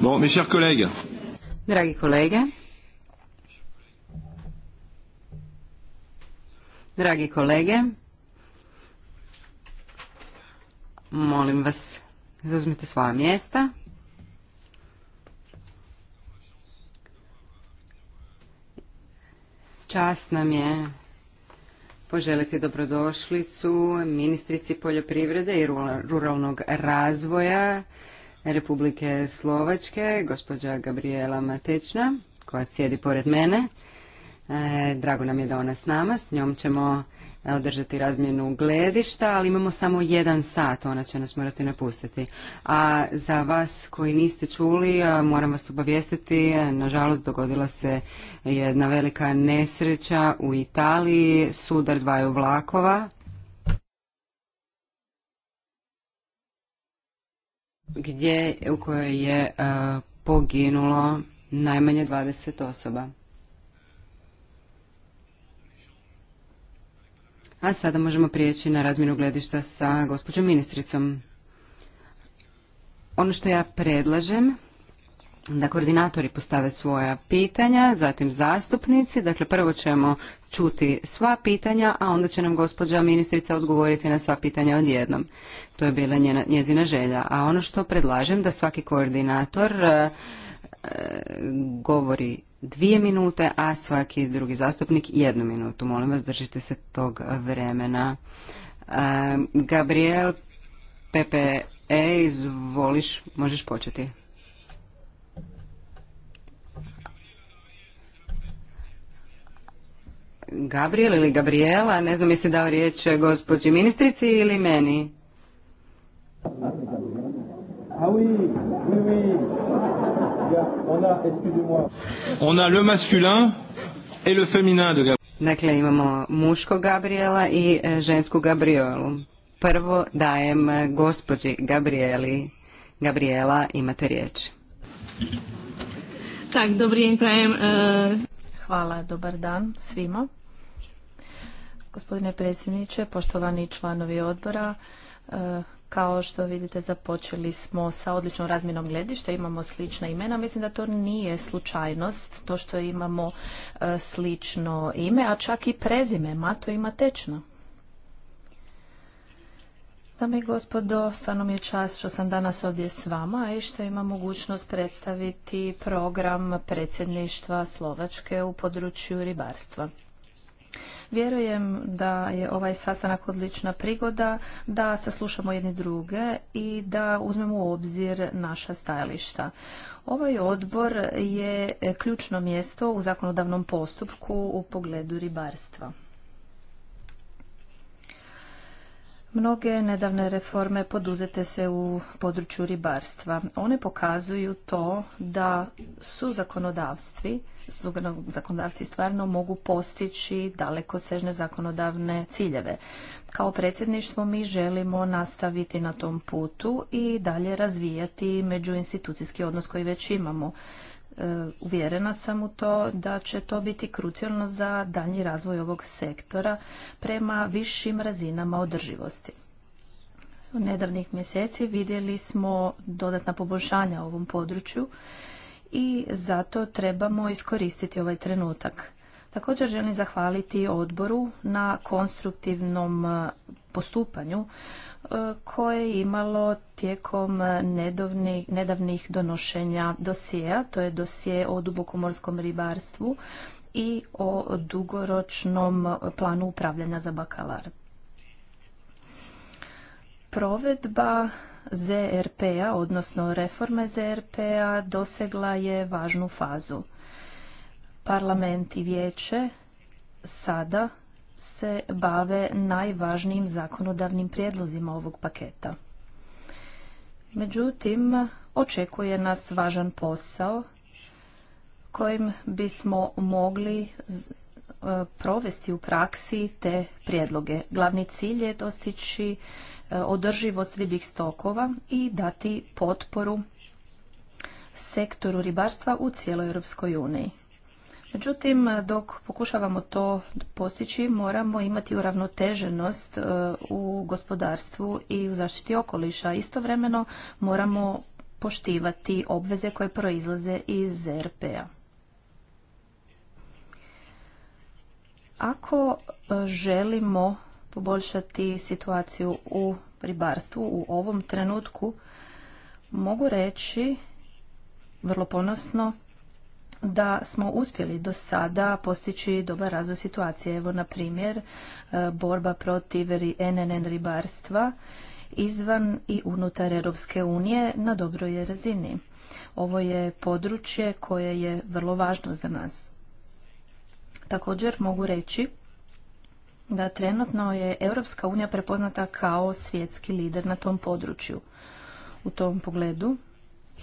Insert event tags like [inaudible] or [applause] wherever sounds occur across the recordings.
Bon, mes chers Dragi kolege. Dragi kolege. Molim vas, zauzmite svoja mjesta. Čast nam je poželiti dobrodošlicu ministrici poljoprivrede i ruralnog razvoja Republike Slovačke, gospođa Gabriela Matečna, koja sjedi pored mene. E, drago nam je da ona s nama, s njom ćemo e, održati razmjenu gledišta, ali imamo samo jedan sat, ona će nas morati napustiti. A za vas koji niste čuli, e, moram vas obavijestiti, nažalost dogodila se jedna velika nesreća u Italiji, sudar dvaju vlakova gdje u kojoj je e, poginulo najmanje 20 osoba. A sada možemo prijeći na razmjenu gledišta sa gospođom ministricom. Ono što ja predlažem da koordinatori postave svoja pitanja, zatim zastupnici. Dakle, prvo ćemo čuti sva pitanja, a onda će nam gospođa ministrica odgovoriti na sva pitanja odjednom. To je bila njezina želja. A ono što predlažem da svaki koordinator e, e, govori dvije minute, a svaki drugi zastupnik jednu minutu. Molim vas, držite se tog vremena. E, Gabriel, PPE, izvoliš, možeš početi. Gabriel ili Gabriela, ne znam jesi dao riječ gospođi ministrici ili meni. Ah le masculin et le féminin de Dakle, imamo muško Gabriela i e, žensku Gabrielu. Prvo dajem e, gospođi Gabrieli. Gabriela, imate riječ. Tak, dobri prajem. E, Hvala, dobar dan svima. Gospodine predsjedniče, poštovani članovi odbora, e, kao što vidite započeli smo sa odličnom razmjenom gledišta, imamo slična imena. Mislim da to nije slučajnost, to što imamo e, slično ime, a čak i prezime, Mato ima tečno. Dame i gospodo, stvarno mi je čast što sam danas ovdje s vama i što imam mogućnost predstaviti program predsjedništva Slovačke u području ribarstva. Vjerujem da je ovaj sastanak odlična prigoda da saslušamo jedni druge i da uzmemo u obzir naša stajališta. Ovaj odbor je ključno mjesto u zakonodavnom postupku u pogledu ribarstva. Mnoge nedavne reforme poduzete se u području ribarstva. One pokazuju to da su zakonodavstvi zakonodavci stvarno mogu postići daleko sežne zakonodavne ciljeve. Kao predsjedništvo mi želimo nastaviti na tom putu i dalje razvijati međuinstitucijski odnos koji već imamo. E, uvjerena sam u to da će to biti krucijalno za dalji razvoj ovog sektora prema višim razinama održivosti. U nedavnih mjeseci vidjeli smo dodatna poboljšanja u ovom području i zato trebamo iskoristiti ovaj trenutak. Također želim zahvaliti odboru na konstruktivnom e, postupanju e, koje je imalo tijekom nedavnih, donošenja dosijeja, to je dosije o dubokomorskom ribarstvu i o dugoročnom planu upravljanja za bakalar. Provedba ZRP-a, odnosno reforme ZRP-a, dosegla je važnu fazu. Parlament i vijeće sada se bave najvažnijim zakonodavnim prijedlozima ovog paketa. Međutim, očekuje nas važan posao kojim bismo mogli e, provesti u praksi te prijedloge. Glavni cilj je dostići održivost ribih stokova i dati potporu sektoru ribarstva u cijeloj Europskoj uniji. Međutim, dok pokušavamo to postići, moramo imati uravnoteženost e, u gospodarstvu i u zaštiti okoliša. Istovremeno moramo poštivati obveze koje proizlaze iz ZRP-a. Ako e, želimo poboljšati situaciju u ribarstvu. U ovom trenutku mogu reći vrlo ponosno da smo uspjeli do sada postići dobar razvoj situacije. Evo, na primjer, e, borba protiv NNN ribarstva izvan i unutar Europske unije na dobroj razini. Ovo je područje koje je vrlo važno za nas. Također mogu reći da trenutno je Europska unija prepoznata kao svjetski lider na tom području. U tom pogledu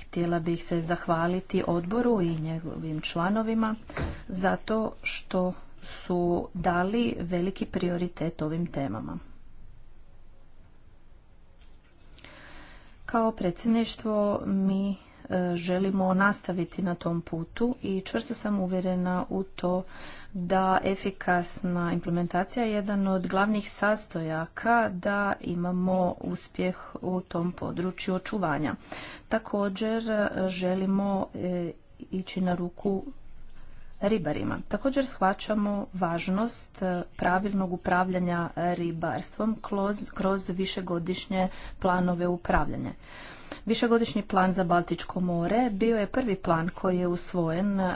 htjela bih se zahvaliti odboru i njegovim članovima zato što su dali veliki prioritet ovim temama. Kao predsjedništvo mi E, želimo nastaviti na tom putu i čvrsto sam uvjerena u to da efikasna implementacija je jedan od glavnih sastojaka da imamo uspjeh u tom području očuvanja. Također e, želimo e, ići na ruku ribarima. Također shvaćamo važnost pravilnog upravljanja ribarstvom kroz višegodišnje planove upravljanja. Višegodišnji plan za Baltičko more bio je prvi plan koji je usvojen e,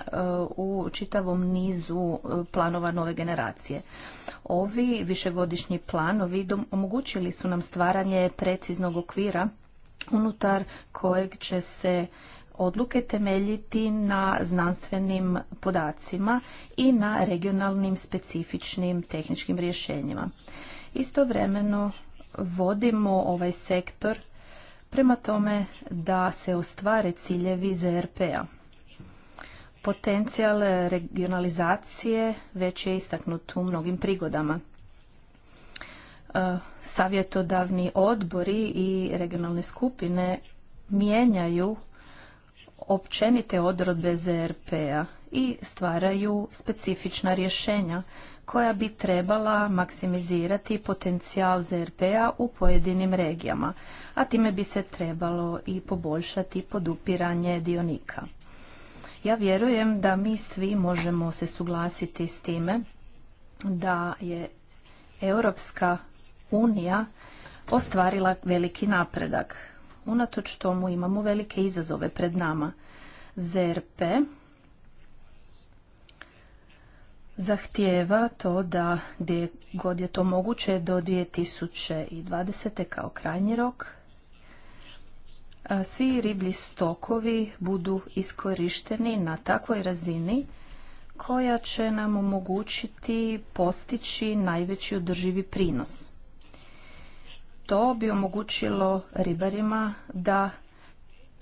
u čitavom nizu e, planova nove generacije. Ovi višegodišnji planovi omogućili su nam stvaranje preciznog okvira unutar kojeg će se odluke temeljiti na znanstvenim podacima i na regionalnim specifičnim tehničkim rješenjima. Istovremeno vodimo ovaj sektor prema tome da se ostvare ciljevi ZRP-a. Potencijal regionalizacije već je istaknut u mnogim prigodama. E, savjetodavni odbori i regionalne skupine mijenjaju općenite odrodbe ZRP-a i stvaraju specifična rješenja koja bi trebala maksimizirati potencijal ZRP-a u pojedinim regijama, a time bi se trebalo i poboljšati podupiranje dionika. Ja vjerujem da mi svi možemo se suglasiti s time da je Europska unija ostvarila veliki napredak. Unatoč tomu imamo velike izazove pred nama. ZRP zahtijeva to da gdje god je to moguće do 2020. kao krajnji rok svi riblji stokovi budu iskorišteni na takvoj razini koja će nam omogućiti postići najveći održivi prinos. To bi omogućilo ribarima da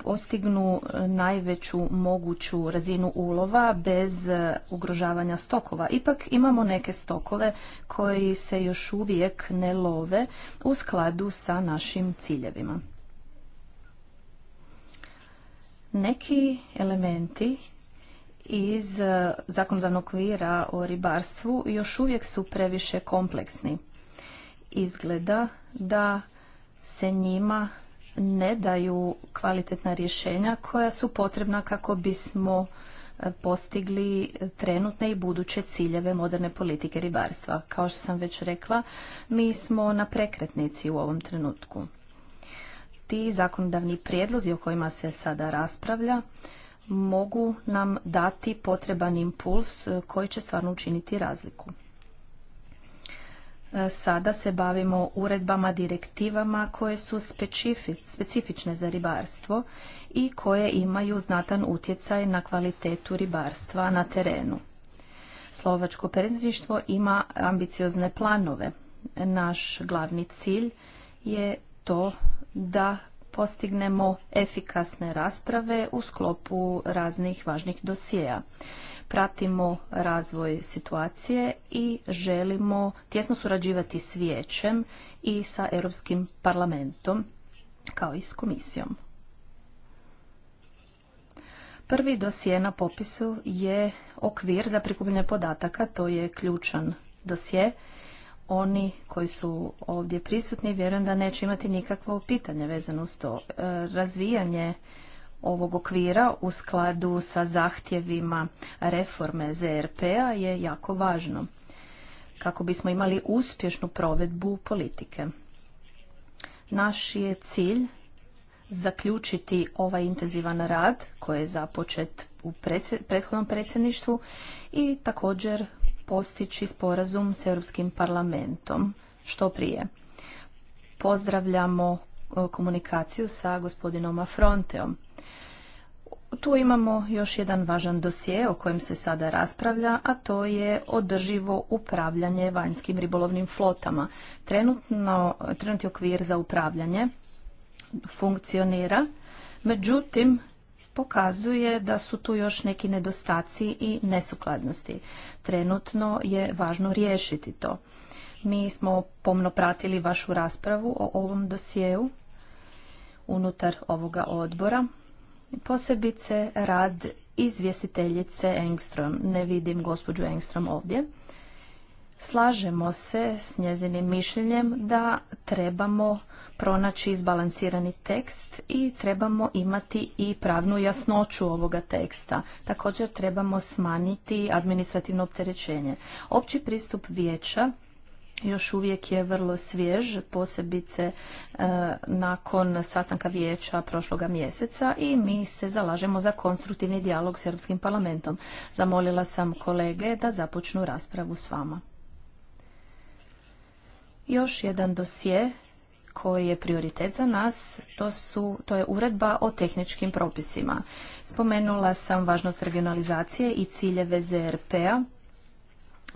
postignu e, najveću moguću razinu ulova bez e, ugrožavanja stokova. Ipak imamo neke stokove koji se još uvijek ne love u skladu sa našim ciljevima. Neki elementi iz e, zakonodavnog okvira o ribarstvu još uvijek su previše kompleksni. Izgleda da se njima ne daju kvalitetna rješenja koja su potrebna kako bismo e, postigli trenutne i buduće ciljeve moderne politike ribarstva. Kao što sam već rekla, mi smo na prekretnici u ovom trenutku. Ti zakonodavni prijedlozi o kojima se sada raspravlja mogu nam dati potreban impuls e, koji će stvarno učiniti razliku. E, sada se bavimo uredbama, direktivama koje su specifične za ribarstvo i koje imaju znatan utjecaj na kvalitetu ribarstva na terenu. Slovačko predsjedništvo ima ambiciozne planove. Naš glavni cilj je to da postignemo efikasne rasprave u sklopu raznih važnih dosijeja pratimo razvoj situacije i želimo tjesno surađivati s vijećem i sa Europskim parlamentom kao i s komisijom. Prvi dosije na popisu je okvir za prikupljanje podataka, to je ključan dosje. Oni koji su ovdje prisutni vjerujem da neće imati nikakvo pitanje vezano uz to. E, razvijanje ovog okvira u skladu sa zahtjevima reforme ZRP-a je jako važno kako bismo imali uspješnu provedbu politike. Naš je cilj zaključiti ovaj intenzivan rad koji je započet u prethodnom predsjedništvu i također postići sporazum s Europskim parlamentom što prije. Pozdravljamo komunikaciju sa gospodinom Afronteom. Tu imamo još jedan važan dosije o kojem se sada raspravlja, a to je održivo upravljanje vanjskim ribolovnim flotama. Trenutno, trenutni okvir za upravljanje funkcionira, međutim pokazuje da su tu još neki nedostaci i nesukladnosti. Trenutno je važno riješiti to. Mi smo pomno pratili vašu raspravu o ovom dosjeu unutar ovoga odbora. Posebice rad izvjestiteljice Engstrom. Ne vidim gospođu Engstrom ovdje. Slažemo se s njezinim mišljenjem da trebamo pronaći izbalansirani tekst i trebamo imati i pravnu jasnoću ovoga teksta. Također trebamo smanjiti administrativno opterećenje. Opći pristup vijeća još uvijek je vrlo svjež, posebice e, nakon sastanka vijeća prošloga mjeseca i mi se zalažemo za konstruktivni dijalog s Europskim parlamentom. Zamolila sam kolege da započnu raspravu s vama. Još jedan dosje koji je prioritet za nas, to, su, to je uredba o tehničkim propisima. Spomenula sam važnost regionalizacije i ciljeve ZRP-a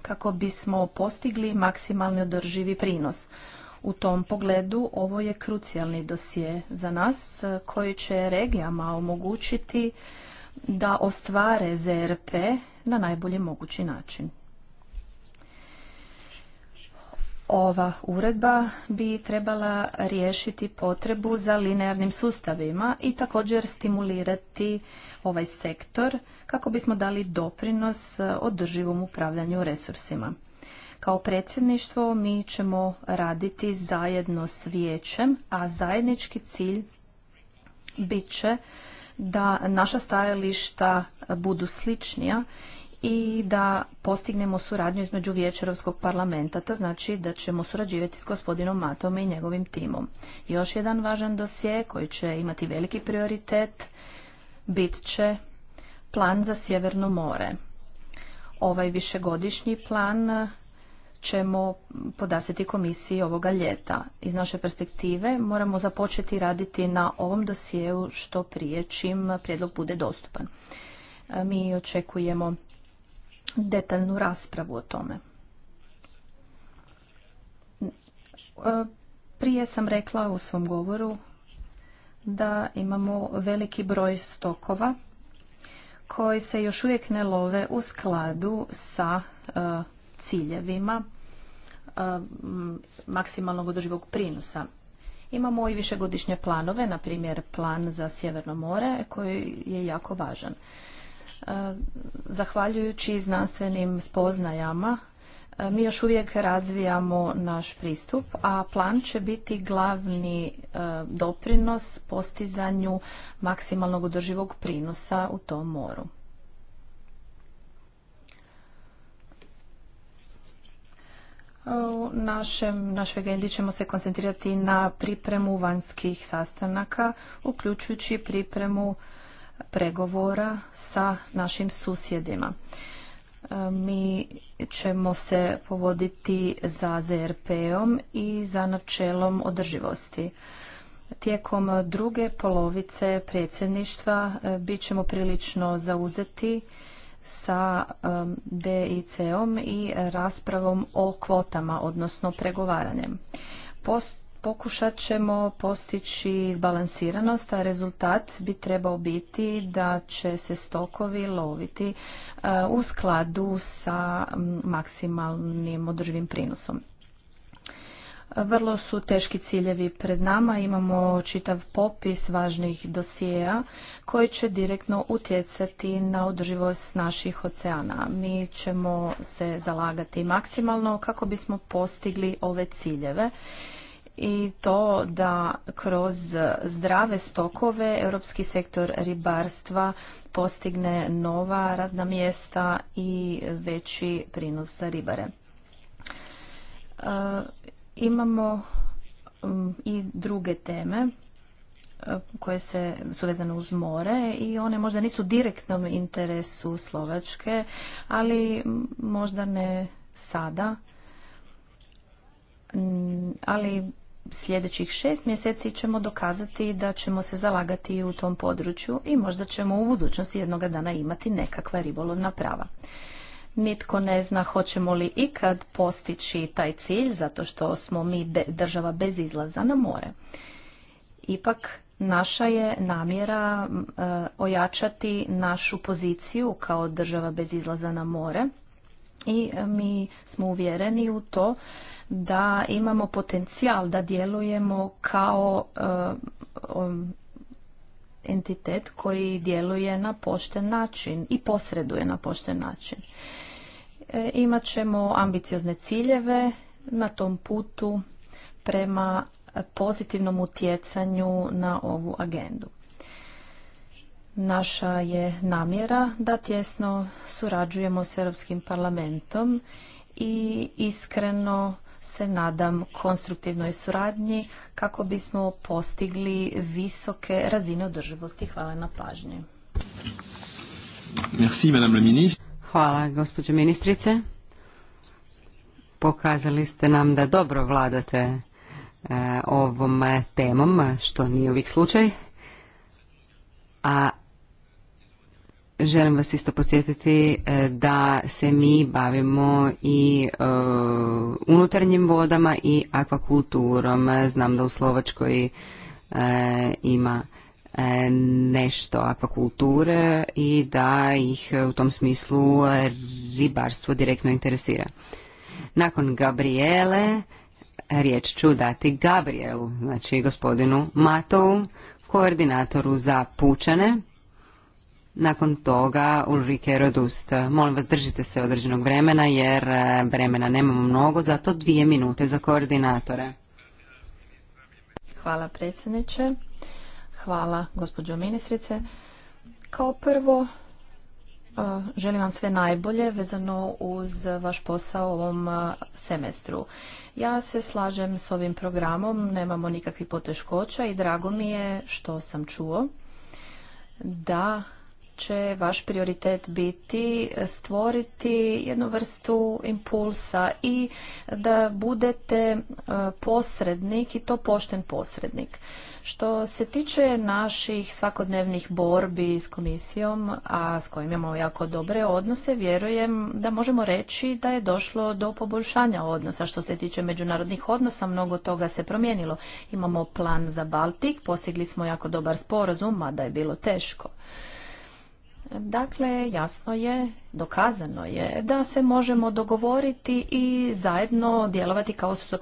kako bismo postigli maksimalni održivi prinos. U tom pogledu ovo je krucijalni dosje za nas eh, koji će regijama omogućiti da ostvare ZRP na najbolji mogući način. Ova uredba bi trebala riješiti potrebu za linearnim sustavima i također stimulirati ovaj sektor kako bismo dali doprinos e, održivom upravljanju resursima. Kao predsjedništvo mi ćemo raditi zajedno s vijećem, a zajednički cilj bit će da naša stajališta budu sličnija i da postignemo suradnju između Vijećerovskog parlamenta. To znači da ćemo surađivati s gospodinom Matom i njegovim timom. Još jedan važan dosje koji će imati veliki prioritet bit će plan za Sjeverno more. Ovaj višegodišnji plan ćemo podasiti komisiji ovoga ljeta. Iz naše perspektive moramo započeti raditi na ovom dosijeu što prije čim prijedlog bude dostupan. E, mi očekujemo detaljnu raspravu o tome. E, prije sam rekla u svom govoru da imamo veliki broj stokova koji se još uvijek ne love u skladu sa e, ciljevima e, maksimalnog održivog prinosa. Imamo i višegodišnje planove, na primjer plan za Sjeverno more koji je jako važan. E, zahvaljujući znanstvenim spoznajama E, mi još uvijek razvijamo naš pristup, a plan će biti glavni e, doprinos postizanju maksimalnog održivog prinosa u tom moru. E, u našem, našoj agendi ćemo se koncentrirati na pripremu vanjskih sastanaka, uključujući pripremu pregovora sa našim susjedima mi ćemo se povoditi za ZRP-om i za načelom održivosti. Tijekom druge polovice predsjedništva e, bit ćemo prilično zauzeti sa e, DIC-om i raspravom o kvotama, odnosno pregovaranjem. Post pokušat ćemo postići izbalansiranost, a rezultat bi trebao biti da će se stokovi loviti e, u skladu sa maksimalnim održivim prinosom. Vrlo su teški ciljevi pred nama, imamo čitav popis važnih dosijeja koji će direktno utjecati na održivost naših oceana. Mi ćemo se zalagati maksimalno kako bismo postigli ove ciljeve i to da kroz zdrave stokove europski sektor ribarstva postigne nova radna mjesta i veći prinos za ribare. E, imamo i druge teme e, koje se, su vezane uz more i one možda nisu u direktnom interesu Slovačke, ali možda ne sada ali sljedećih šest mjeseci ćemo dokazati da ćemo se zalagati u tom području i možda ćemo u budućnosti jednoga dana imati nekakva ribolovna prava. Nitko ne zna hoćemo li ikad postići taj cilj zato što smo mi država bez izlaza na more. Ipak naša je namjera e, ojačati našu poziciju kao država bez izlaza na more i e, mi smo uvjereni u to da imamo potencijal da djelujemo kao e, um, entitet koji djeluje na pošten način i posreduje na pošten način. E, imat ćemo ambiciozne ciljeve na tom putu prema pozitivnom utjecanju na ovu agendu. Naša je namjera da tjesno surađujemo s Europskim parlamentom i iskreno se nadam konstruktivnoj suradnji kako bismo postigli visoke razine održivosti. Hvala na pažnji. Merci, madame Hvala, gospođo ministrice. Pokazali ste nam da dobro vladate e, ovom temom, što nije uvijek slučaj. A Želim vas isto podsjetiti e, da se mi bavimo i e, unutarnjim vodama i akvakulturom. Znam da u Slovačkoj e, ima nešto akvakulture i da ih u tom smislu ribarstvo direktno interesira. Nakon Gabriele riječ ću dati Gabrielu, znači gospodinu Matovu, koordinatoru za pučane nakon toga Ulrike Rodust. Molim vas držite se određenog vremena jer e, vremena nemamo mnogo, zato dvije minute za koordinatore. Hvala predsjedniče. Hvala gospođo ministrice. Kao prvo e, Želim vam sve najbolje vezano uz vaš posao u ovom e, semestru. Ja se slažem s ovim programom, nemamo nikakvih poteškoća i drago mi je što sam čuo da će vaš prioritet biti stvoriti jednu vrstu impulsa i da budete e, posrednik i to pošten posrednik. Što se tiče naših svakodnevnih borbi s komisijom, a s kojim imamo jako dobre odnose, vjerujem da možemo reći da je došlo do poboljšanja odnosa. Što se tiče međunarodnih odnosa, mnogo toga se promijenilo. Imamo plan za Baltik, postigli smo jako dobar sporazum, mada je bilo teško. Dakle, jasno je, dokazano je da se možemo dogovoriti i zajedno djelovati kao su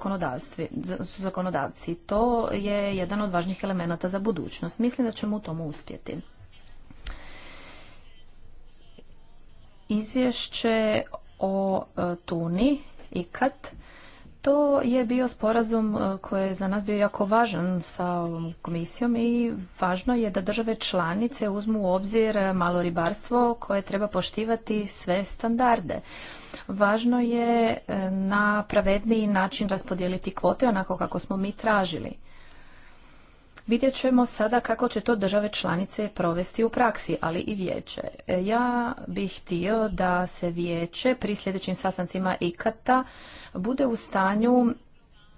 zakonodavci. To je jedan od važnijih elemenata za budućnost. Mislim da ćemo u tom uspjeti. Izvješće o e, Tuni i kad to je bio sporazum e, koji je za nas bio jako važan sa komisijom i važno je da države članice uzmu u obzir malo ribarstvo koje treba poštivati sve standarde. Važno je e, na pravedniji način raspodijeliti kvote onako kako smo mi tražili. Vidjet ćemo sada kako će to države članice provesti u praksi, ali i vijeće. E, ja bih htio da se vijeće pri sljedećim sastancima ikata bude u stanju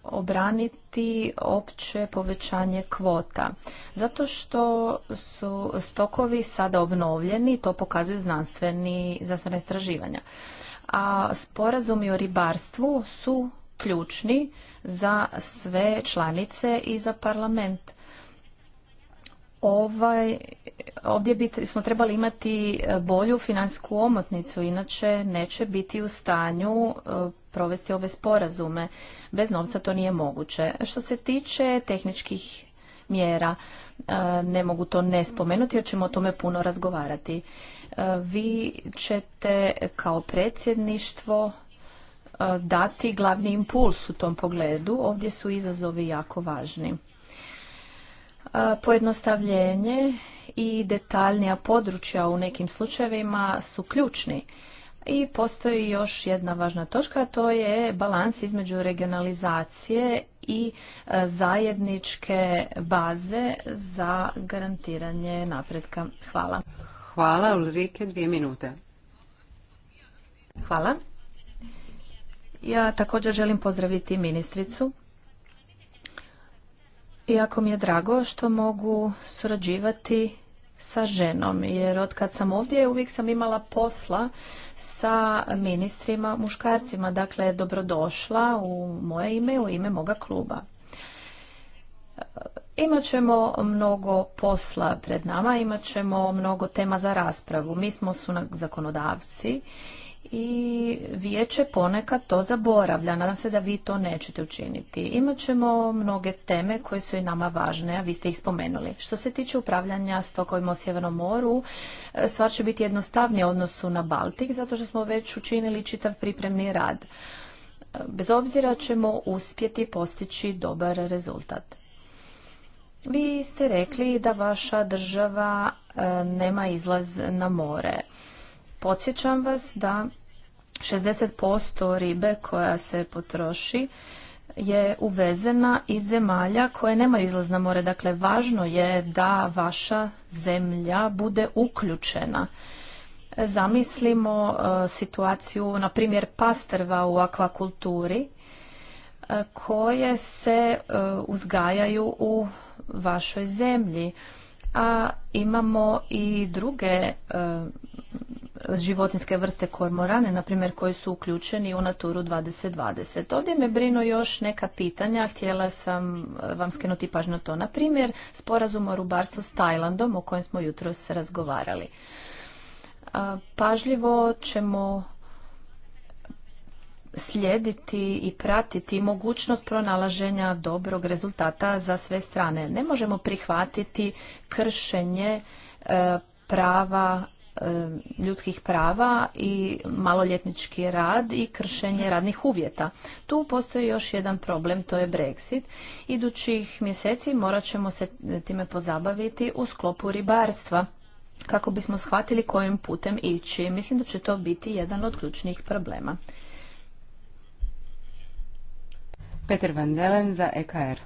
obraniti opće povećanje kvota. Zato što su stokovi sada obnovljeni, to pokazuju znanstveni, znanstvena istraživanja. A sporazumi o ribarstvu su ključni za sve članice i za parlament ovaj, ovdje bi, smo trebali imati e, bolju financijsku omotnicu, inače neće biti u stanju e, provesti ove sporazume. Bez novca to nije moguće. Što se tiče tehničkih mjera, e, ne mogu to ne spomenuti jer ćemo o tome puno razgovarati. Vi ćete kao predsjedništvo dati glavni impuls u tom pogledu. Ovdje su izazovi jako važni. Pojednostavljenje i detaljnija područja u nekim slučajevima su ključni. I postoji još jedna važna točka, a to je balans između regionalizacije i e, zajedničke baze za garantiranje napretka. Hvala. Hvala, Ulrike, dvije minute. Hvala. Ja također želim pozdraviti ministricu Jako mi je drago što mogu surađivati sa ženom, jer od kad sam ovdje uvijek sam imala posla sa ministrima muškarcima, dakle dobrodošla u moje ime, u ime moga kluba. Imat ćemo mnogo posla pred nama, imat ćemo mnogo tema za raspravu. Mi smo su zakonodavci i vijeće ponekad to zaboravlja. Nadam se da vi to nećete učiniti. Imaćemo mnoge teme koje su i nama važne, a vi ste ih spomenuli. Što se tiče upravljanja stokovima u Sjevernom moru, e, stvar će biti jednostavnija odnosu na Baltik, zato što smo već učinili čitav pripremni rad. E, bez obzira ćemo uspjeti postići dobar rezultat. Vi ste rekli da vaša država e, nema izlaz na more. Podsjećam vas da 60% ribe koja se potroši je uvezena iz zemalja koje nemaju izlaz na more. Dakle, važno je da vaša zemlja bude uključena. Zamislimo e, situaciju, na primjer, pastrva u akvakulturi e, koje se e, uzgajaju u vašoj zemlji. A imamo i druge životinske vrste kormorane, na primjer, koji su uključeni u Naturu 2020. Ovdje me brinu još neka pitanja, htjela sam eh, vam skenuti pažnju to. Na primjer, sporazum o rubarstvu s Tajlandom, o kojem smo jutro se razgovarali. Pažljivo ćemo slijediti i pratiti mogućnost pronalaženja dobrog rezultata za sve strane. Ne možemo prihvatiti kršenje eh, prava E, ljudskih prava i maloljetnički rad i kršenje radnih uvjeta. Tu postoji još jedan problem, to je Brexit. Idućih mjeseci morat ćemo se time pozabaviti u sklopu ribarstva kako bismo shvatili kojim putem ići. Mislim da će to biti jedan od ključnih problema. Peter Van za EKR.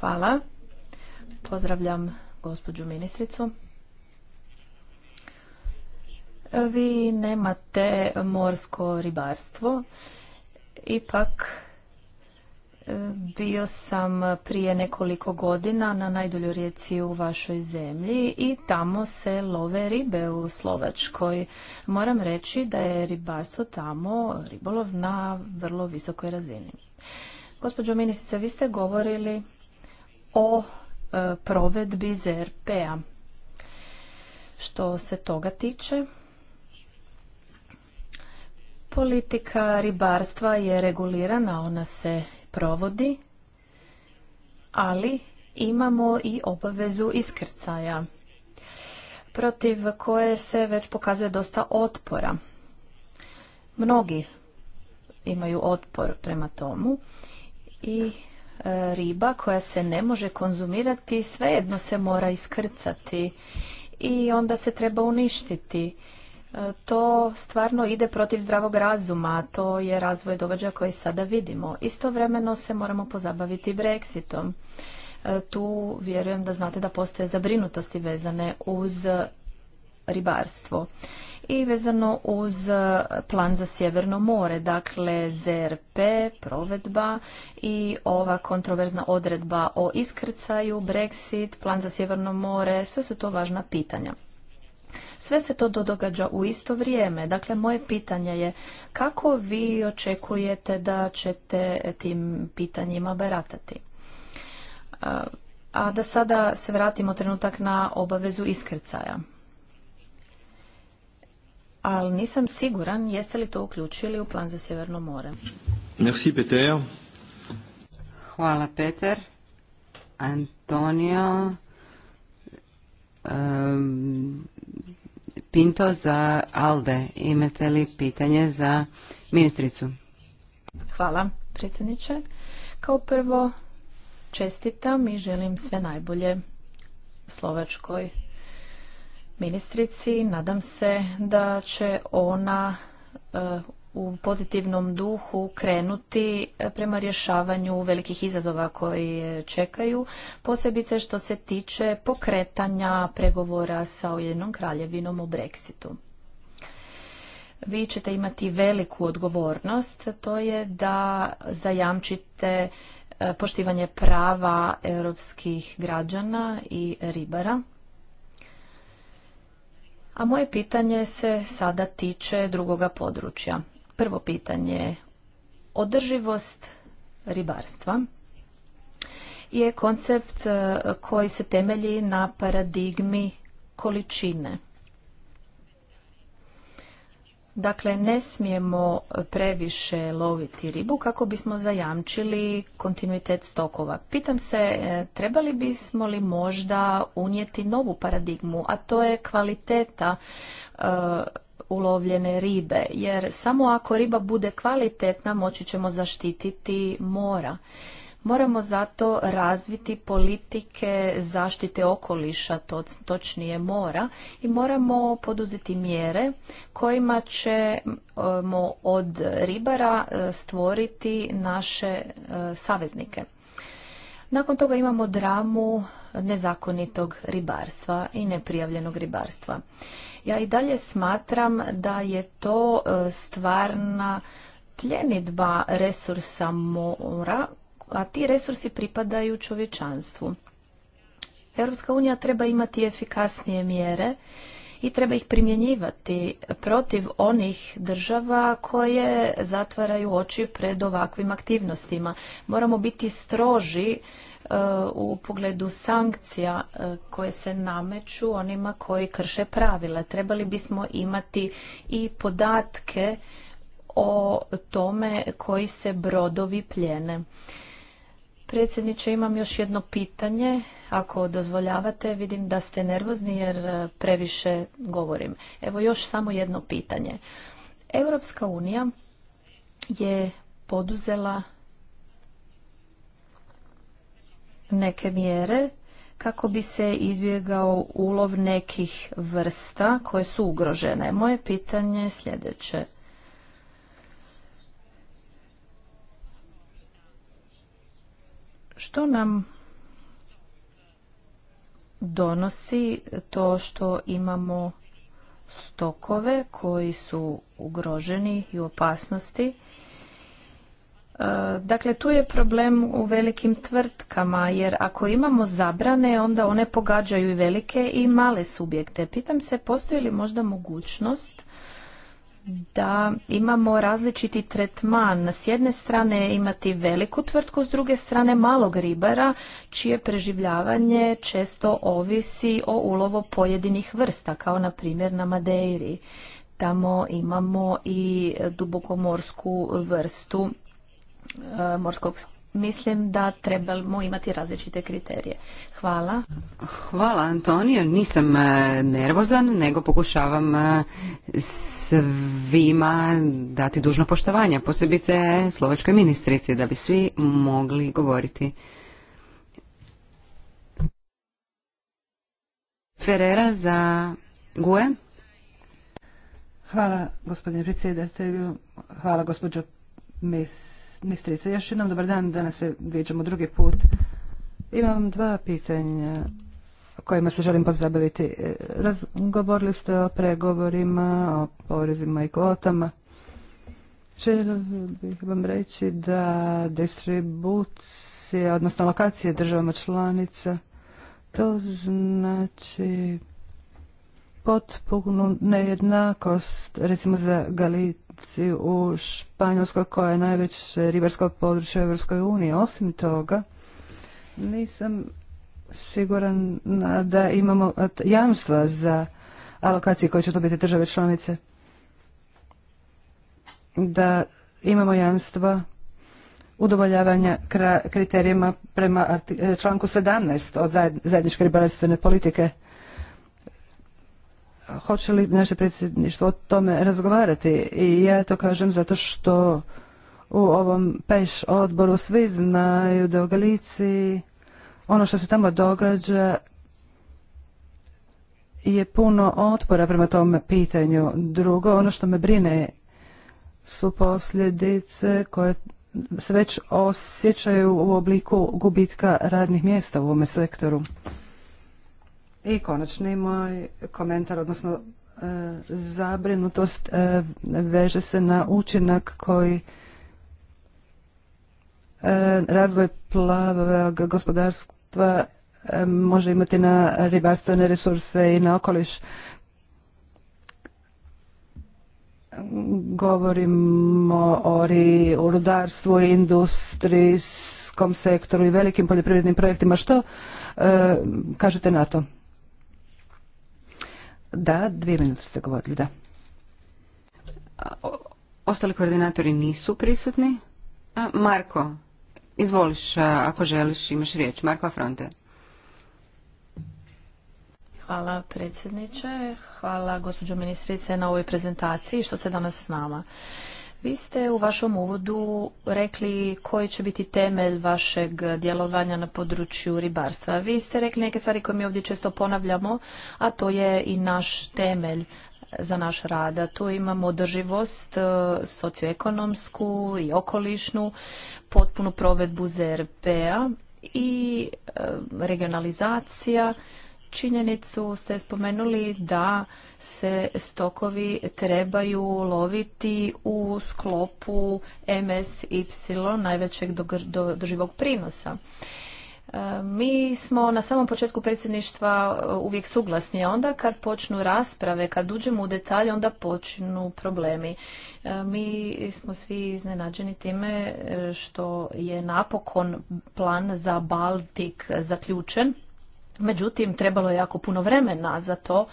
Hvala. Pozdravljam gospođu ministricu. Vi nemate morsko ribarstvo, ipak e, bio sam prije nekoliko godina na najduljoj rijeci u vašoj zemlji i tamo se love ribe u Slovačkoj. Moram reći da je ribarstvo tamo, ribolov na vrlo visokoj razini. Gospođo ministrice, vi ste govorili o E, provedbi ZRP-a. Što se toga tiče, politika ribarstva je regulirana, ona se provodi, ali imamo i obavezu iskrcaja protiv koje se već pokazuje dosta otpora. Mnogi imaju otpor prema tomu i E, riba koja se ne može konzumirati svejedno se mora iskrcati i onda se treba uništiti. E, to stvarno ide protiv zdravog razuma, to je razvoj događaja koji sada vidimo. Istovremeno se moramo pozabaviti Brexitom. E, tu vjerujem da znate da postoje zabrinutosti vezane uz ribarstvo. I vezano uz plan za Sjeverno more, dakle ZRP, provedba i ova kontroverzna odredba o iskrcaju, Brexit, plan za Sjeverno more, sve su to važna pitanja. Sve se to događa u isto vrijeme. Dakle, moje pitanje je kako vi očekujete da ćete tim pitanjima baratati? A da sada se vratimo trenutak na obavezu iskrcaja ali nisam siguran jeste li to uključili u plan za Sjeverno more. Merci, Peter. Hvala, Peter. Antonio um, Pinto za Alde. Imate li pitanje za ministricu? Hvala, predsjedniče. Kao prvo, čestitam i želim sve najbolje Slovačkoj ministrici. Nadam se da će ona e, u pozitivnom duhu krenuti e, prema rješavanju velikih izazova koji čekaju, posebice što se tiče pokretanja pregovora sa Ujedinom kraljevinom o Brexitu. Vi ćete imati veliku odgovornost, to je da zajamčite e, poštivanje prava europskih građana i ribara a moje pitanje se sada tiče drugoga područja. Prvo pitanje je održivost ribarstva je koncept eh, koji se temelji na paradigmi količine. Dakle, ne smijemo previše loviti ribu kako bismo zajamčili kontinuitet stokova. Pitam se, e, trebali bismo li možda unijeti novu paradigmu, a to je kvaliteta e, ulovljene ribe, jer samo ako riba bude kvalitetna moći ćemo zaštititi mora. Moramo zato razviti politike zaštite okoliša, točnije mora, i moramo poduzeti mjere kojima ćemo od ribara e, stvoriti naše e, saveznike. Nakon toga imamo dramu nezakonitog ribarstva i neprijavljenog ribarstva. Ja i dalje smatram da je to e, stvarna pljenidba resursa mora a ti resursi pripadaju čovječanstvu. Europska unija treba imati efikasnije mjere i treba ih primjenjivati protiv onih država koje zatvaraju oči pred ovakvim aktivnostima. Moramo biti stroži e, u pogledu sankcija e, koje se nameću onima koji krše pravila. Trebali bismo imati i podatke o tome koji se brodovi pljene. Predsjedniče, imam još jedno pitanje. Ako dozvoljavate, vidim da ste nervozni jer e, previše govorim. Evo još samo jedno pitanje. Europska unija je poduzela neke mjere kako bi se izbjegao ulov nekih vrsta koje su ugrožene. Moje pitanje je sljedeće. Što nam donosi to što imamo stokove koji su ugroženi i u opasnosti? E, dakle, tu je problem u velikim tvrtkama, jer ako imamo zabrane, onda one pogađaju i velike i male subjekte. Pitam se, postoji li možda mogućnost da imamo različiti tretman. S jedne strane imati veliku tvrtku, s druge strane malog ribara, čije preživljavanje često ovisi o ulovo pojedinih vrsta, kao na primjer na Madeiri. Tamo imamo i dubokomorsku vrstu e, morskog mislim da trebamo imati različite kriterije. Hvala. Hvala Antonija, nisam e, nervozan, nego pokušavam e, svima dati dužno poštovanje, posebice slovačkoj ministrici, da bi svi mogli govoriti. Ferrera za GUE. Hvala gospodine predsjedatelju, hvala gospođo Mes ministrice, još jednom dobar dan, danas se vidimo drugi put. Imam dva pitanja kojima se želim pozabaviti. E, govorili ste o pregovorima, o porezima i kvotama. Želim bih vam reći da distribucija, odnosno lokacije državama članica, to znači potpunu nejednakost, recimo za Galiciju u Španjolskoj koja je najveće ribarsko područje u EU. uniji. Osim toga, nisam siguran da imamo jamstva za alokacije koje će dobiti države članice. Da imamo jamstva udovoljavanja kriterijima prema e, članku 17 od zajedničke ribarstvene politike hoće li naše predsjedništvo o tome razgovarati i ja to kažem zato što u ovom peš odboru svi znaju da u Galiciji ono što se tamo događa je puno otpora prema tom pitanju. Drugo, ono što me brine su posljedice koje se već osjećaju u obliku gubitka radnih mjesta u ovome sektoru. I konačni moj komentar, odnosno e, zabrinutost e, veže se na učinak koji e, razvoj plavog gospodarstva može imati na ribarstvene resurse i na okoliš. Govorimo o, rudarstvu, industrijskom sektoru i velikim poljoprivrednim projektima. Što kažete na to? Da, dvije minute ste govorili, da. Ostali koordinatori nisu prisutni. Marko, izvoliš ako želiš, imaš riječ. Marko Afronte. Hvala predsjedniče, hvala gospođo ministrice na ovoj prezentaciji što ste danas s nama. Vi ste u vašom uvodu rekli koji će biti temelj vašeg djelovanja na području ribarstva. Vi ste rekli neke stvari koje mi ovdje često ponavljamo, a to je i naš temelj za naš rad. To tu imamo održivost e, socioekonomsku i okolišnu, potpunu provedbu ZRP-a i e, regionalizacija činjenicu ste spomenuli da se stokovi trebaju loviti u sklopu MSY, najvećeg doživog prinosa. E, mi smo na samom početku predsjedništva e, uvijek suglasni, a onda kad počnu rasprave, kad uđemo u detalje, onda počinu problemi. E, mi smo svi iznenađeni time što je napokon plan za Baltik zaključen Međutim, trebalo je jako puno vremena za to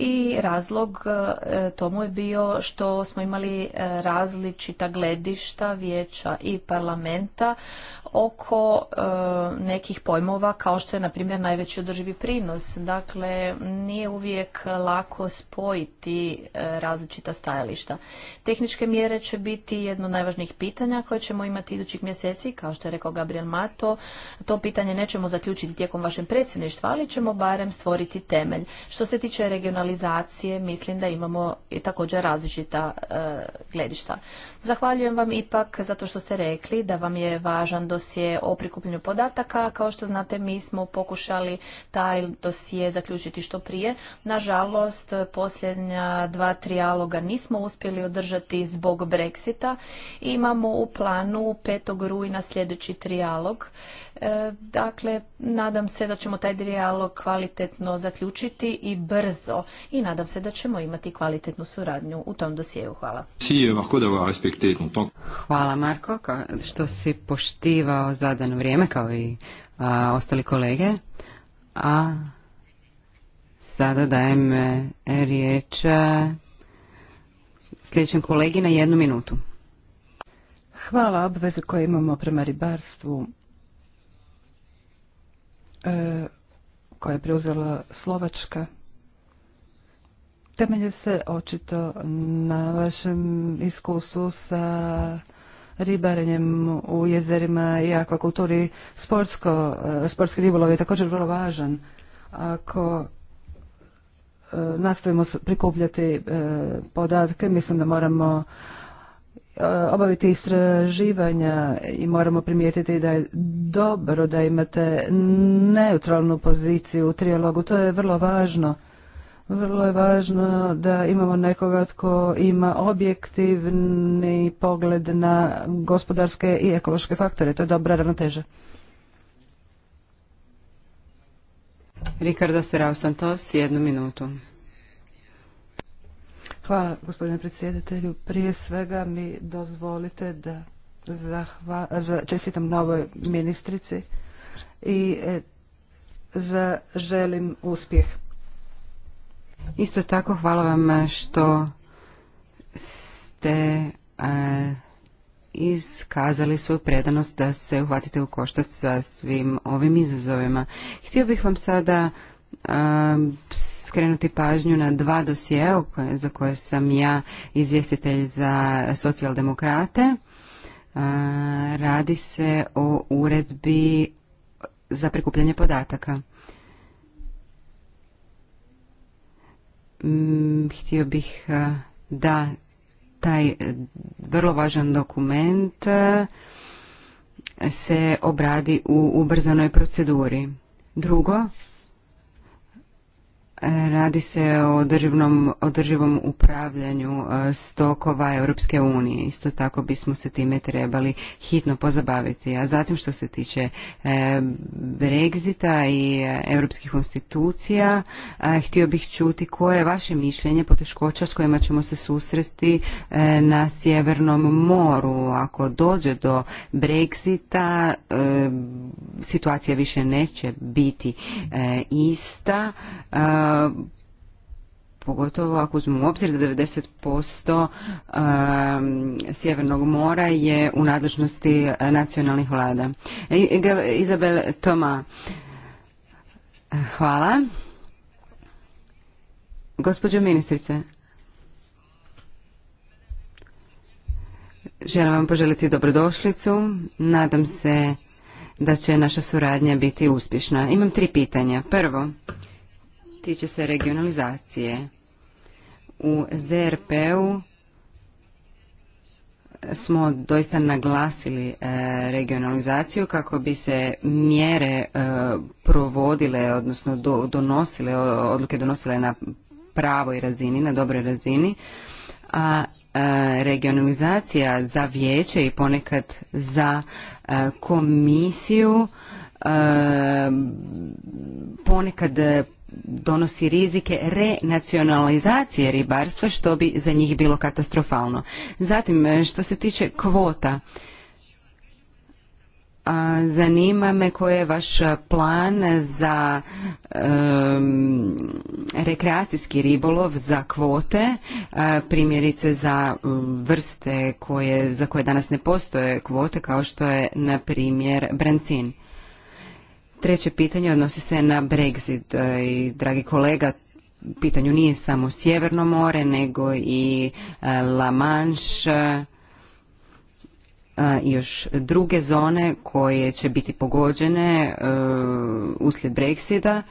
i razlog e, tomu je bio što smo imali e, različita gledišta vijeća i parlamenta oko e, nekih pojmova kao što je na primjer najveći održivi prinos. Dakle, nije uvijek lako spojiti različita stajališta. Tehničke mjere će biti jedno od najvažnijih pitanja koje ćemo imati idućih mjeseci, kao što je rekao Gabriel Mato. To pitanje nećemo zaključiti tijekom vašeg predsjedništva, ali ćemo barem stvoriti temelj. Što se tiče regionalizacije izacije mislim da imamo i također različita e, gledišta. Zahvaljujem vam ipak zato što ste rekli da vam je važan dosje o prikupljenju podataka. Kao što znate mi smo pokušali taj dosje zaključiti što prije. Nažalost, posljednja dva trijaloga nismo uspjeli održati zbog Brexita. Imamo u planu 5. rujna sljedeći trijalog E, dakle, nadam se da ćemo taj dijalog kvalitetno zaključiti i brzo i nadam se da ćemo imati kvalitetnu suradnju u tom dosjeu. Hvala. Euh, Hvala Marko što si poštivao zadano vrijeme kao i ostali kolege. A sada dajem e, riječ e, sljedećem kolegi na jednu minutu. Hvala obvezu koje imamo prema ribarstvu E, koje je preuzela Slovačka temelje se očito na vašem iskustvu sa ribarenjem u jezerima i akvakulturi. Sportsko, e, sportski ribolov je također vrlo važan. Ako e, nastavimo prikupljati podatke, mislim da moramo E, obaviti istraživanja i moramo primijetiti da je dobro da imate neutralnu poziciju u trijalogu. To je vrlo važno. Vrlo je važno da imamo nekoga tko ima objektivni pogled na gospodarske i ekološke faktore. To je dobra ravnoteža. Ricardo Serao Santos, jednu minutu. Hvala gospodine predsjedatelju. Prije svega mi dozvolite da čestitam novoj ministrici i e, za želim uspjeh. Isto tako hvala vam e, što ste e, iskazali svoju predanost da se uhvatite u koštac sa svim ovim izazovima. Htio bih vam sada skrenuti pažnju na dva dosije za koje sam ja izvjestitelj za socijaldemokrate. Radi se o uredbi za prikupljanje podataka. Htio bih da taj vrlo važan dokument se obradi u ubrzanoj proceduri. Drugo, Radi se o održivom, održivom upravljanju e, stokova Europske unije. Isto tako bismo se time trebali hitno pozabaviti. A zatim što se tiče e, Brexita i e, europskih institucija, htio bih čuti koje je vaše mišljenje poteškoća s kojima ćemo se susresti na Sjevernom moru. Ako dođe do Brexita, situacija više neće biti ista pogotovo ako uzmemo u obzir da 90% Sjevernog mora je u nadležnosti nacionalnih vlada. E, Izabel Toma, hvala. Gospođo ministrice, želim vam poželiti dobrodošlicu. Nadam se da će naša suradnja biti uspješna. Imam tri pitanja. Prvo, tiče se regionalizacije. U ZRP-u smo doista naglasili e, regionalizaciju kako bi se mjere e, provodile, odnosno donosile, odluke donosile na pravoj razini, na dobroj razini, a e, regionalizacija za vijeće i ponekad za komisiju ponekad donosi rizike renacionalizacije ribarstva što bi za njih bilo katastrofalno. Zatim e, što se tiče kvota zanima me koji je vaš plan za rekreacijski ribolov za kvote, e, primjerice za vrste za koje danas ne postoje kvote kao što je na primjer brancin. Treće pitanje odnosi se na Brexit e, i dragi kolega, pitanju nije samo Sjeverno more, nego i e, La Manche e, i još druge zone koje će biti pogođene uslijed Brexita.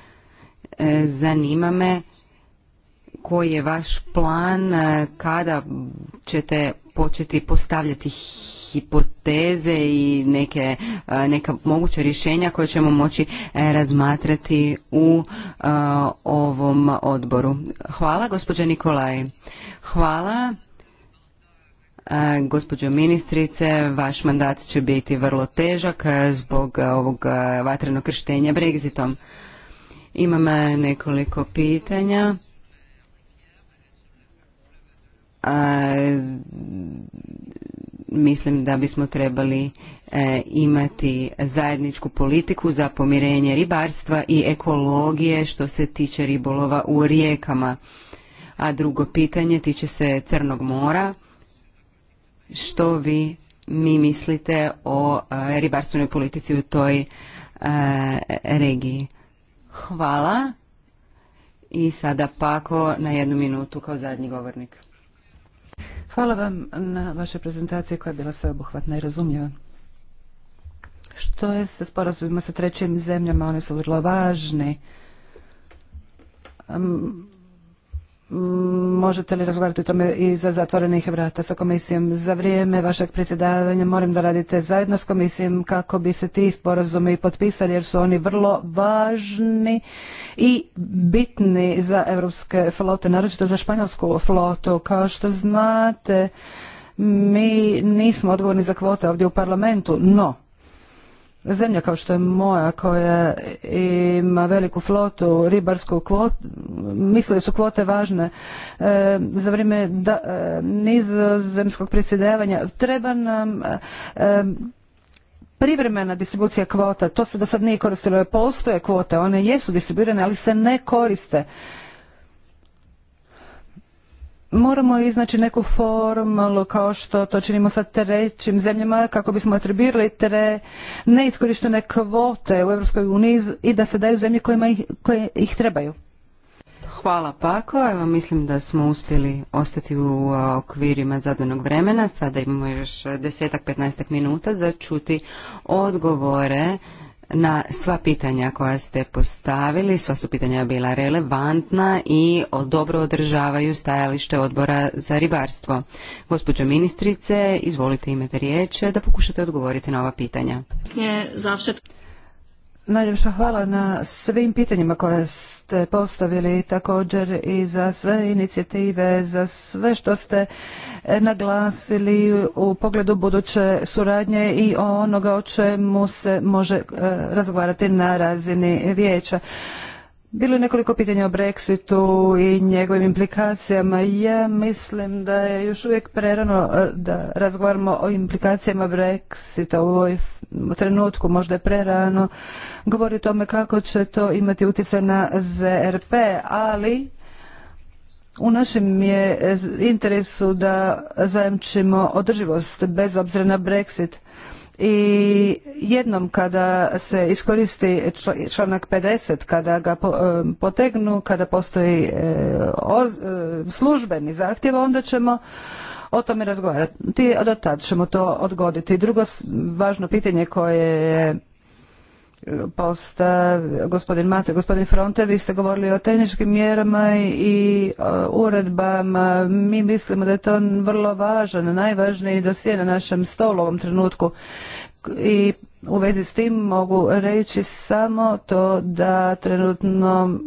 Zanima me koji je vaš plan kada ćete početi postavljati hipoteze i neke, neka moguća rješenja koje ćemo moći e, razmatrati u ovom odboru. Hvala gospođa Nikolaj. Hvala. E, gospođo ministrice, vaš mandat će biti vrlo težak e, zbog ovog vatrenog krštenja Brexitom. Imam nekoliko pitanja mislim da bismo trebali e, imati zajedničku politiku za pomirenje ribarstva i ekologije što se tiče ribolova u rijekama. A drugo pitanje tiče se Crnog mora. Što vi mi mislite o e, ribarstvenoj politici u toj e, regiji? Hvala. I sada Pako na jednu minutu kao zadnji govornik. Hvala vam na vašoj prezentaciji koja je bila sveobuhvatna i razumljiva. Što je sa sporazumima sa trećim zemljama? One su vrlo važne. Mm, možete li razgovarati o tome i za zatvorenih vrata sa komisijom za vrijeme vašeg predsjedavanja moram da radite zajedno s komisijom kako bi se ti sporazumi potpisali jer su oni vrlo važni i bitni za europske flote naročito za španjolsku flotu kao što znate mi nismo odgovorni za kvote ovdje u parlamentu no zemlja kao što je moja koja ima veliku flotu ribarsku kvotu, mislili su kvote važne e, za vrijeme da, e, nizozemskog predsjedavanja. Treba nam e, e, privremena distribucija kvota, to se do sad nije koristilo, postoje kvote, one jesu distribuirane, ali se ne koriste moramo iznaći neku formalu kao što to činimo sa trećim zemljama kako bismo atribirali tre neiskorištene kvote u Europskoj uniji i da se daju zemlje kojima ih, koje ih trebaju. Hvala Pako, evo mislim da smo uspjeli ostati u okvirima zadanog vremena, sada imamo još desetak, petnaestak minuta za čuti odgovore na sva pitanja koja ste postavili. Sva su pitanja bila relevantna i dobro održavaju stajalište odbora za ribarstvo. Gospođo ministrice, izvolite imate riječ da pokušate odgovoriti na ova pitanja. Najljepša hvala na svim pitanjima koje ste postavili također i za sve inicijative, za sve što ste naglasili u pogledu buduće suradnje i onoga o čemu se može eh, razgovarati na razini vijeća. Bilo je nekoliko pitanja o Brexitu i njegovim implikacijama. Ja mislim da je još uvijek prerano e, da razgovaramo o implikacijama Brexita u ovoj trenutku. Možda je prerano govori o tome kako će to imati utjecaj na ZRP, ali u našem je interesu da zajemčimo održivost bez obzira na Brexit i jednom kada se iskoristi članak 50, kada ga e, potegnu, kada postoji e, e, službeni zahtjev, onda ćemo o tome razgovarati. od tad ćemo to odgoditi. Drugo važno pitanje koje je posta, gospodin Mate, gospodin Fronte, vi ste govorili o tehničkim mjerama i e, uredbama. Mi mislimo da je to vrlo važan, najvažniji dosije na našem stolu u ovom trenutku. I u vezi s tim mogu reći samo to da trenutno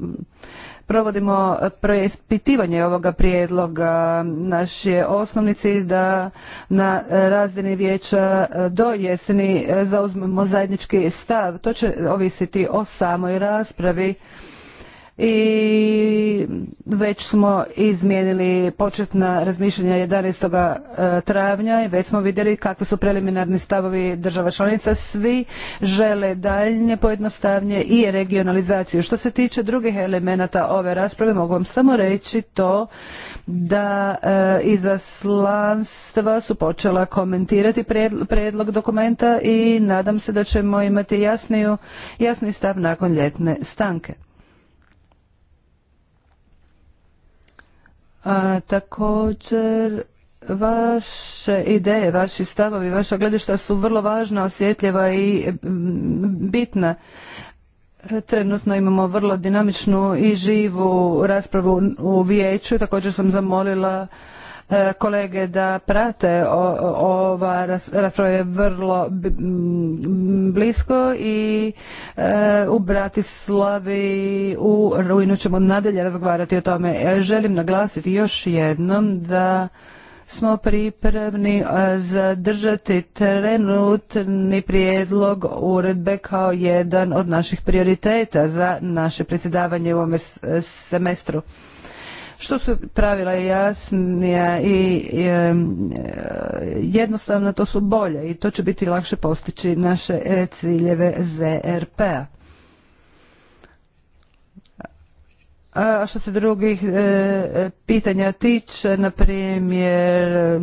provodimo preispitivanje ovoga prijedloga. Naš je osnovni cilj da na razini vijeća do jeseni zauzmemo zajednički stav. To će ovisiti o samoj raspravi i već smo izmijenili početna razmišljanja 11. E, travnja i već smo vidjeli kakvi su preliminarni stavovi država članica. Svi žele daljnje pojednostavnje i regionalizaciju. Što se tiče drugih elemenata ove rasprave mogu vam samo reći to da e, izaslanstva su počela komentirati predlog dokumenta i nadam se da ćemo imati jasniju, jasni stav nakon ljetne stanke. A također Vaše ideje, vaši stavovi, vaša gledišta su vrlo važna, osjetljiva i mm, bitna. Trenutno imamo vrlo dinamičnu i živu raspravu u vijeću. Također sam zamolila E, kolege da prate ova rasprava je vrlo blisko i e, u Bratislavi u rujnu ćemo nadalje razgovarati o tome. E, želim naglasiti još jednom da smo pripremni zadržati trenutni prijedlog uredbe kao jedan od naših prioriteta za naše predsjedavanje u ovome semestru što su pravila jasnija i jednostavna, to su bolje i to će biti lakše postići naše ciljeve ZRP-a. A što se drugih e, pitanja tiče, na primjer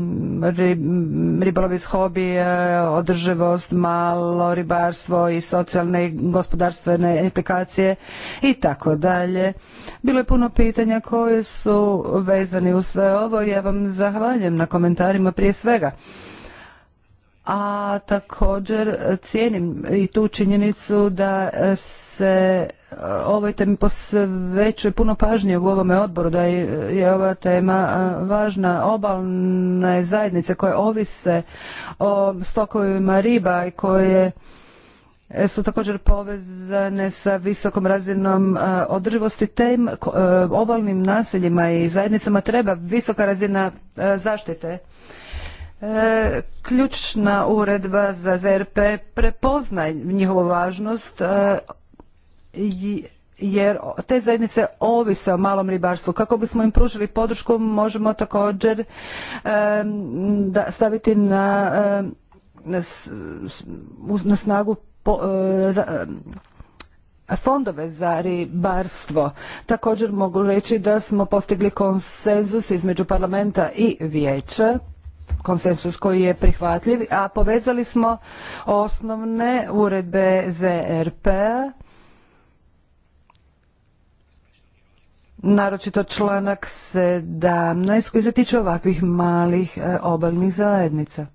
iz hobija, održivost, malo ribarstvo i socijalne i gospodarstvene implikacije i tako dalje. Bilo je puno pitanja koje su vezani u sve ovo. Ja vam zahvaljujem na komentarima prije svega a također cijenim i tu činjenicu da se e, ovoj temi posvećuje puno pažnje u ovome odboru, da je ova tema e, važna. Obalne zajednice koje ovise o stokovima riba i koje e, su također povezane sa visokom razinom održivosti. Tem obalnim naseljima i zajednicama treba visoka razina zaštite ključna uredba za ZRP prepozna njihovu važnost e, jer te zajednice ovise o malom ribarstvu. Kako bismo im pružili podršku možemo također e, staviti na, snagu fondove za ribarstvo. Također mogu reći da smo postigli konsenzus između parlamenta i vijeća konsensus koji je prihvatljiv, a povezali smo osnovne uredbe ZRP, naročito članak 17 koji se tiče ovakvih malih e, obalnih zajednica.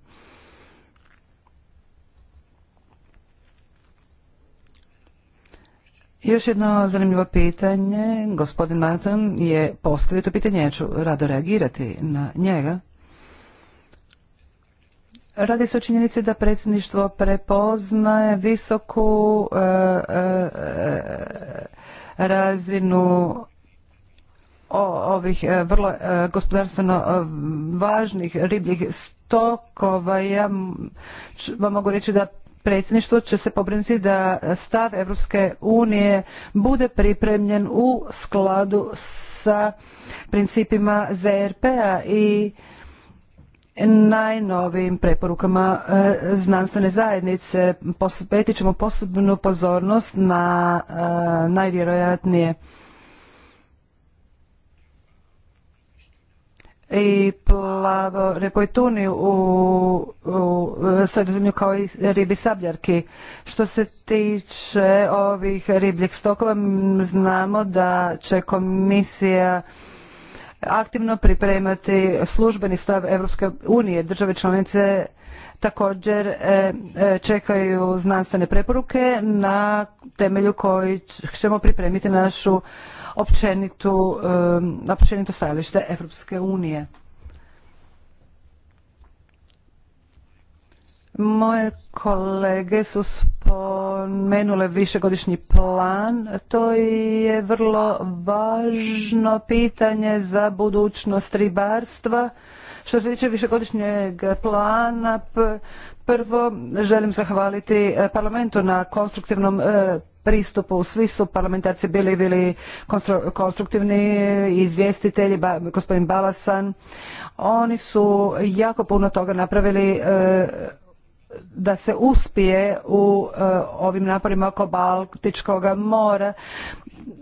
Još jedno zanimljivo pitanje, gospodin Matan je postavio to pitanje, ja ću rado reagirati na njega. Radi se o činjenici da predsjedništvo prepoznaje visoku e, e, e, razinu ovih vrlo gospodarstveno važnih ribljih stokova. Ja vam mogu reći da predsjedništvo će se pobrinuti da stav Europske unije bude pripremljen u skladu sa principima ZRP-a i najnovim preporukama e, znanstvene zajednice. Posvetit ćemo posebnu pozornost na e, najvjerojatnije i plavo repojtuni u, u sredozemlju kao i ribi sabljarki. Što se tiče ovih ribljih stokova, znamo da će komisija aktivno pripremati službeni stav Europske unije. Države članice također e, e, čekaju znanstvene preporuke na temelju koji ćemo pripremiti našu općenitu, e, općenito stajalište Europske unije. Moje kolege su spomenule višegodišnji plan. To je vrlo važno pitanje za budućnost ribarstva. Što se tiče višegodišnjeg plana, prvo želim zahvaliti e, parlamentu na konstruktivnom e, pristupu. Svi su parlamentarci bili, bili konstruktivni, izvjestitelji, ba, gospodin Balasan. Oni su jako puno toga napravili e, da se uspije u e, ovim naporima oko Baltičkog mora.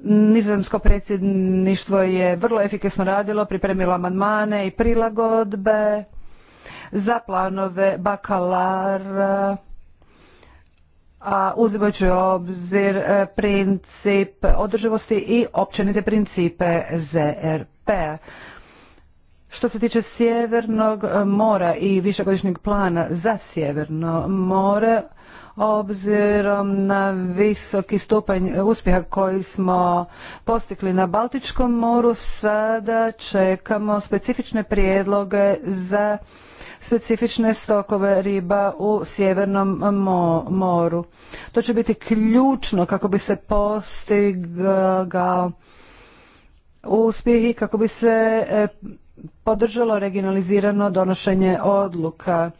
Nizozemsko predsjedništvo je vrlo efikasno radilo, pripremilo amandmane i prilagodbe za planove bakalar, a uzimajući obzir e, princip održivosti i općenite principe ZRP. -a. Što se tiče Sjevernog e, mora i višegodišnjeg plana za Sjeverno more, obzirom na visoki stupanj uspjeha koji smo postigli na Baltičkom moru, sada čekamo specifične prijedloge za specifične stokove riba u Sjevernom moru. To će biti ključno kako bi se postigao uspjeh i kako bi se e, podržalo regionalizirano donošenje odluka.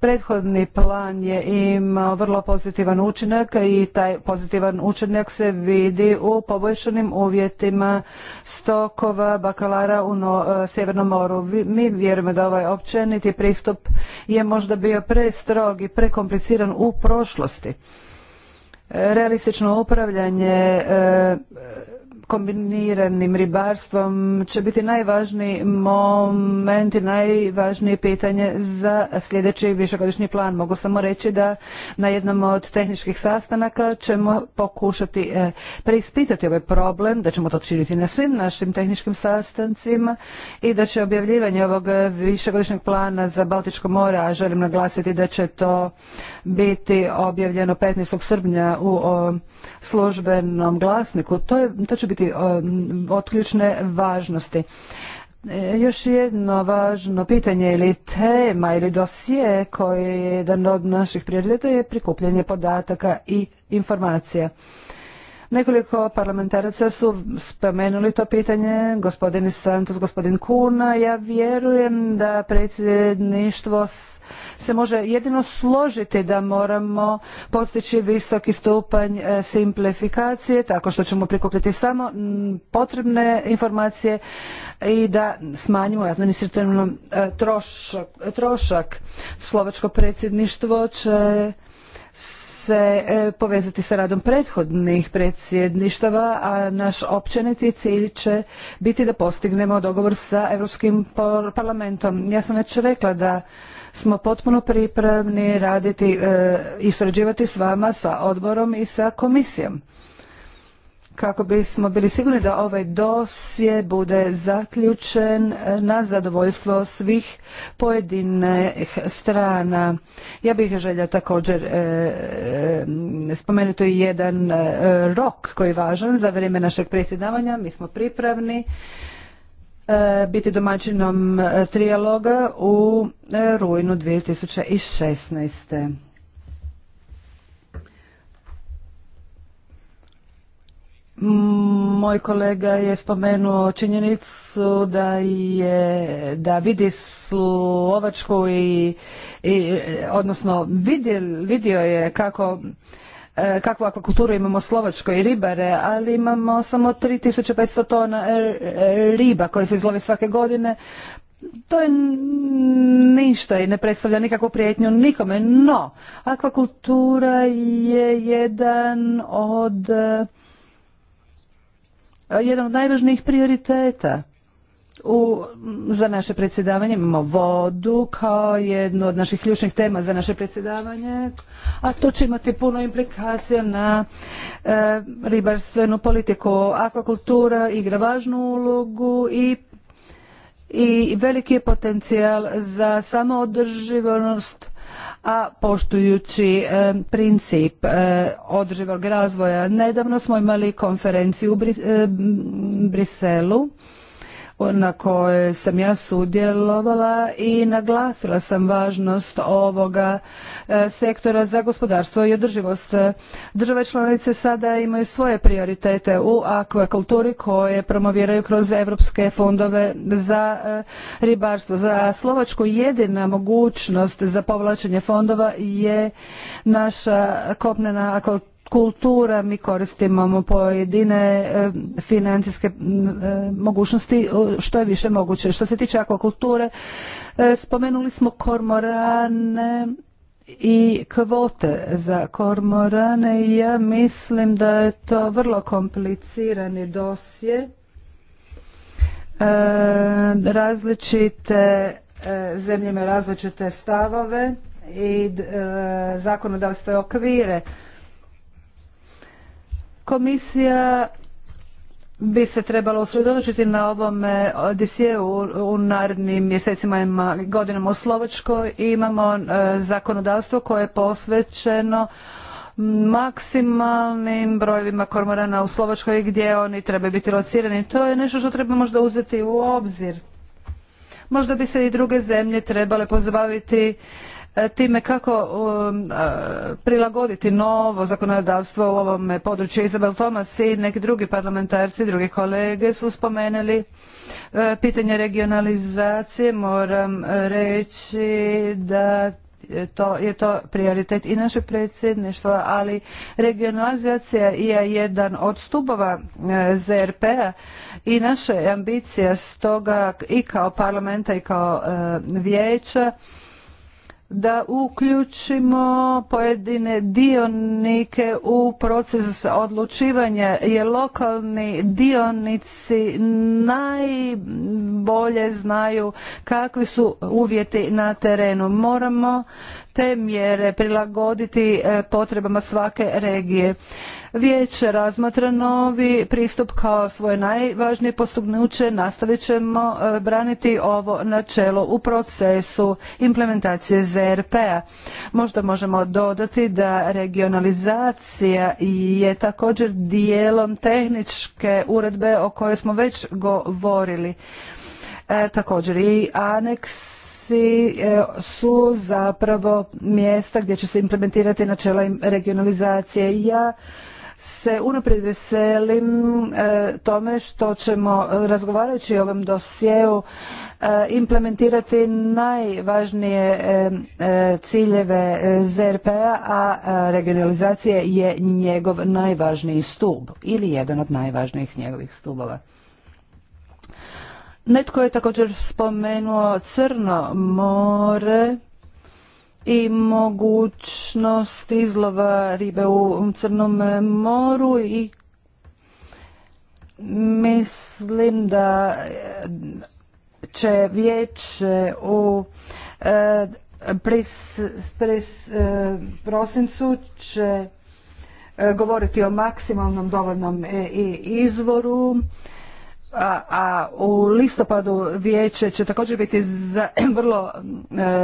Prethodni plan je imao vrlo pozitivan učinak i taj pozitivan učinak se vidi u poboljšanim uvjetima stokova bakalara u e, Sjevernom moru. Mi vjerujemo da ovaj općeniti pristup je možda bio prestrog i prekompliciran u prošlosti realistično upravljanje e, kombiniranim ribarstvom će biti najvažniji moment i najvažnije pitanje za sljedeći višegodišnji plan. Mogu samo reći da na jednom od tehničkih sastanaka ćemo pokušati e, preispitati ovaj problem, da ćemo to činiti na svim našim tehničkim sastancima i da će objavljivanje ovog višegodišnjeg plana za Baltičko more, a želim naglasiti da će to biti objavljeno 15. srbnja u službenom glasniku. To, je, to će biti um, od ključne važnosti. E, još jedno važno pitanje ili tema ili dosije koji je jedan od naših prioriteta je prikupljanje podataka i informacija. Nekoliko parlamentaraca su spomenuli to pitanje, gospodin Santos, gospodin Kuna. Ja vjerujem da predsjedništvo s se može jedino složiti da moramo postići visoki stupanj e, simplifikacije tako što ćemo prikupljati samo potrebne informacije i da smanjimo administrativno e, trošak. Slovačko predsjedništvo će se e, povezati sa radom prethodnih predsjedništava, a naš općeniti cilj će biti da postignemo dogovor sa Europskim parlamentom. Ja sam već rekla da smo potpuno pripravni raditi e, i surađivati s vama, sa odborom i sa komisijom kako bismo bili sigurni da ovaj dosje bude zaključen e, na zadovoljstvo svih pojedinih strana. Ja bih želja također e, e, spomenuti jedan rok koji je važan za vrijeme našeg predsjedavanja. Mi smo pripravni biti domaćinom trijaloga u rujnu 2016. Moj kolega je spomenuo činjenicu da je da vidi Slovačku i, i odnosno vidio je kako e, kakvu akvakulturu imamo Slovačkoj ribare, ali imamo samo 3500 tona riba koje se izlovi svake godine. To je ništa i ne predstavlja nikakvu prijetnju nikome, no akvakultura je jedan od jedan od najvažnijih prioriteta. U, za naše predsjedavanje imamo vodu kao jednu od naših ključnih tema za naše predsjedavanje, a to će imati puno implikacija na e, ribarstvenu politiku. Akvakultura igra važnu ulogu i i veliki je potencijal za samoodrživost a poštujući e, princip e, održivog razvoja. Nedavno smo imali konferenciju u e, Briselu na koje sam ja sudjelovala i naglasila sam važnost ovoga e, sektora za gospodarstvo i održivost. Države članice sada imaju svoje prioritete u akvakulturi koje promoviraju kroz europske fondove za e, ribarstvo. Za Slovačku jedina mogućnost za povlačenje fondova je naša kopnena akvakultura kultura, mi koristimo pojedine e, financijske e, mogućnosti e, što je više moguće. Što se tiče akvakulture, spomenuli smo kormorane i kvote za kormorane. Ja mislim da je to vrlo komplicirani dosje. Različite zemlje različite stavove i zakonodavstve okvire Komisija bi se trebalo usredotočiti na ovome Odisijeu u narednim mjesecima i godinama u Slovačkoj. Imamo e, zakonodavstvo koje je posvećeno maksimalnim brojevima kormorana u Slovačkoj gdje oni trebaju biti locirani. To je nešto što treba možda uzeti u obzir. Možda bi se i druge zemlje trebale pozabaviti E, time kako um, prilagoditi novo zakonodavstvo u ovom području. Izabel Thomas i neki drugi parlamentarci, drugi kolege su spomenuli e, pitanje regionalizacije. Moram reći da to je to prioritet i našeg predsjedništva, ali regionalizacija je jedan od stubova e, ZRP-a i naše ambicije stoga i kao parlamenta i kao vijeća da uključimo pojedine dionike u proces odlučivanja jer lokalni dionici najbolje znaju kakvi su uvjeti na terenu. Moramo te mjere prilagoditi e, potrebama svake regije. Vijeće razmatra novi pristup kao svoje najvažnije postignuće. Nastavit ćemo e, braniti ovo načelo u procesu implementacije ZRP-a. Možda možemo dodati da regionalizacija je također dijelom tehničke uredbe o kojoj smo već govorili. E, također i aneksi e, su zapravo mjesta gdje će se implementirati načela regionalizacije. Ja se unaprijed veselim e, tome što ćemo e, razgovarajući o ovom dosjeu e, implementirati najvažnije ciljeve ZRP-a, a regionalizacija je njegov najvažniji stup ili jedan od najvažnijih njegovih stubova. Netko je također spomenuo Crno more i mogućnost izlova ribe u Crnom moru i mislim da će vijeće u e, e, prosincu će e, govoriti o maksimalnom dovoljnom izvoru a, u listopadu vijeće će također biti [clears throat] vrlo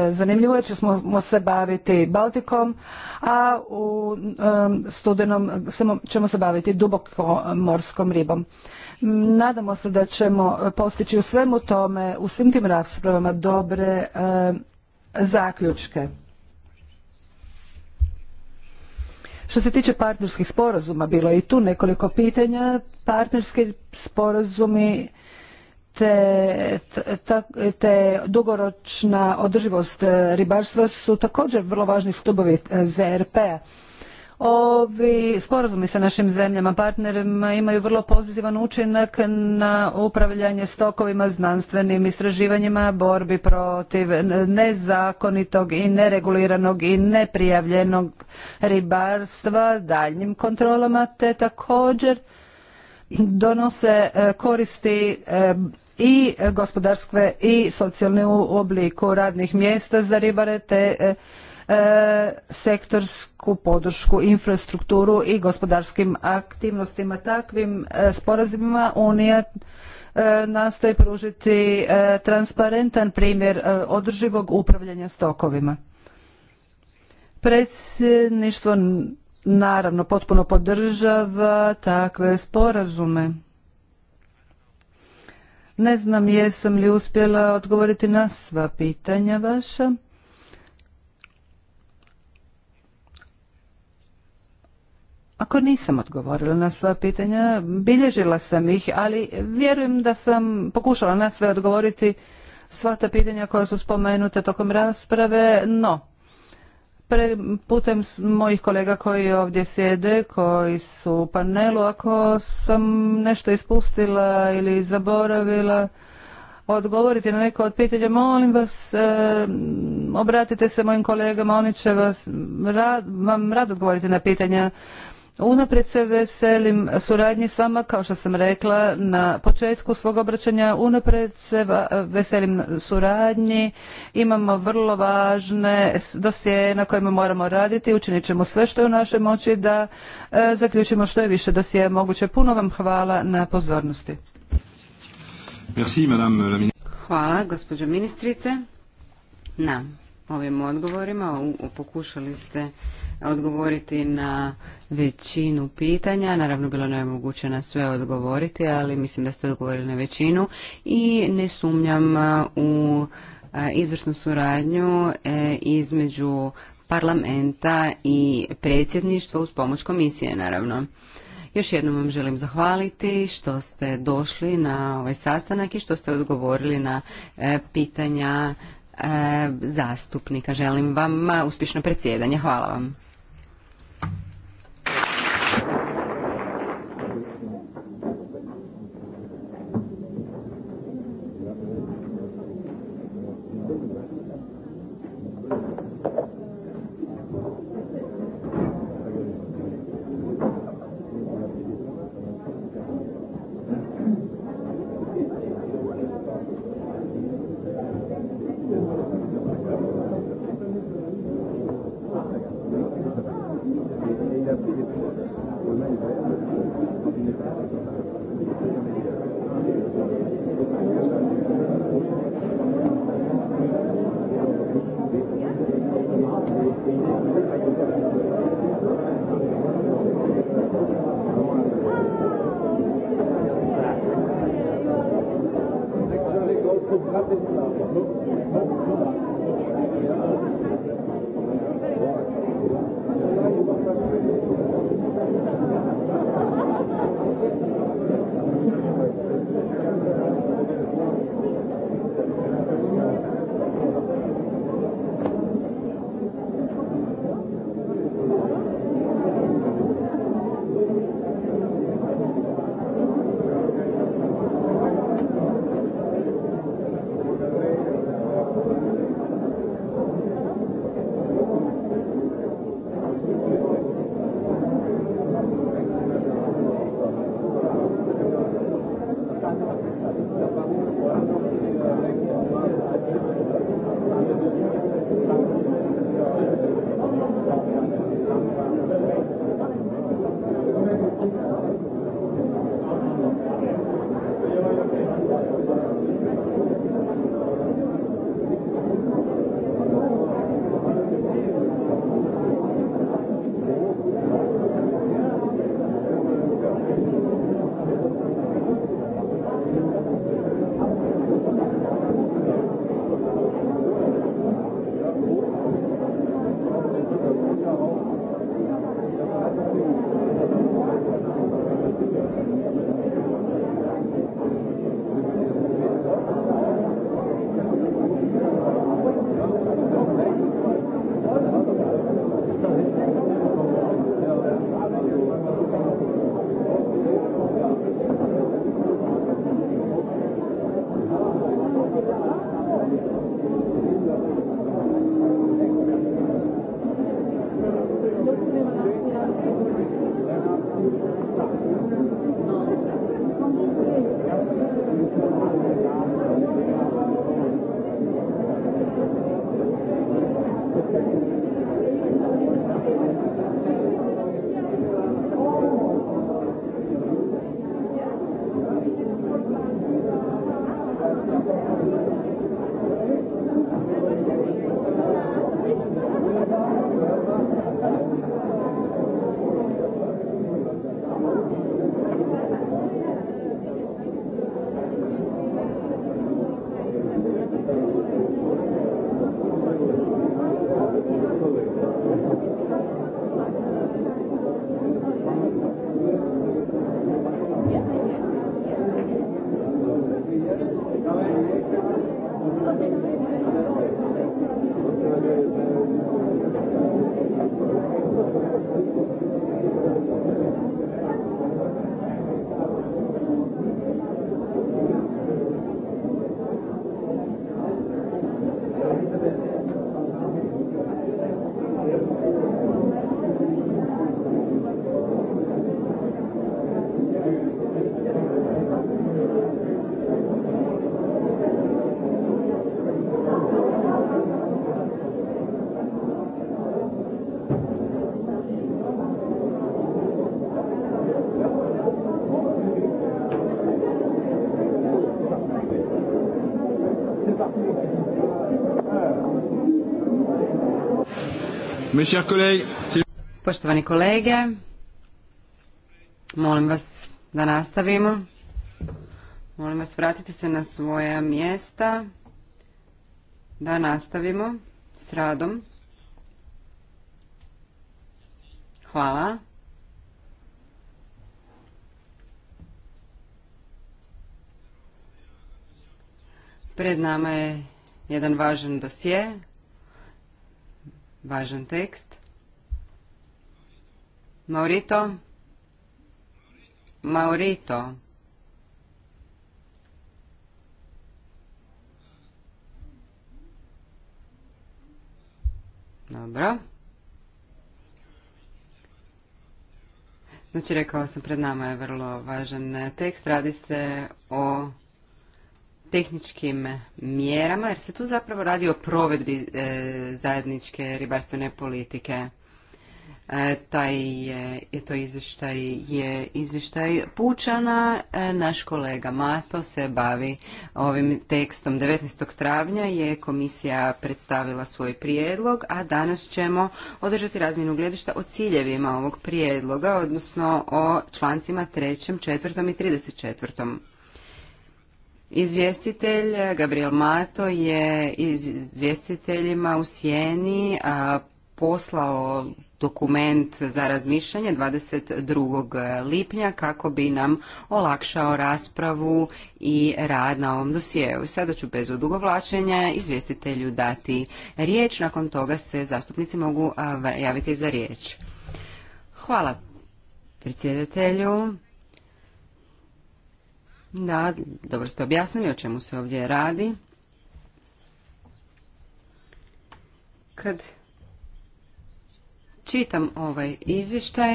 e, zanimljivo jer ćemo se baviti Baltikom, a u e, studenom ćemo se baviti dubokomorskom ribom. Nadamo se da ćemo postići u svemu tome, u svim tim raspravama dobre e, zaključke. Što se tiče partnerskih sporazuma, bilo je i tu nekoliko pitanja. Partnerski sporazumi te, te dugoročna održivost ribarstva su također vrlo važni stubovi eh, ZRP-a. Ovi sporazumi sa našim zemljama, partnerima imaju vrlo pozitivan učinak na upravljanje stokovima, znanstvenim istraživanjima, borbi protiv nezakonitog i nereguliranog i neprijavljenog ribarstva, daljnjim kontrolama te također donose e, koristi e, i gospodarske i socijalne u obliku radnih mjesta za ribare te e, E, sektorsku podršku, infrastrukturu i gospodarskim aktivnostima. Takvim e, sporazumima Unija e, nastoji pružiti transparentan primjer održivog upravljanja stokovima. Predsjedništvo naravno potpuno podržava takve sporazume. Ne znam jesam li uspjela odgovoriti na sva pitanja vaša. Ako nisam odgovorila na sva pitanja, bilježila sam ih, ali vjerujem da sam pokušala na sve odgovoriti sva ta pitanja koja su spomenuta tokom rasprave, no pre, putem mojih kolega koji ovdje sjede, koji su u panelu, ako sam nešto ispustila ili zaboravila odgovoriti na neko od pitanja, molim vas, e, obratite se mojim kolegama, oni će vas, rad, vam rado odgovoriti na pitanja Unaprijed se veselim suradnji s vama, kao što sam rekla na početku svog obraćanja, unaprijed se veselim suradnji, imamo vrlo važne dosije na kojima moramo raditi, učinit ćemo sve što je u našoj moći da e, zaključimo što je više dosije moguće. Puno vam hvala na pozornosti. Hvala, gospođo ministrice, na ovim odgovorima. Pokušali ste odgovoriti na većinu pitanja. Naravno, bilo nam je moguće na sve odgovoriti, ali mislim da ste odgovorili na većinu i ne sumnjam uh, u uh, izvrsnu suradnju e, između parlamenta i predsjedništva uz pomoć komisije, naravno. Još jednom vam želim zahvaliti što ste došli na ovaj sastanak i što ste odgovorili na e, pitanja e, zastupnika. Želim vam uh, uspješno predsjedanje. Hvala vam. Poštovani kolege, molim vas da nastavimo. Molim vas vratite se na svoja mjesta da nastavimo s radom. Hvala. Pred nama je jedan važan dosje, Važan tekst. Maurito. Maurito. Dobro. Znači, rekao sam, pred nama je vrlo važan tekst. Radi se o tehničkim mjerama, jer se tu zapravo radi o provedbi e, zajedničke ribarstvene politike. E, taj je, je to izvještaj je izvještaj Pučana, e, naš kolega Mato se bavi ovim tekstom. 19. travnja je komisija predstavila svoj prijedlog, a danas ćemo održati razmjenu gledišta o ciljevima ovog prijedloga, odnosno o člancima 3., 4. i 34. Izvjestitelj eh, Gabriel Mato je izvjestiteljima u Sjeni poslao dokument za razmišljanje 22. Eh, lipnja kako bi nam olakšao raspravu i rad na ovom dosijeu. Sada ću bez odugovlačenja izvjestitelju dati riječ, nakon toga se zastupnici mogu eh, javiti za riječ. Hvala predsjedatelju. Da, dobro ste objasnili o čemu se ovdje radi. Kad čitam ovaj izvještaj,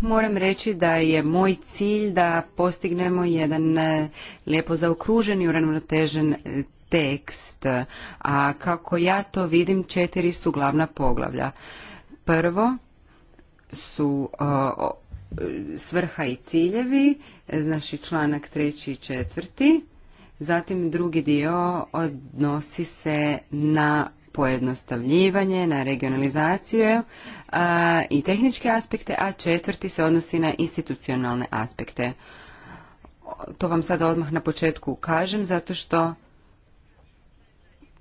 moram reći da je moj cilj da postignemo jedan e, lijepo zaokruženi, uravnotežen tekst. A kako ja to vidim, četiri su glavna poglavlja. Prvo su e, svrha i ciljevi, e, znači članak treći i četvrti. Zatim drugi dio odnosi se na pojednostavljivanje, na regionalizaciju e, i tehničke aspekte, a četvrti se odnosi na institucionalne aspekte. To vam sada odmah na početku kažem, zato što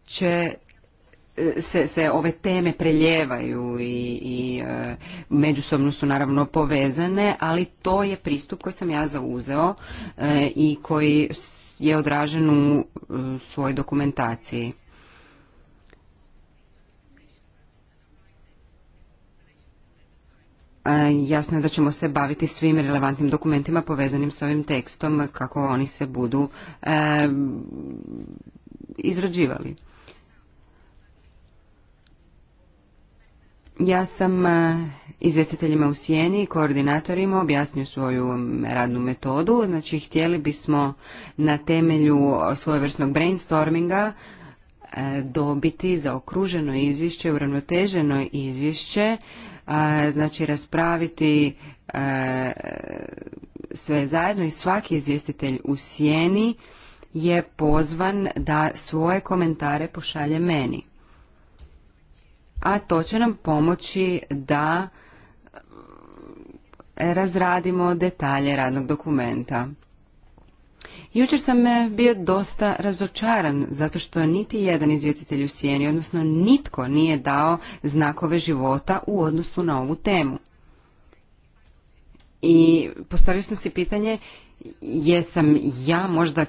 će se, se ove teme preljevaju i, i e, međusobno su naravno povezane, ali to je pristup koji sam ja zauzeo e, i koji je odražen u e, svojoj dokumentaciji. Jasno je da ćemo se baviti svim relevantnim dokumentima povezanim s ovim tekstom kako oni se budu izrađivali. Ja sam e, izvjestiteljima u Sijeni i koordinatorima objasnio svoju radnu metodu. Znači, htjeli bismo na temelju svojevrsnog brainstorminga e, dobiti za okruženo izvješće, uravnoteženo izvješće, e, znači raspraviti sve zajedno i svaki izvjestitelj u Sijeni je pozvan da svoje komentare pošalje meni a to će nam pomoći da e, razradimo detalje radnog dokumenta. Jučer sam e, bio dosta razočaran, zato što niti jedan izvjetitelj u sjeni, odnosno nitko nije dao znakove života u odnosu na ovu temu. I postavio sam si pitanje, jesam ja možda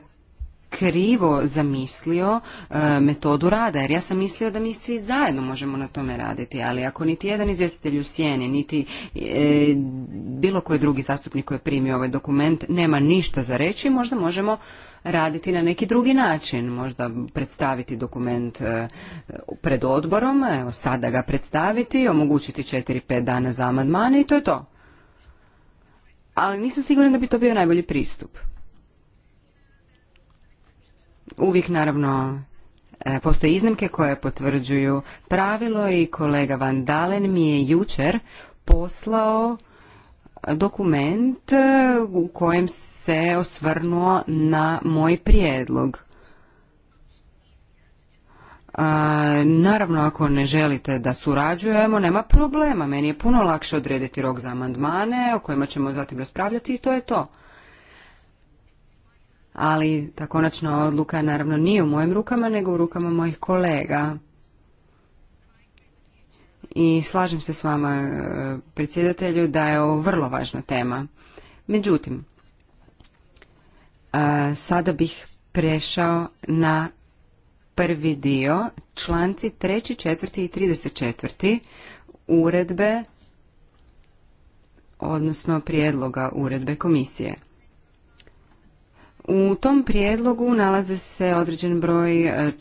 krivo zamislio e, metodu rada, jer ja sam mislio da mi svi zajedno možemo na tome raditi, ali ako niti jedan izvjestitelj u sjeni, niti e, bilo koji drugi zastupnik koji je primio ovaj dokument nema ništa za reći, možda možemo raditi na neki drugi način, možda predstaviti dokument e, pred odborom, evo sada ga predstaviti, omogućiti 4-5 dana za amandmane i to je to. Ali nisam sigurna da bi to bio najbolji pristup. Uvijek naravno e, postoje iznimke koje potvrđuju pravilo i kolega Van Dalen mi je jučer poslao dokument e, u kojem se osvrnuo na moj prijedlog. E, naravno, ako ne želite da surađujemo, nema problema. Meni je puno lakše odrediti rok za amandmane o kojima ćemo zatim raspravljati i to je to ali ta konačna odluka naravno nije u mojim rukama, nego u rukama mojih kolega. I slažem se s vama, e, predsjedatelju, da je ovo vrlo važna tema. Međutim, e, sada bih prešao na prvi dio, članci 3., 4. i 34. uredbe, odnosno prijedloga uredbe komisije. U tom prijedlogu nalaze se određen broj e,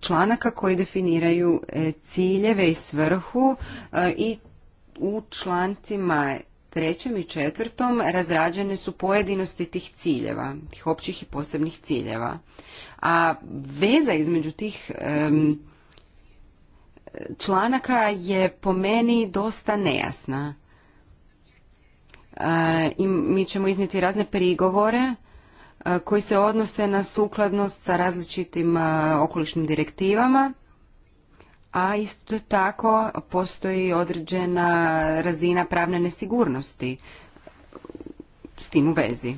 članaka koji definiraju e, ciljeve i svrhu e, i u člancima trećem i četvrtom razrađene su pojedinosti tih ciljeva, tih općih i posebnih ciljeva. A veza između tih članaka je po meni dosta nejasna. I mi ćemo iznijeti razne prigovore E, koji se odnose na sukladnost sa različitim e, okolišnim direktivama, a isto tako postoji određena razina pravne nesigurnosti s tim u vezi.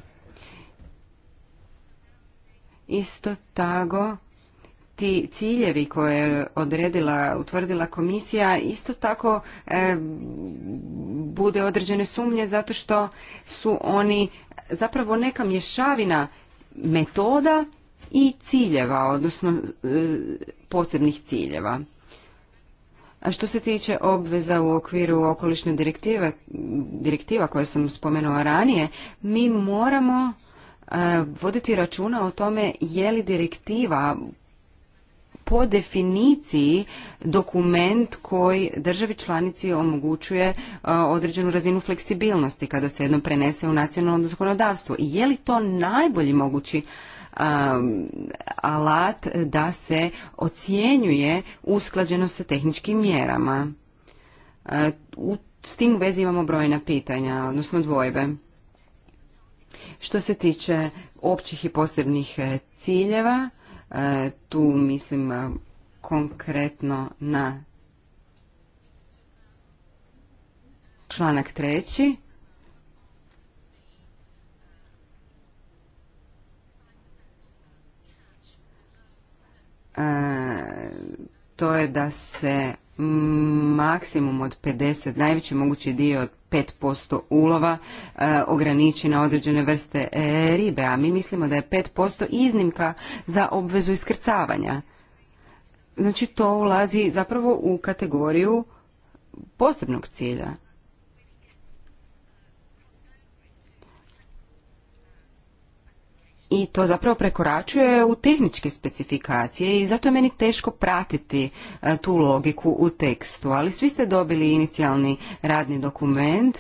Isto tako ti ciljevi koje je odredila, utvrdila komisija isto tako e, bude određene sumnje zato što su oni zapravo neka mješavina metoda i ciljeva, odnosno e, posebnih ciljeva. A što se tiče obveza u okviru okolišne direktive, direktiva koje sam spomenula ranije, mi moramo e, voditi računa o tome je li direktiva po definiciji dokument koji državi članici omogućuje e, određenu razinu fleksibilnosti kada se jednom prenese u nacionalno zakonodavstvo. I je li to najbolji mogući alat da se ocijenjuje usklađenost sa tehničkim mjerama. E, u, s tim u vezi imamo brojna pitanja, odnosno dvojbe. Što se tiče općih i posebnih e, ciljeva, E, tu mislim e, konkretno na članak treći. E, to je da se maksimum od 50, najveći mogući dio od 5% ulova e, ograniči na određene vrste e, ribe, a mi mislimo da je 5% iznimka za obvezu iskrcavanja. Znači to ulazi zapravo u kategoriju posebnog cilja. i to zapravo prekoračuje u tehničke specifikacije i zato je meni teško pratiti e, tu logiku u tekstu, ali svi ste dobili inicijalni radni dokument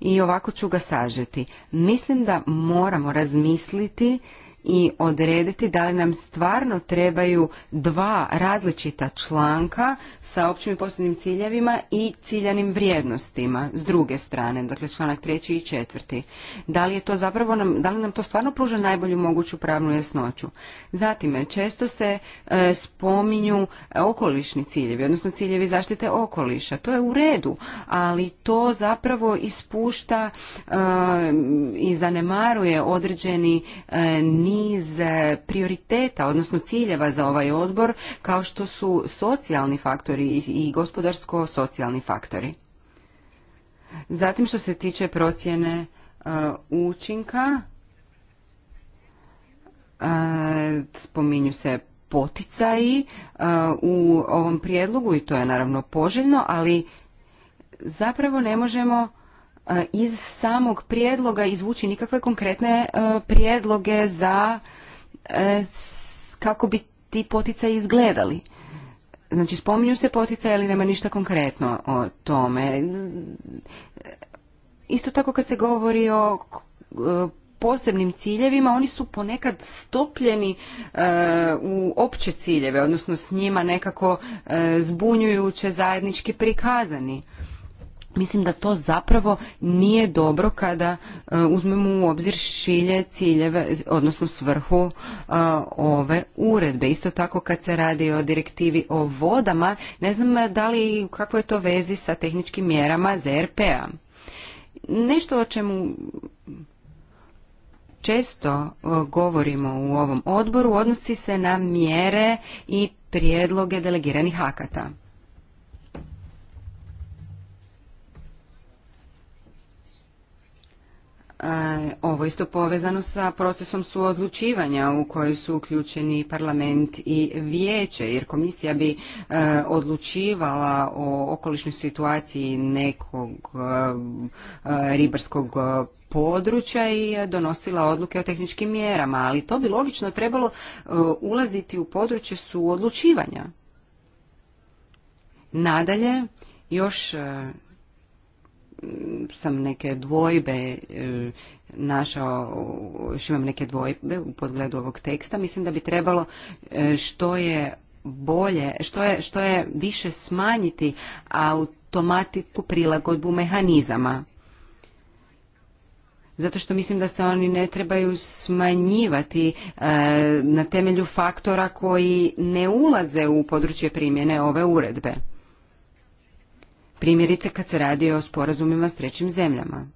i ovako ću ga sažeti. Mislim da moramo razmisliti i odrediti da li nam stvarno trebaju dva različita članka sa općim i posebnim ciljevima i ciljanim vrijednostima s druge strane, dakle članak treći i četvrti. Da li je to zapravo nam, da li nam to stvarno pruža najbolju moguću pravnu jasnoću? Zatim, često se e, spominju okolišni ciljevi, odnosno ciljevi zaštite okoliša. To je u redu, ali to zapravo ispušta e, i zanemaruje određeni e, niz e, prioriteta, odnosno ciljeva za ovaj odbor, kao što su socijalni faktori i gospodarsko-socijalni faktori. Zatim što se tiče procjene e, učinka, e, spominju se poticaji u ovom prijedlogu i to je naravno poželjno, ali zapravo ne možemo E, iz samog prijedloga izvući nikakve konkretne e, prijedloge za e, kako bi ti poticaji izgledali. Znači, spominju se poticaje, ali nema ništa konkretno o tome. Isto tako kad se govori o posebnim ciljevima, oni su ponekad stopljeni u opće ciljeve, odnosno s njima nekako zbunjujuće zajednički prikazani. Mislim da to zapravo nije dobro kada e, uzmemo u obzir šilje ciljeve, odnosno svrhu e, ove uredbe. Isto tako kad se radi o direktivi o vodama, ne znam da li kako je to vezi sa tehničkim mjerama ZRP-a. Nešto o čemu često e, govorimo u ovom odboru odnosi se na mjere i prijedloge delegiranih akata. ovo isto povezano sa procesom suodlučivanja u koji su uključeni parlament i vijeće, jer komisija bi e, odlučivala o okolišnoj situaciji nekog e, e, ribarskog područja i donosila odluke o tehničkim mjerama, ali to bi logično trebalo ulaziti u područje suodlučivanja. Nadalje, još sam neke dvojbe e, našao, još imam neke dvojbe u pogledu ovog teksta, mislim da bi trebalo e, što je bolje, što je, što je više smanjiti automatiku prilagodbu mehanizama. Zato što mislim da se oni ne trebaju smanjivati e, na temelju faktora koji ne ulaze u područje primjene ove uredbe primjerice kad se radi o sporazumima s trećim zemljama.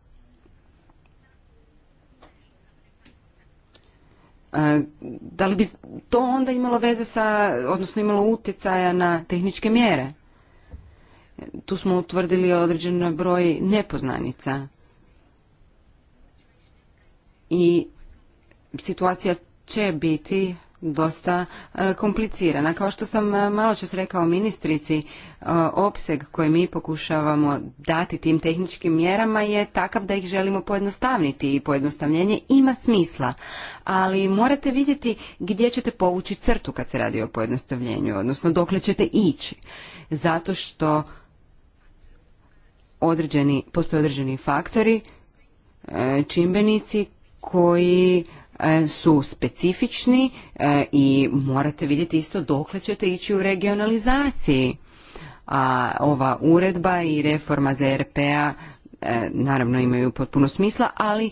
E, da li bi to onda imalo veze sa, odnosno imalo utjecaja na tehničke mjere? Tu smo utvrdili određen broj nepoznanica. I situacija će biti dosta e, komplicirana. Kao što sam e, malo čas rekao ministrici, e, opseg koji mi pokušavamo dati tim tehničkim mjerama je takav da ih želimo pojednostavniti i pojednostavljenje ima smisla, ali morate vidjeti gdje ćete povući crtu kad se radi o pojednostavljenju, odnosno dokle ćete ići, zato što postoje određeni faktori, čimbenici koji E, su specifični e, i morate vidjeti isto dokle ćete ići u regionalizaciji. A ova uredba i reforma za p-a, a e, naravno imaju potpuno smisla, ali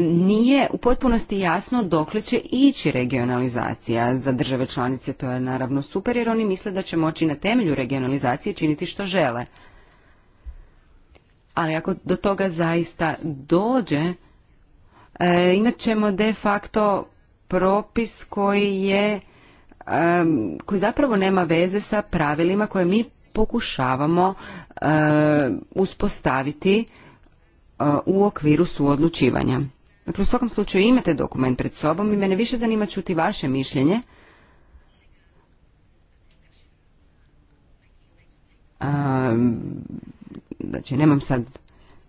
nije u potpunosti jasno dokle će ići regionalizacija. Za države članice to je naravno super jer oni misle da će moći na temelju regionalizacije činiti što žele. Ali ako do toga zaista dođe, E, imat ćemo de facto propis koji je koji zapravo nema veze sa pravilima koje mi pokušavamo uspostaviti e, u okviru suodlučivanja. Dakle, u svakom slučaju imate dokument pred sobom i mene više zanima čuti vaše mišljenje. znači, nemam sad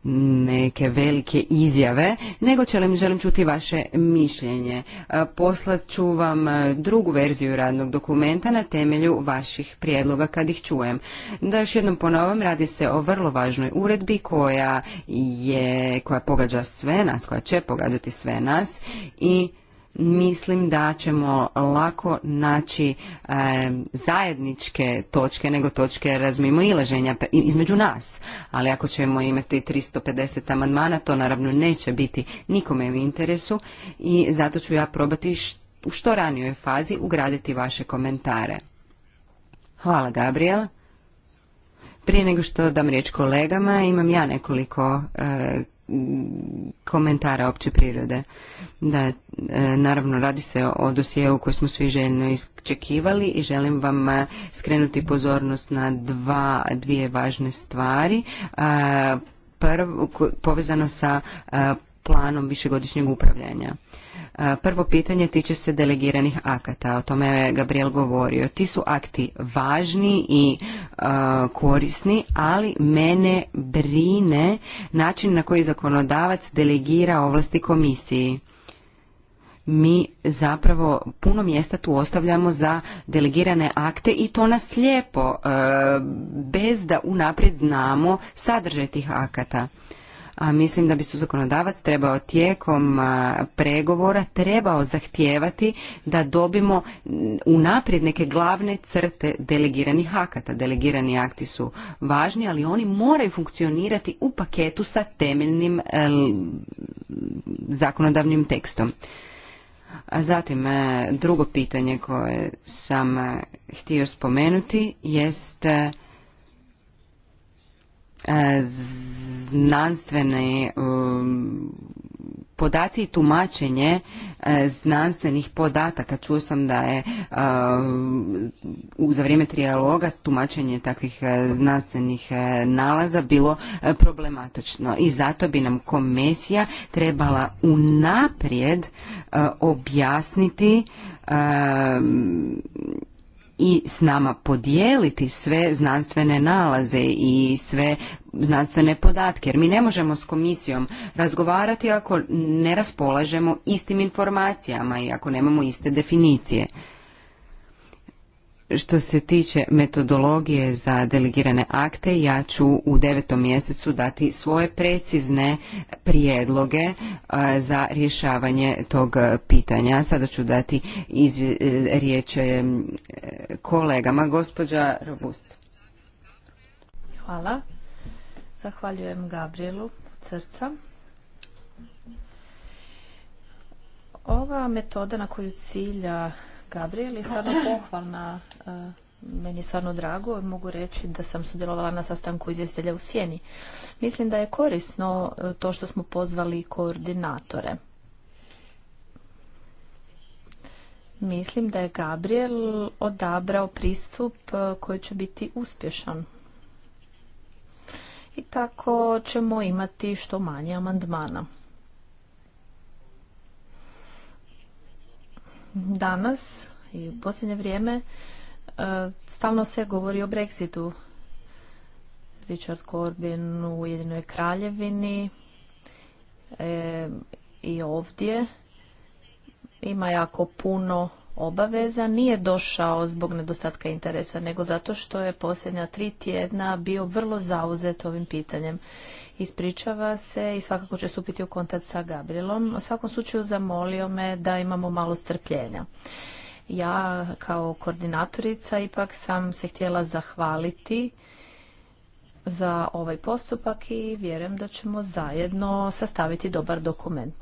neke velike izjave, nego želim, želim čuti vaše mišljenje. E, poslat ću vam e, drugu verziju radnog dokumenta na temelju vaših prijedloga kad ih čujem. Da još jednom ponovam, radi se o vrlo važnoj uredbi koja je, koja pogađa sve nas, koja će pogađati sve nas i mislim da ćemo lako naći zajedničke točke nego točke razmimo ilaženja između nas. Ali ako ćemo imati 350 amandmana, to naravno neće biti nikome u interesu i zato ću ja probati u što ranijoj fazi ugraditi vaše komentare. Hvala Gabriel. Prije nego što dam riječ kolegama, imam ja nekoliko e, komentara opće prirode. Da, e, naravno radi se o dosijeu koji smo svi željno iščekivali i želim vam e, skrenuti pozornost na dva, dvije važne stvari. E, Prvo, povezano sa planom višegodišnjeg upravljanja. Prvo pitanje tiče se delegiranih akata, o tome je Gabriel govorio. Ti su akti važni i korisni, ali mene brine način na koji zakonodavac delegira ovlasti komisiji mi zapravo puno mjesta tu ostavljamo za delegirane akte i to nas lijepo, bez da unaprijed znamo sadržaj tih akata a mislim da bi su zakonodavac trebao tijekom pregovora trebao zahtijevati da dobimo unaprijed neke glavne crte delegiranih akata. Delegirani akti su važni, ali oni moraju funkcionirati u paketu sa temeljnim e, zakonodavnim tekstom. A zatim, e, drugo pitanje koje sam e, htio spomenuti jeste E, znanstvene e, podaci i tumačenje e, znanstvenih podataka. Čuo sam da je za vrijeme trijaloga tumačenje takvih znanstvenih nalaza bilo problematično i zato bi nam komisija trebala unaprijed objasniti i s nama podijeliti sve znanstvene nalaze i sve znanstvene podatke jer mi ne možemo s komisijom razgovarati ako ne raspolažemo istim informacijama i ako nemamo iste definicije. Što se tiče metodologije za delegirane akte, ja ću u devetom mjesecu dati svoje precizne prijedloge e, za rješavanje tog pitanja. Sada ću dati e, riječ e, kolegama. Gospođa Robust. Hvala. Zahvaljujem Gabrielu Crca. Ova metoda na koju cilja Gabriel je stvarno pohvalna. E, meni je stvarno drago, mogu reći da sam sudjelovala na sastanku izvjestelja u Sjeni. Mislim da je korisno e, to što smo pozvali koordinatore. Mislim da je Gabriel odabrao pristup e, koji će biti uspješan. I tako ćemo imati što manje amandmana. danas i u posljednje vrijeme e, stalno se govori o Brexitu. Richard Corbyn u Ujedinoj kraljevini e, i ovdje ima jako puno obaveza nije došao zbog nedostatka interesa, nego zato što je posljednja tri tjedna bio vrlo zauzet ovim pitanjem. Ispričava se i svakako će stupiti u kontakt sa Gabrielom. U svakom slučaju zamolio me da imamo malo strpljenja. Ja kao koordinatorica ipak sam se htjela zahvaliti za ovaj postupak i vjerujem da ćemo zajedno sastaviti dobar dokument.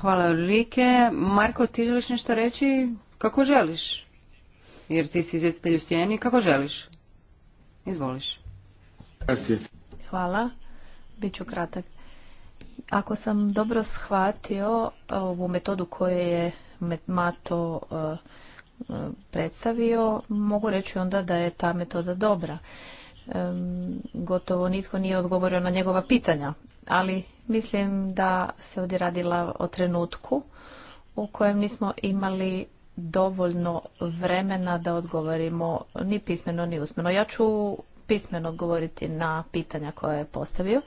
Hvala Ulrike. Marko, ti želiš nešto reći? Kako želiš? Jer ti si izvjestitelj u sjeni. Kako želiš? Izvoliš. Hvala. Biću kratak. Ako sam dobro shvatio ovu metodu koju je Mato e, e, predstavio, mogu reći onda da je ta metoda dobra gotovo nitko nije odgovorio na njegova pitanja, ali mislim da se ovdje radila o trenutku u kojem nismo imali dovoljno vremena da odgovorimo ni pismeno ni usmeno. Ja ću pismeno odgovoriti na pitanja koje je postavio.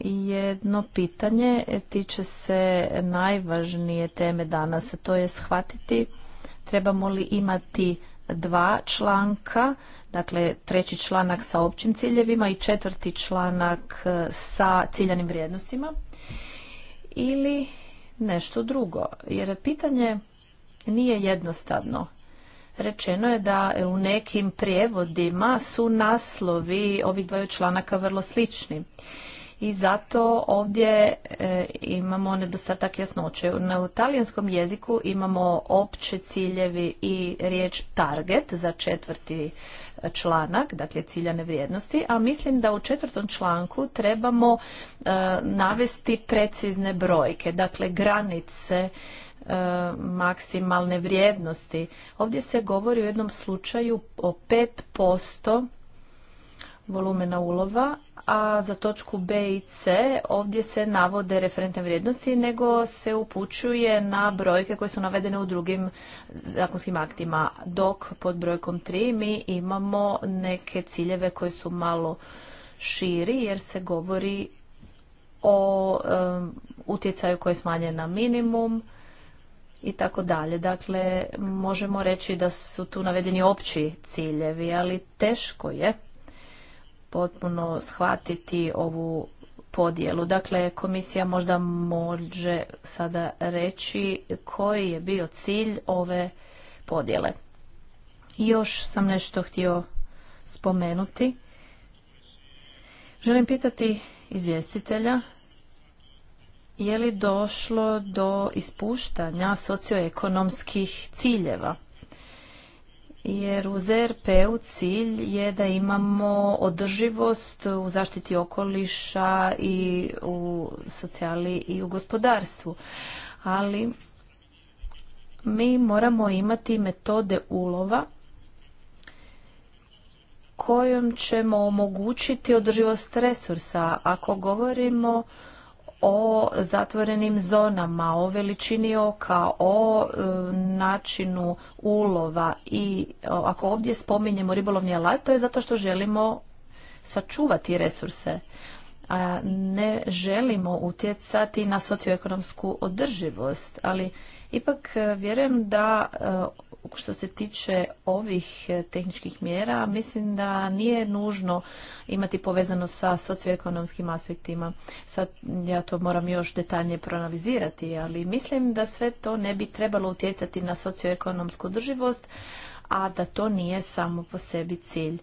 Jedno pitanje tiče se najvažnije teme danas, a to je shvatiti trebamo li imati dva članka, dakle treći članak sa općim ciljevima i četvrti članak e, sa ciljanim vrijednostima ili nešto drugo. Jer pitanje nije jednostavno. Rečeno je da e, u nekim prijevodima su naslovi ovih dvaju članaka vrlo slični i zato ovdje e, imamo nedostatak jasnoće. Na talijanskom jeziku imamo opće ciljevi i riječ target za četvrti e, članak, dakle ciljane vrijednosti, a mislim da u četvrtom članku trebamo e, navesti precizne brojke, dakle granice maksimalne vrijednosti. Ovdje se govori u jednom slučaju o 5% volumena ulova, a za točku B i C ovdje se navode referentne vrijednosti, nego se upućuje na brojke koje su navedene u drugim zakonskim aktima. Dok pod brojkom 3 mi imamo neke ciljeve koje su malo širi jer se govori o utjecaju koji je smanjen na minimum i tako dalje. Dakle, možemo reći da su tu navedeni opći ciljevi, ali teško je potpuno shvatiti ovu podjelu. Dakle, komisija možda može sada reći koji je bio cilj ove podjele. Još sam nešto htio spomenuti. Želim pitati izvjestitelja je li došlo do ispuštanja socioekonomskih ciljeva jer u ZRP-u cilj je da imamo održivost u zaštiti okoliša i u socijali i u gospodarstvu. Ali mi moramo imati metode ulova kojom ćemo omogućiti održivost resursa. Ako govorimo o zatvorenim zonama, o veličini oka, o e, načinu ulova i ako ovdje spominjemo ribolovni alat, to je zato što želimo sačuvati resurse. A ne želimo utjecati na socioekonomsku održivost, ali ipak e, vjerujem da e, što se tiče ovih eh, tehničkih mjera, mislim da nije nužno imati povezano sa socioekonomskim aspektima. Sad ja to moram još detaljnije proanalizirati, ali mislim da sve to ne bi trebalo utjecati na socioekonomsku drživost, a da to nije samo po sebi cilj.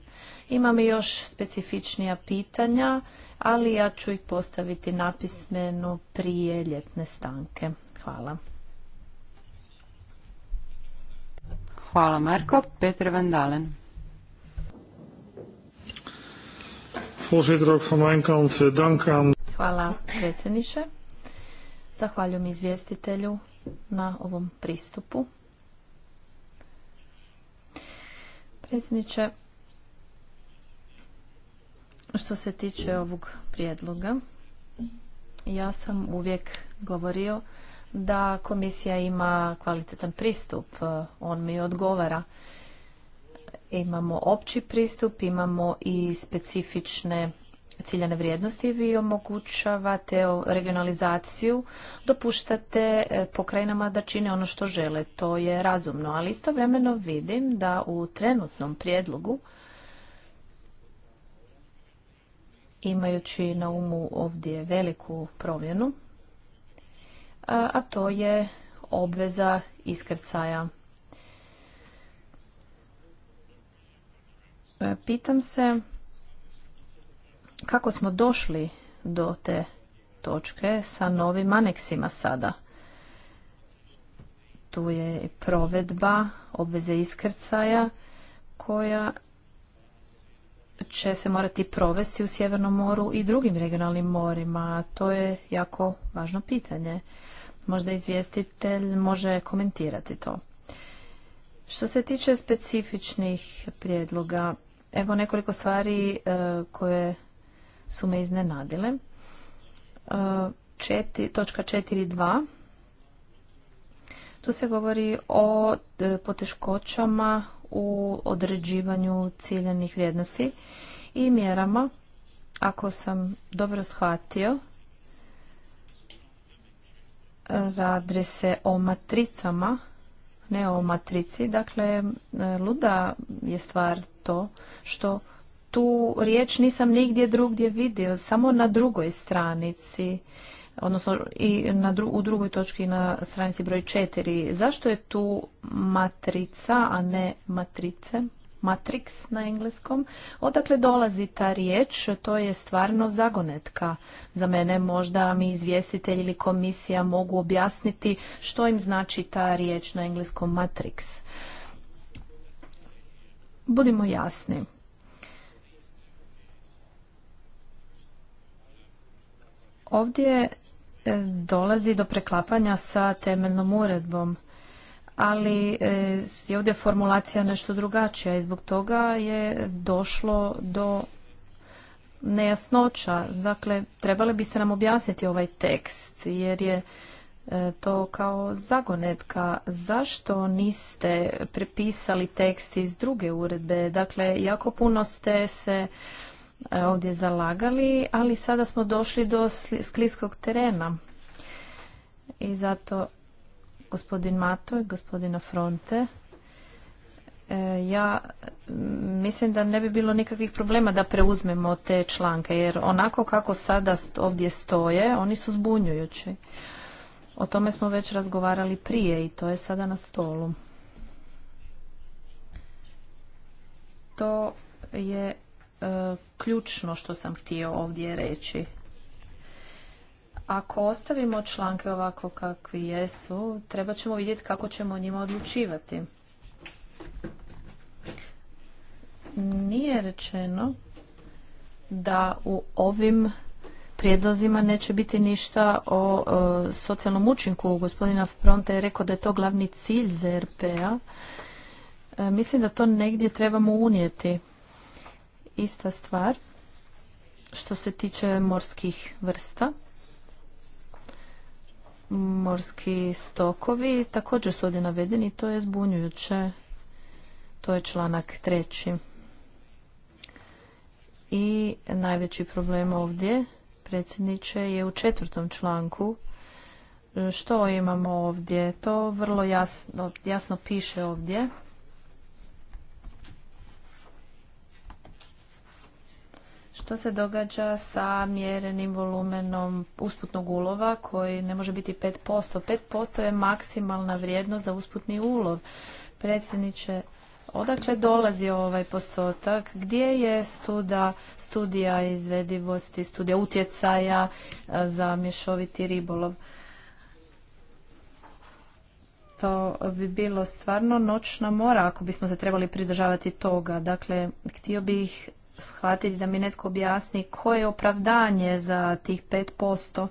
Imam još specifičnija pitanja, ali ja ću ih postaviti napismeno prije ljetne stanke. Hvala. Hvala Marko. Peter van Dalen. ook van mijn kant eh, dank aan... Hvala predsjedniče. Zahvaljujem izvjestitelju na ovom pristupu. Predsjedniče, što se tiče ovog prijedloga, ja sam uvijek govorio da komisija ima kvalitetan pristup, e, on mi odgovara. Imamo opći pristup, imamo i specifične ciljane vrijednosti, vi omogućavate regionalizaciju, dopuštate e, pokrajinama da čine ono što žele, to je razumno, ali istovremeno vidim da u trenutnom prijedlogu imajući na umu ovdje veliku promjenu a to je obveza iskrcaja. E, pitam se kako smo došli do te točke sa novim aneksima sada. Tu je provedba obveze iskrcaja koja će se morati provesti u Sjevernom moru i drugim regionalnim morima. To je jako važno pitanje. Možda izvjestitelj može komentirati to. Što se tiče specifičnih prijedloga, evo nekoliko stvari e, koje su me iznenadile. E, točka 4.2. Tu se govori o e, poteškoćama u određivanju ciljenih vrijednosti i mjerama. Ako sam dobro shvatio, Radi se o matricama, ne o matrici. Dakle, e, luda je stvar to što tu riječ nisam nigdje drugdje vidio, samo na drugoj stranici, odnosno i na u drugoj točki na stranici broj četiri. Zašto je tu matrica, a ne matrice? matrix na engleskom. Odakle dolazi ta riječ, to je stvarno zagonetka. Za mene možda mi izvjestitelj ili komisija mogu objasniti što im znači ta riječ na engleskom matrix. Budimo jasni. Ovdje e, dolazi do preklapanja sa temeljnom uredbom ali e, je ovdje formulacija nešto drugačija i zbog toga je došlo do nejasnoća. Dakle, trebali biste nam objasniti ovaj tekst jer je e, to kao zagonetka. Zašto niste prepisali tekst iz druge uredbe? Dakle, jako puno ste se e, ovdje zalagali, ali sada smo došli do skliskog terena. I zato gospodin Mato i gospodina Fronte. E, ja mislim da ne bi bilo nikakvih problema da preuzmemo te članke, jer onako kako sada ovdje stoje, oni su zbunjujući. O tome smo već razgovarali prije i to je sada na stolu. To je e, ključno što sam htio ovdje reći. Ako ostavimo članke ovako kakvi jesu, treba ćemo vidjeti kako ćemo o njima odlučivati. Nije rečeno da u ovim prijedlozima neće biti ništa o socijalnom učinku. Gospodina Fronte je rekao da je to glavni cilj ZRP-a. E, mislim da to negdje trebamo unijeti. Ista stvar što se tiče morskih vrsta morski stokovi također su ovdje navedeni to je zbunjujuće. To je članak treći. I najveći problem ovdje, predsjedniče, je u četvrtom članku. Što imamo ovdje? To vrlo jasno, jasno piše ovdje. što se događa sa mjerenim volumenom usputnog ulova koji ne može biti 5%. 5% je maksimalna vrijednost za usputni ulov. Predsjedniče, odakle dolazi ovaj postotak? Gdje je studa, studija izvedivosti, studija utjecaja e, za mješoviti ribolov? to bi bilo stvarno noćna mora ako bismo se trebali pridržavati toga. Dakle, htio bih shvatiti da mi netko objasni koje je opravdanje za tih 5%.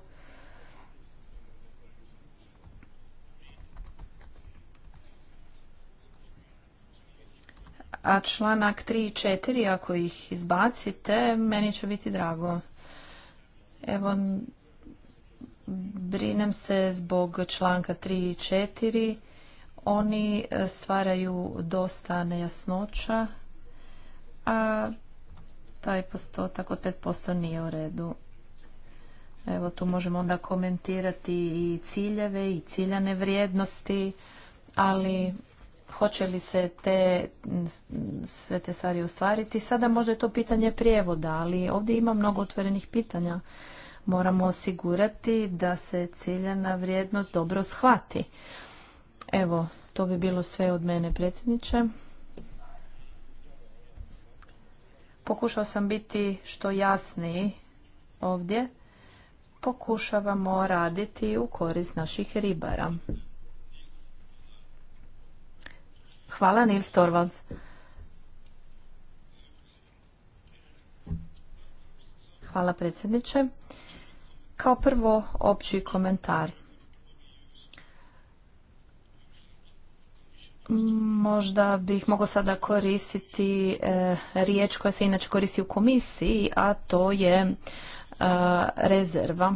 A članak 3 i 4, ako ih izbacite, meni će biti drago. Evo, brinem se zbog članka 3 i 4. Oni stvaraju dosta nejasnoća, a taj postotak od 5% nije u redu. Evo tu možemo onda komentirati i ciljeve i ciljane vrijednosti, ali hoće li se te, sve te stvari ostvariti. Sada možda je to pitanje prijevoda, ali ovdje ima mnogo otvorenih pitanja. Moramo osigurati da se ciljana vrijednost dobro shvati. Evo, to bi bilo sve od mene predsjedniče. Pokušao sam biti što jasniji ovdje. Pokušavamo raditi u korist naših ribara. Hvala Nils Torvalds. Hvala predsjedniče. Kao prvo opći komentar. Možda bih mogla sada koristiti e, riječ koja se inače koristi u komisiji, a to je e, rezerva,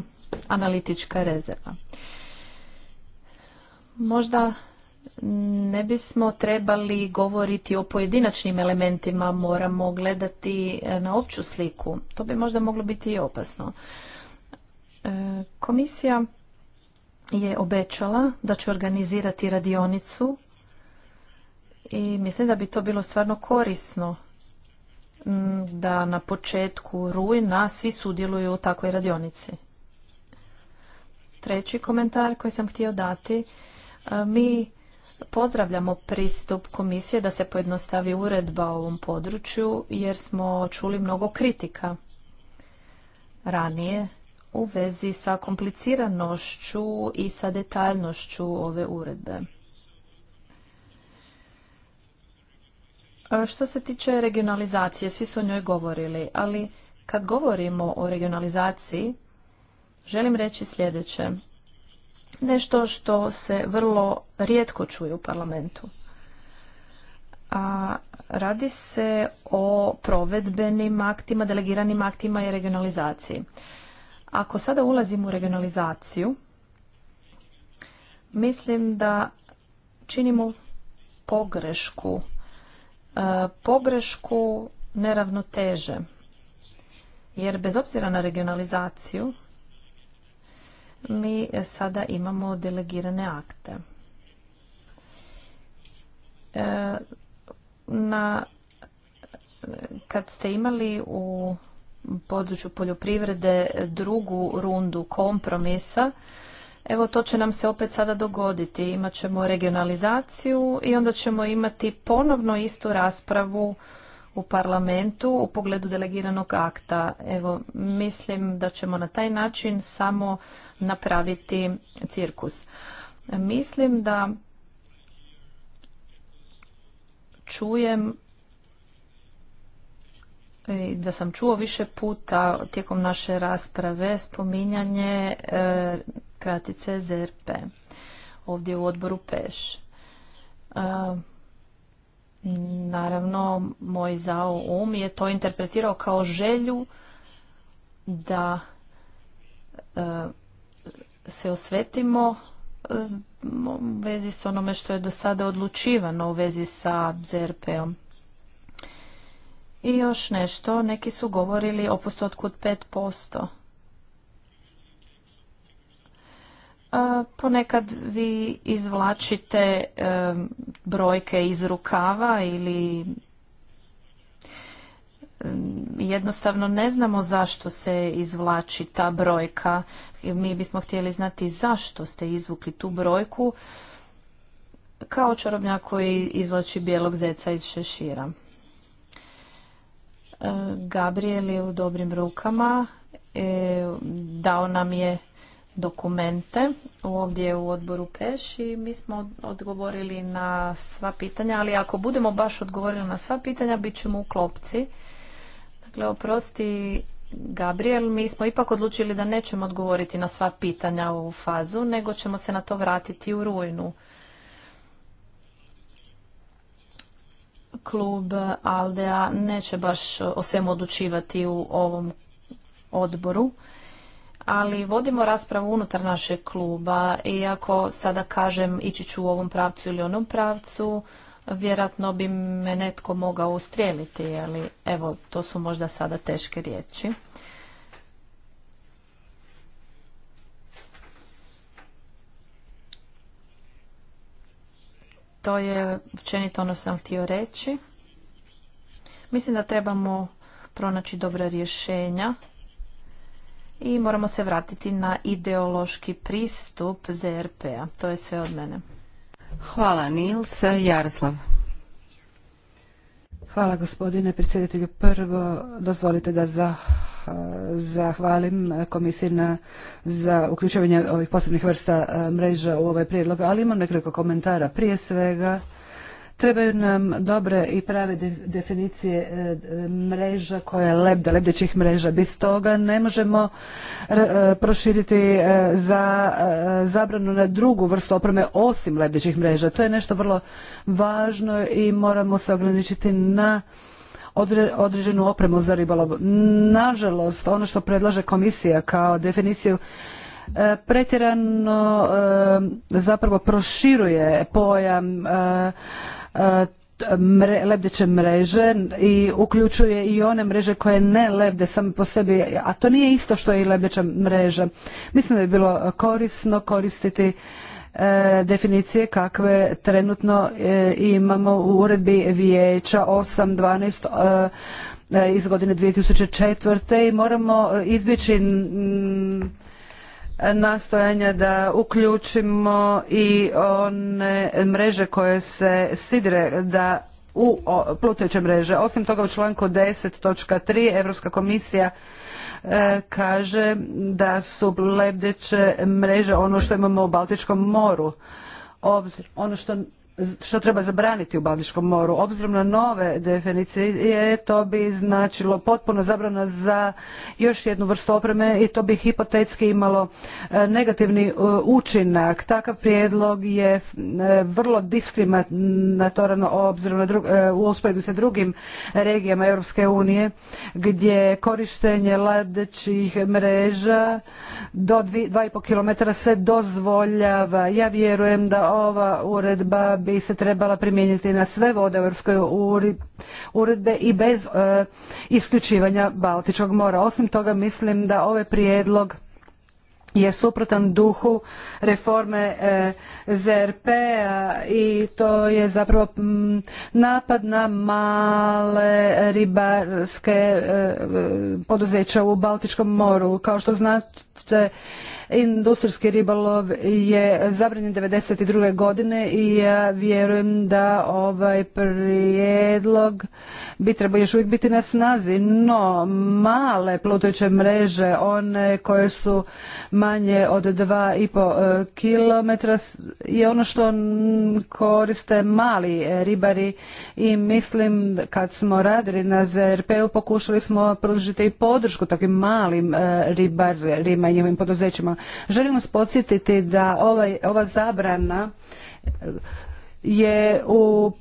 analitička rezerva. Možda ne bismo trebali govoriti o pojedinačnim elementima, moramo gledati e, na opću sliku. To bi možda moglo biti i opasno. komisija je obećala da će organizirati radionicu i mislim da bi to bilo stvarno korisno da na početku rujna svi sudjeluju u takvoj radionici. Treći komentar koji sam htio dati. E, mi pozdravljamo pristup komisije da se pojednostavi uredba u ovom području jer smo čuli mnogo kritika ranije u vezi sa kompliciranošću i sa detaljnošću ove uredbe. E, što se tiče regionalizacije, svi su o njoj govorili, ali kad govorimo o regionalizaciji, želim reći sljedeće. Nešto što se vrlo rijetko čuje u parlamentu. A radi se o provedbenim aktima, delegiranim aktima i regionalizaciji. Ako sada ulazim u regionalizaciju, mislim da činimo pogrešku E, pogrešku neravnoteže. Jer bez obzira na regionalizaciju, mi sada imamo delegirane akte. E, na, kad ste imali u području poljoprivrede drugu rundu kompromisa, Evo to će nam se opet sada dogoditi. Imat ćemo regionalizaciju i onda ćemo imati ponovno istu raspravu u parlamentu u pogledu delegiranog akta. Evo, mislim da ćemo na taj način samo napraviti cirkus. Mislim da čujem da sam čuo više puta tijekom naše rasprave spominjanje e, kratice ZRP, ovdje u odboru PEŠ. Naravno, moj zao um je to interpretirao kao želju da e, se osvetimo e, u vezi s onome što je do sada odlučivano u vezi sa ZRP-om. I još nešto, neki su govorili o postotku od 5%. ponekad vi izvlačite e, brojke iz rukava ili e, jednostavno ne znamo zašto se izvlači ta brojka. Mi bismo htjeli znati zašto ste izvukli tu brojku kao čarobnjak koji izvlači bijelog zeca iz šešira. E, Gabriel je u dobrim rukama, dao nam je dokumente ovdje u odboru Peš i mi smo odgovorili na sva pitanja, ali ako budemo baš odgovorili na sva pitanja, bit ćemo u klopci. Dakle, oprosti Gabriel, mi smo ipak odlučili da nećemo odgovoriti na sva pitanja u fazu, nego ćemo se na to vratiti u rujnu. Klub Aldea neće baš o svemu odlučivati u ovom odboru ali vodimo raspravu unutar našeg kluba i ako sada kažem ići ću u ovom pravcu ili onom pravcu, vjerojatno bi me netko mogao ustrijeliti, ali evo, to su možda sada teške riječi. To je općenito ono sam htio reći. Mislim da trebamo pronaći dobra rješenja i moramo se vratiti na ideološki pristup ZRP-a. To je sve od mene. Hvala Nils. Jaroslav. Hvala gospodine predsjedatelju. Prvo dozvolite da za zahvalim komisiji na, za uključivanje ovih posebnih vrsta e, mreža u ovaj prijedlog, ali imam nekoliko komentara. Prije svega, Trebaju nam dobre i prave definicije e, mreža je lebda, lebdećih mreža. Bez toga ne možemo e, e, proširiti za zabranu na drugu vrstu opreme osim lebdećih mreža. To je nešto vrlo važno i moramo se ograničiti na određenu opremu za ribolov. Nažalost, ono što predlaže komisija kao definiciju pretjerano zapravo proširuje pojam mre, lebdeće mreže i uključuje i one mreže koje ne lebde same po sebi, a to nije isto što je i lebdeća mreža. Mislim da bi bilo korisno koristiti e, definicije kakve trenutno e, imamo u uredbi vijeća 8.12 e, iz godine 2004. i moramo izbjeći nastojanja da uključimo i one mreže koje se sidre da u plutajuće mreže. Osim toga u članku 10.3 Europska komisija e, kaže da su lebdeće mreže ono što imamo u Baltičkom moru. Obzir, ono što što treba zabraniti u Baltičkom moru. Obzirom na nove definicije, to bi značilo potpuno zabrana za još jednu vrstu opreme i to bi hipotetski imalo e, negativni e, učinak. Takav prijedlog je e, vrlo diskriminatoran obzirom na u usporedbi sa drugim regijama Europske unije gdje korištenje ladećih mreža do 2,5 km se dozvoljava. Ja vjerujem da ova uredba bi se trebala primijeniti na sve vode Europske Europskoj uredbe i bez e, isključivanja Baltičkog mora. Osim toga mislim da ovaj prijedlog je suprotan duhu reforme e, ZRP i to je zapravo napad na male ribarske e, poduzeća u Baltičkom moru. Kao što znate, industrijski ribolov je zabranjen 1992. godine i ja vjerujem da ovaj prijedlog bi trebao još uvijek biti na snazi, no male plutajuće mreže, one koje su manje od 2,5 e, km je ono što koriste mali e, ribari i mislim kad smo radili na ZRP-u pokušali smo pružiti i podršku takvim malim e, ribarima i njihovim poduzećima. Želim vas podsjetiti da ovaj, ova zabrana je u,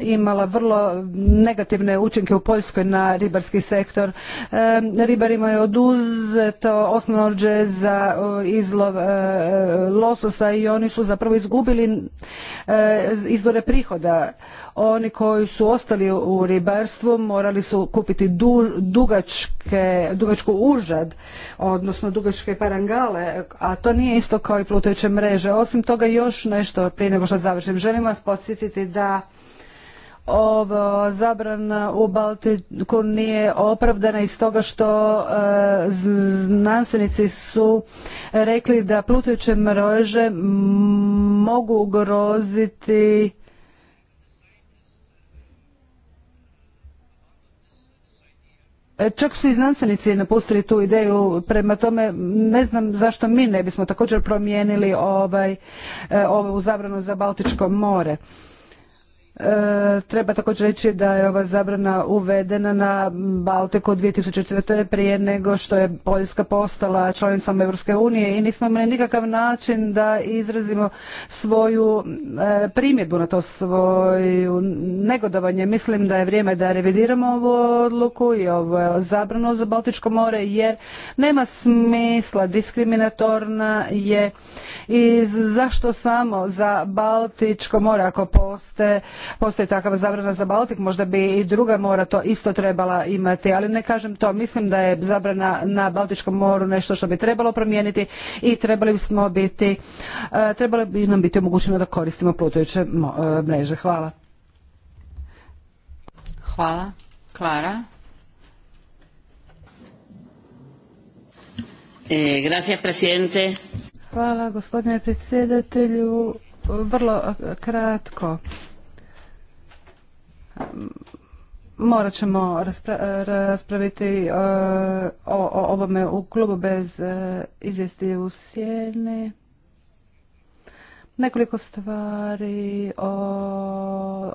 imala vrlo negativne učinke u Poljskoj na ribarski sektor. E, ribarima je oduzeto osnovnođe za izlov e, lososa i oni su zapravo izgubili e, izvore prihoda. Oni koji su ostali u ribarstvu morali su kupiti dugačke, dugačku užad, odnosno dugačke parangale, a to nije isto kao i plutajuće mreže. Osim toga još nešto prije nego što završim. Želim vas podsjetiti da ovo zabrana u Baltiku nije opravdana iz toga što e, znanstvenici su rekli da plutajuće mreže mogu ugroziti Čak su i znanstvenici napustili tu ideju, prema tome ne znam zašto mi ne bismo također promijenili ovaj, e, ovu zabranu za Baltičko more. E, treba također reći da je ova zabrana uvedena na Baltiku 2004. prije nego što je Poljska postala članicom Europske unije i nismo imali nikakav način da izrazimo svoju e, primjedbu na to svoju negodovanje. Mislim da je vrijeme da revidiramo ovu odluku i ovu zabranu za Baltičko more jer nema smisla diskriminatorna je i zašto samo za Baltičko more ako postoje postoji takva zabrana za Baltik, možda bi i druga mora to isto trebala imati, ali ne kažem to, mislim da je zabrana na Baltičkom moru nešto što bi trebalo promijeniti i trebali smo biti, e, trebalo bi nam biti omogućeno da koristimo plutajuće e, mreže. Hvala. Hvala. Klara. E, Hvala gospodine predsjedatelju. Vrlo kratko morat ćemo raspraviti e, o, o ovome u klubu bez e, izvijesti u sjeni. Nekoliko stvari o,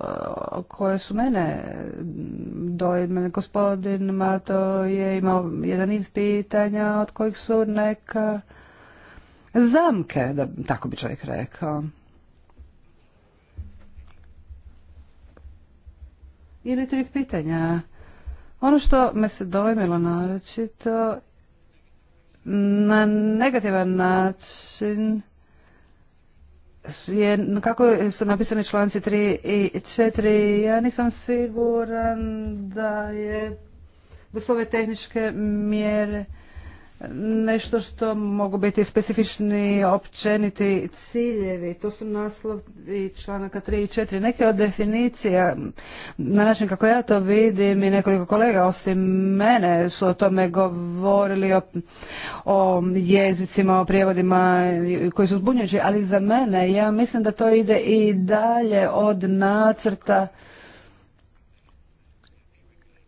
koje su mene dojme. Gospodin Mato je imao jedan iz pitanja od kojih su neka zamke, da tako bi čovjek rekao. ili tri pitanja. Ono što me se dojmilo naročito na negativan način je kako su napisani članci 3 i 4. Ja nisam siguran da je da su ove tehničke mjere nešto što mogu biti specifični općeniti ciljevi. To su naslov i članaka 3 i 4. Neke od definicija, na način kako ja to vidim i nekoliko kolega osim mene su o tome govorili o, jezicima, o prijevodima koji su zbunjujući, ali za mene ja mislim da to ide i dalje od nacrta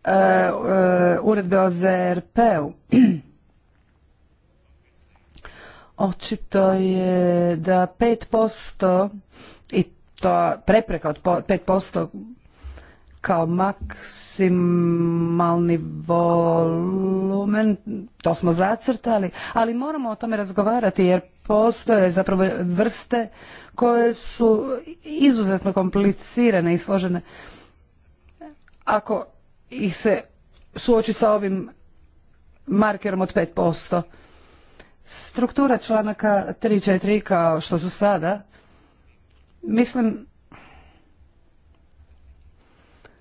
e, e, uredbe o ZRP-u. [clears throat] Očito je da 5% i to prepreka od 5% kao maksimalni volumen, to smo zacrtali, ali moramo o tome razgovarati jer postoje zapravo vrste koje su izuzetno komplicirane i složene. Ako ih se suoči sa ovim markerom od 5%, Struktura članaka 3-4 kao što su sada, mislim,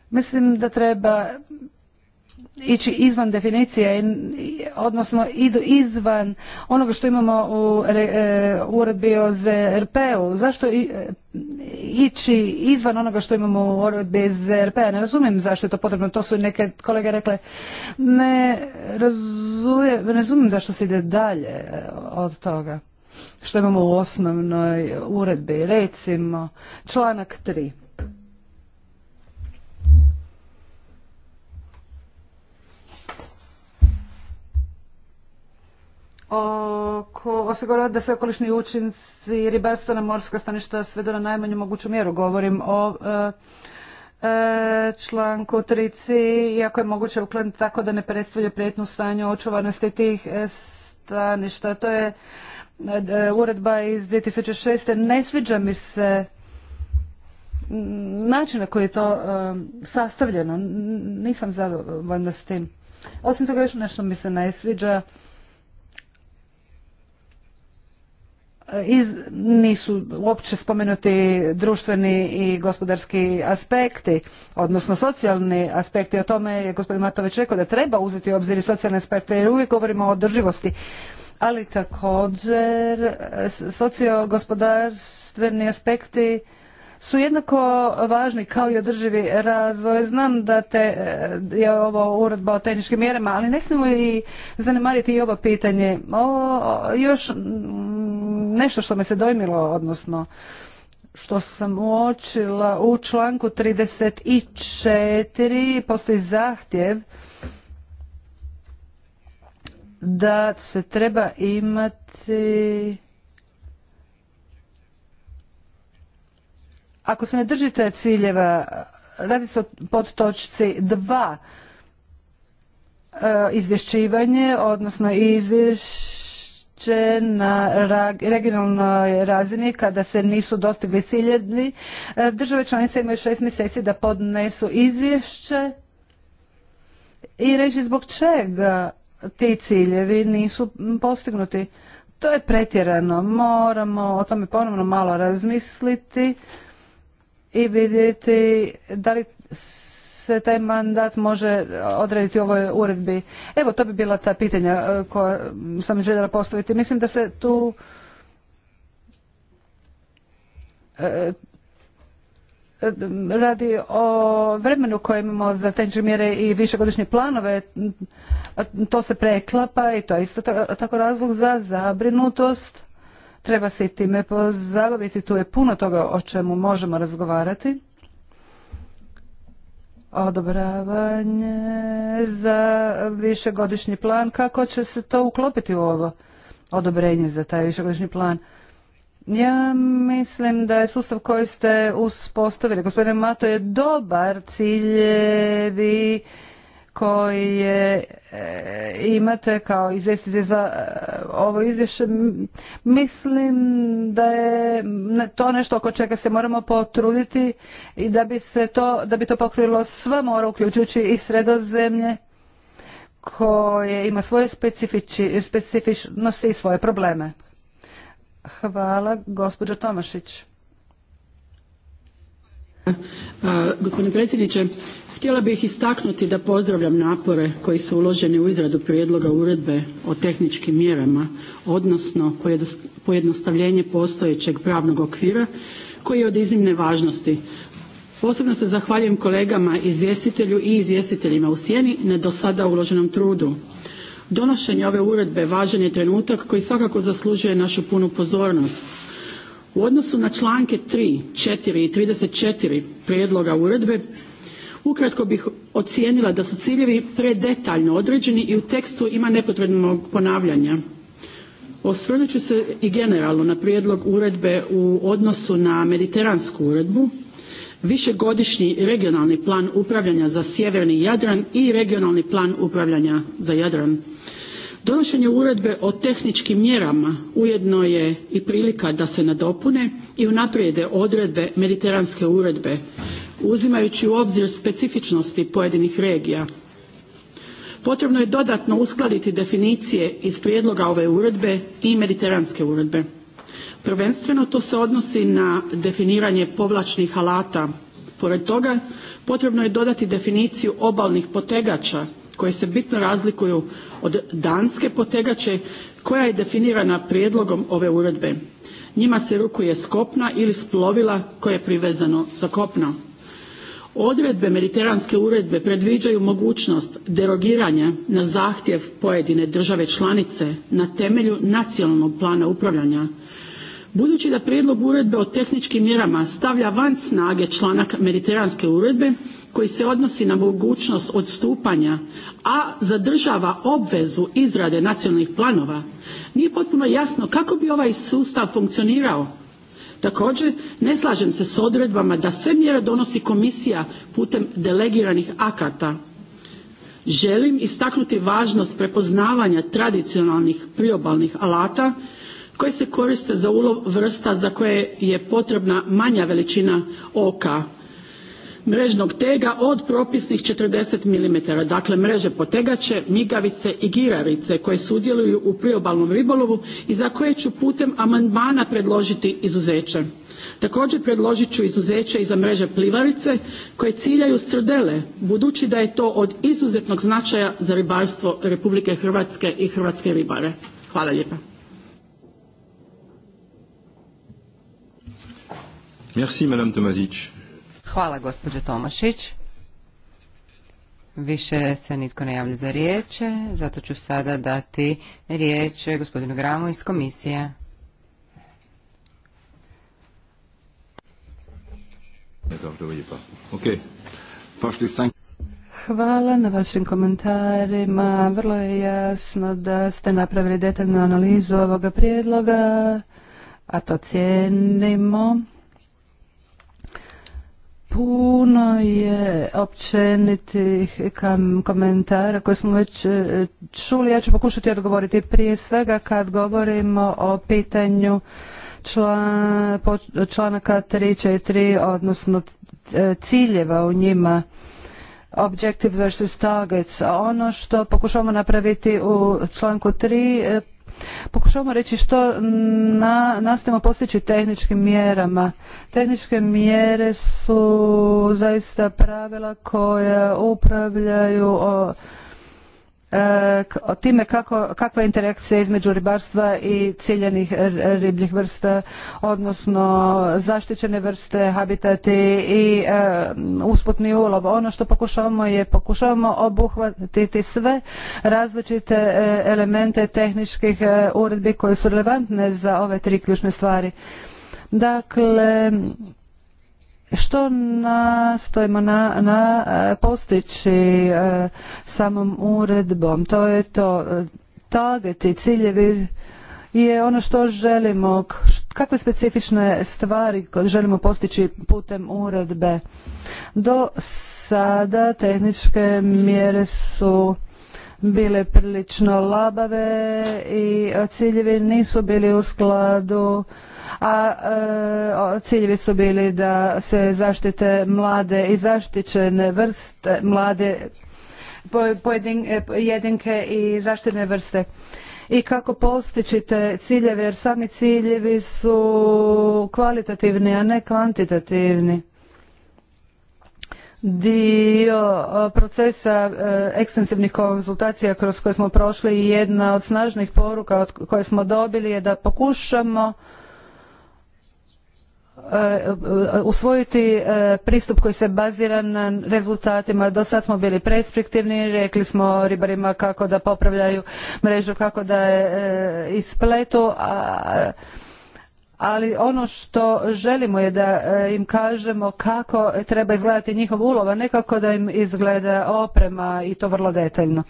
mislim da treba ići izvan definicije, odnosno idu izvan onoga što imamo u e, uredbi o ZRP-u. Zašto e, ići izvan onoga što imamo u uredbi zrp p-a? Ne razumijem zašto je to potrebno. To su neke kolege rekle. Ne razumijem zašto se ide dalje e, od toga što imamo u osnovnoj uredbi. Recimo, članak tri. oko da se okolišni učinci ribarstva na morska staništa svedu na najmanju moguću mjeru. Govorim o e, e, članku 3 iako je moguće ukloniti tako da ne predstavlja prijetnu stanju očuvanosti tih e, staništa. To je uredba iz 2006. Ne sviđa mi se način na koji je to sastavljeno. Nisam zadovoljna s tim. Osim toga još nešto mi se ne sviđa E, iz, nisu uopće spomenuti društveni i gospodarski aspekti, odnosno socijalni aspekti. O tome je gospodin Matović rekao da treba uzeti u obzir i socijalne aspekte jer uvijek govorimo o održivosti ali također e, sociogospodarstveni aspekti su jednako važni kao i održivi razvoj. Znam da te eh, je ovo uredba o tehničkim mjerama, ali ne smijemo i zanemariti i ovo pitanje. O, još mm, nešto što me se dojmilo, odnosno što sam uočila u članku 34 postoji zahtjev da se treba imati Ako se ne držite ciljeva, radi se o podtočci dva e, izvješćivanje, odnosno izvješće na regionalnoj razini kada se nisu dostigli ciljevi. E, države članice imaju šest mjeseci da podnesu izvješće i reći zbog čega ti ciljevi nisu postignuti. To je pretjerano. Moramo o tome ponovno malo razmisliti i vidjeti da li se taj mandat može odrediti u ovoj uredbi. Evo, to bi bila ta pitanja e, koja sam željela postaviti. Mislim da se tu e, radi o vremenu koje imamo za tehničke mjere i višegodišnje planove, to se preklapa i to je isto tako razlog za zabrinutost treba se i time pozabaviti. Tu je puno toga o čemu možemo razgovarati. Odobravanje za višegodišnji plan. Kako će se to uklopiti u ovo odobrenje za taj višegodišnji plan? Ja mislim da je sustav koji ste uspostavili, gospodine Mato, je dobar ciljevi koje e, imate kao izvjestitelj za e, ovo izvješće, mislim da je to nešto oko čega se moramo potruditi i da bi, se to, da bi to pokrilo sva mora, uključujući i sredozemlje koje ima svoje specifičnosti i svoje probleme. Hvala, gospođo Tomašić. Gospodine predsjedniče, htjela bih istaknuti da pozdravljam napore koji su uloženi u izradu prijedloga uredbe o tehničkim mjerama, odnosno pojednostavljenje postojećeg pravnog okvira koji je od iznimne važnosti. Posebno se zahvaljujem kolegama izvjestitelju i izvjestiteljima u sjeni na do sada uloženom trudu. Donošenje ove uredbe važan je trenutak koji svakako zaslužuje našu punu pozornost u odnosu na članke 3, 4 i 34 prijedloga uredbe ukratko bih ocijenila da su ciljevi predetaljno određeni i u tekstu ima nepotrebnog ponavljanja. Osvrnut ću se i generalno na prijedlog uredbe u odnosu na mediteransku uredbu, višegodišnji regionalni plan upravljanja za sjeverni Jadran i regionalni plan upravljanja za Jadran. Donošenje uredbe o tehničkim mjerama ujedno je i prilika da se nadopune i unaprijede odredbe mediteranske uredbe, uzimajući u obzir specifičnosti pojedinih regija. Potrebno je dodatno uskladiti definicije iz prijedloga ove uredbe i mediteranske uredbe. Prvenstveno to se odnosi na definiranje povlačnih alata. Pored toga potrebno je dodati definiciju obalnih potegača koje se bitno razlikuju od danske potegače koja je definirana prijedlogom ove uredbe. Njima se rukuje s kopna ili s plovila koje je privezano za kopno. Odredbe mediteranske uredbe predviđaju mogućnost derogiranja na zahtjev pojedine države članice na temelju nacionalnog plana upravljanja. Budući da prijedlog uredbe o tehničkim mjerama stavlja van snage članak mediteranske uredbe, koji se odnosi na mogućnost odstupanja, a zadržava obvezu izrade nacionalnih planova, nije potpuno jasno kako bi ovaj sustav funkcionirao. Također, ne slažem se s odredbama da sve mjere donosi komisija putem delegiranih akata. Želim istaknuti važnost prepoznavanja tradicionalnih priobalnih alata koje se koriste za ulov vrsta za koje je potrebna manja veličina oka mrežnog tega od propisnih 40 mm, dakle mreže potegače, migavice i girarice koje sudjeluju u priobalnom ribolovu i za koje ću putem amandmana predložiti izuzeće. Također predložit ću izuzeće i za mreže plivarice koje ciljaju srdele, budući da je to od izuzetnog značaja za ribarstvo Republike Hrvatske i hrvatske ribare. Hvala lijepa. Hvala gospođo Tomašić. Više se nitko ne javlja za riječ, zato ću sada dati riječ gospodinu Gramu iz komisije. Hvala na vašim komentarima. Vrlo je jasno da ste napravili detaljnu analizu ovoga prijedloga, a to cijenimo. Puno je općenitih komentara koje smo već e, čuli. Ja ću pokušati odgovoriti prije svega kad govorimo o pitanju članka članaka 3, odnosno e, ciljeva u njima objective versus targets. Ono što pokušavamo napraviti u članku 3 Pokušavamo reći što na, nastavimo postići tehničkim mjerama. Tehničke mjere su zaista pravila koja upravljaju o, E, o time kako, kakva je interakcija između ribarstva i ciljenih ribljih vrsta, odnosno zaštićene vrste, habitati i e, usputni ulov. Ono što pokušavamo je pokušavamo obuhvatiti sve različite e, elemente tehničkih uredbi koje su relevantne za ove tri ključne stvari. Dakle, što nastojimo na, na e, postići e, samom uredbom? To je to e, i ciljevi je ono što želimo, kakve specifične stvari želimo postići putem uredbe. Do sada tehničke mjere su bile prilično labave i ciljevi nisu bili u skladu a e, ciljevi su bili da se zaštite mlade i zaštićene vrste mlade e, jedinke i zaštitne vrste i kako postići te ciljeve jer sami ciljevi su kvalitativni a ne kvantitativni dio procesa e, ekstensivnih konzultacija kroz koje smo prošli i jedna od snažnih poruka koje smo dobili je da pokušamo E, usvojiti e, pristup koji se bazira na rezultatima. Do sad smo bili perspektivni rekli smo ribarima kako da popravljaju mrežu, kako da je ispletu, a ali ono što želimo je da e, im kažemo kako treba izgledati njihov ulov, a ne kako da im izgleda oprema i to vrlo detaljno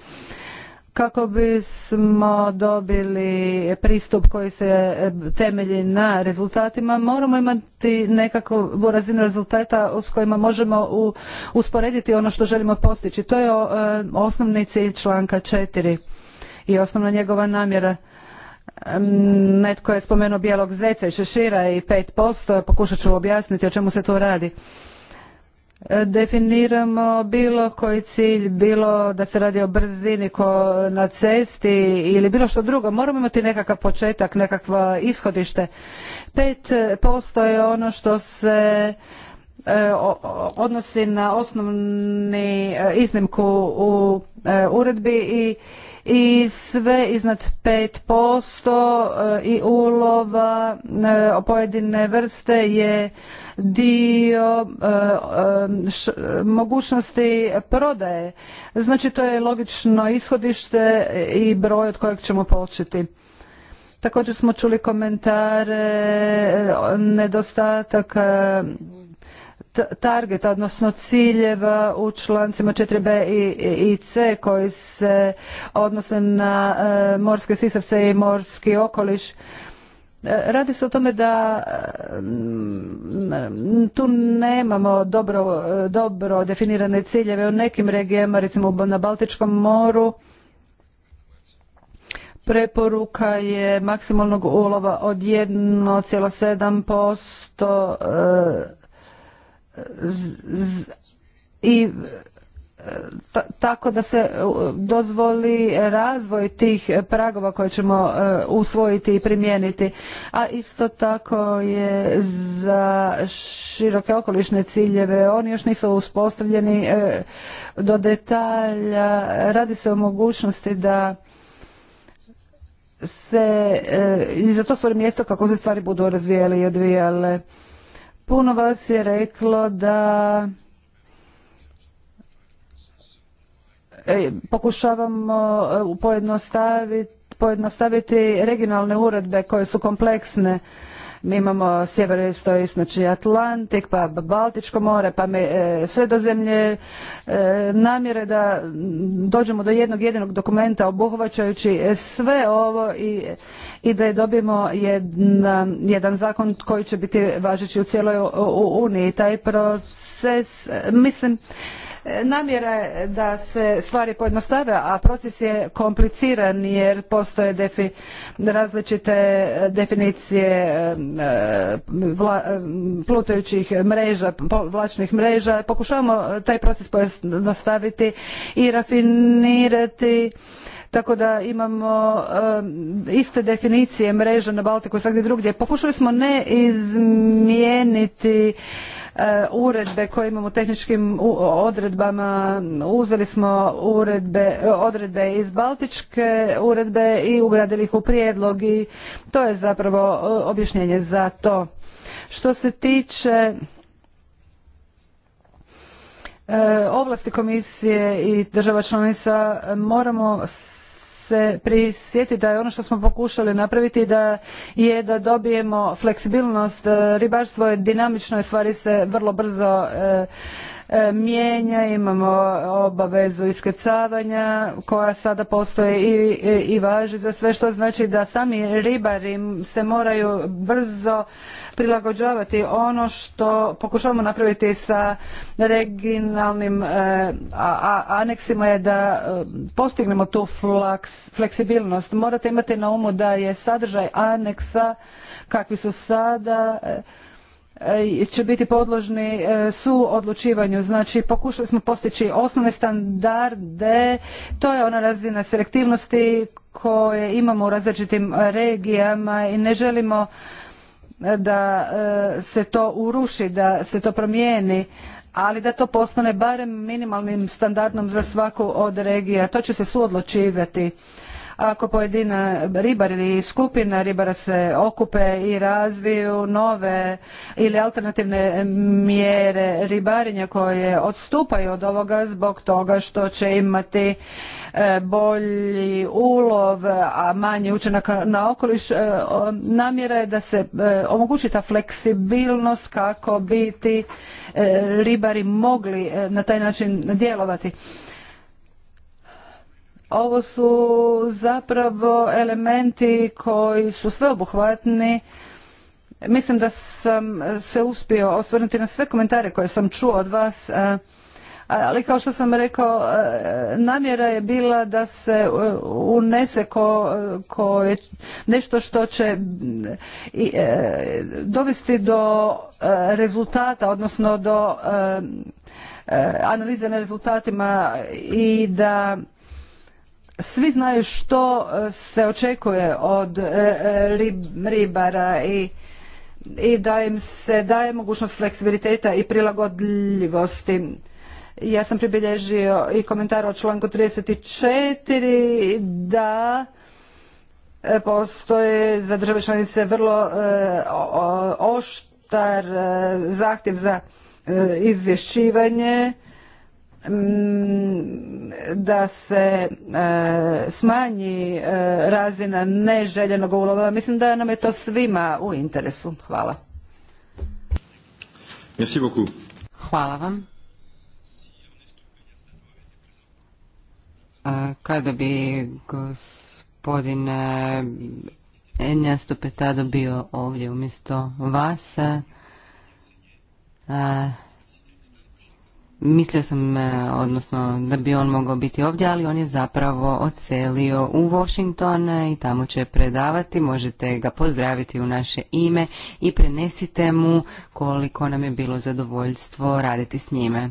kako bismo dobili pristup koji se temelji na rezultatima, moramo imati nekakvu razinu rezultata s kojima možemo usporediti ono što želimo postići. To je e, osnovni cilj članka 4 i osnovna njegova namjera. Netko je spomenuo bijelog zeca i šešira i 5%, pokušat ću objasniti o čemu se tu radi definiramo bilo koji cilj, bilo da se radi o brzini ko na cesti ili bilo što drugo. Moramo imati nekakav početak, nekakvo ishodište. E, posto je ono što se e, odnosi na osnovni e, iznimku u uredbi i i sve iznad 5% e, i ulova e, pojedine vrste je dio e, mogućnosti prodaje. Znači to je logično ishodište i broj od kojeg ćemo početi. Također smo čuli komentare nedostatak target odnosno ciljeva uh, u člancima 4b i c koji se odnose na uh, morske sisavce i morski okoliš. Uh, radi se o tome da um, tu nemamo dobro, dobro definirane ciljeve u nekim regijama, recimo na Baltičkom moru. Preporuka je maksimalnog ulova od 1,7% i e, tako da se e, dozvoli razvoj tih pragova koje ćemo e, usvojiti i primijeniti. A isto tako je za široke okolišne ciljeve, oni još nisu uspostavljeni do detalja. Radi se o mogućnosti da se i za to stvori mjesto kako se stvari budu razvijale i odvijale. Puno vas je reklo da e, pokušavamo e, pojednostaviti regionalne uredbe koje su kompleksne mi imamo sjeveroistoist, znači Atlantik, pa Baltičko more, pa e, sredozemlje, e, namjere da dođemo do jednog jedinog dokumenta obuhvaćajući sve ovo i, i da je dobijemo jedan zakon koji će biti važeći u cijeloj Uniji. Taj proces, mislim, Namjera je da se stvari pojednostave, a proces je kompliciran jer postoje različite eh, definicije eh, eh, plutajućih mreža, vlačnih mreža. Pokušavamo taj proces pojednostaviti i rafinirati tako da imamo eh, iste definicije mreža na Baltiku i svakdje drugdje. Pokušali smo ne izmijeniti eh, uredbe koje imamo u tehničkim odredbama. Uzeli smo odredbe iz Baltičke uredbe i ugradili ih u prijedlog i to je zapravo eh, objašnjenje za to. Što se tiče E, ovlasti komisije i država članica e, moramo se prisjetiti da je ono što smo pokušali napraviti da je da dobijemo fleksibilnost e, ribarstvo je dinamično i stvari se vrlo brzo E, mijenja, imamo obavezu iskrcavanja koja sada postoji e, i, važi za sve što znači da sami ribari se moraju brzo prilagođavati ono što pokušavamo napraviti sa regionalnim e, a, aneksima je da postignemo tu fleksibilnost. Morate imati na umu da je sadržaj aneksa kakvi su sada E, će biti podložni e, su odlučivanju. Znači pokušali smo postići osnovne standarde, to je ona razina selektivnosti koje imamo u različitim regijama i ne želimo e, da se to uruši, da se to promijeni ali da to postane barem minimalnim standardom za svaku od regija. To će se suodlučivati ako pojedina ribar ili skupina ribara se okupe i razviju nove ili alternativne mjere ribarenja koje odstupaju od ovoga zbog toga što će imati e, bolji ulov, a manji učinak na okoliš, e, namjera je da se e, omogući ta fleksibilnost kako bi ti ribari mogli na taj način djelovati. Ovo su zapravo elementi koji su sveobuhvatni. Mislim da sam se uspio osvrnuti na sve komentare koje sam čuo od vas, e, ali kao što sam rekao, e, namjera je bila da se e, unese ko, ko je nešto što će dovesti do rezultata, odnosno do analize na rezultatima i da svi znaju što e, se očekuje od e, e, ribara i i da im se daje mogućnost fleksibiliteta i prilagodljivosti. Ja sam pribilježio i komentar o članku 34 da postoje za države članice vrlo oštar zahtjev za izvješćivanje Mm, da se e, smanji e, razina neželjenog ulova. Mislim da nam je to svima u interesu. Hvala. Merci beaucoup. Hvala vam. A kada bi gospodin Enjasto Petado bio ovdje umjesto vas, a, e, Mislio sam, e, odnosno, da bi on mogao biti ovdje, ali on je zapravo odselio u Washington i tamo će predavati. Možete ga pozdraviti u naše ime i prenesite mu koliko nam je bilo zadovoljstvo raditi s njime.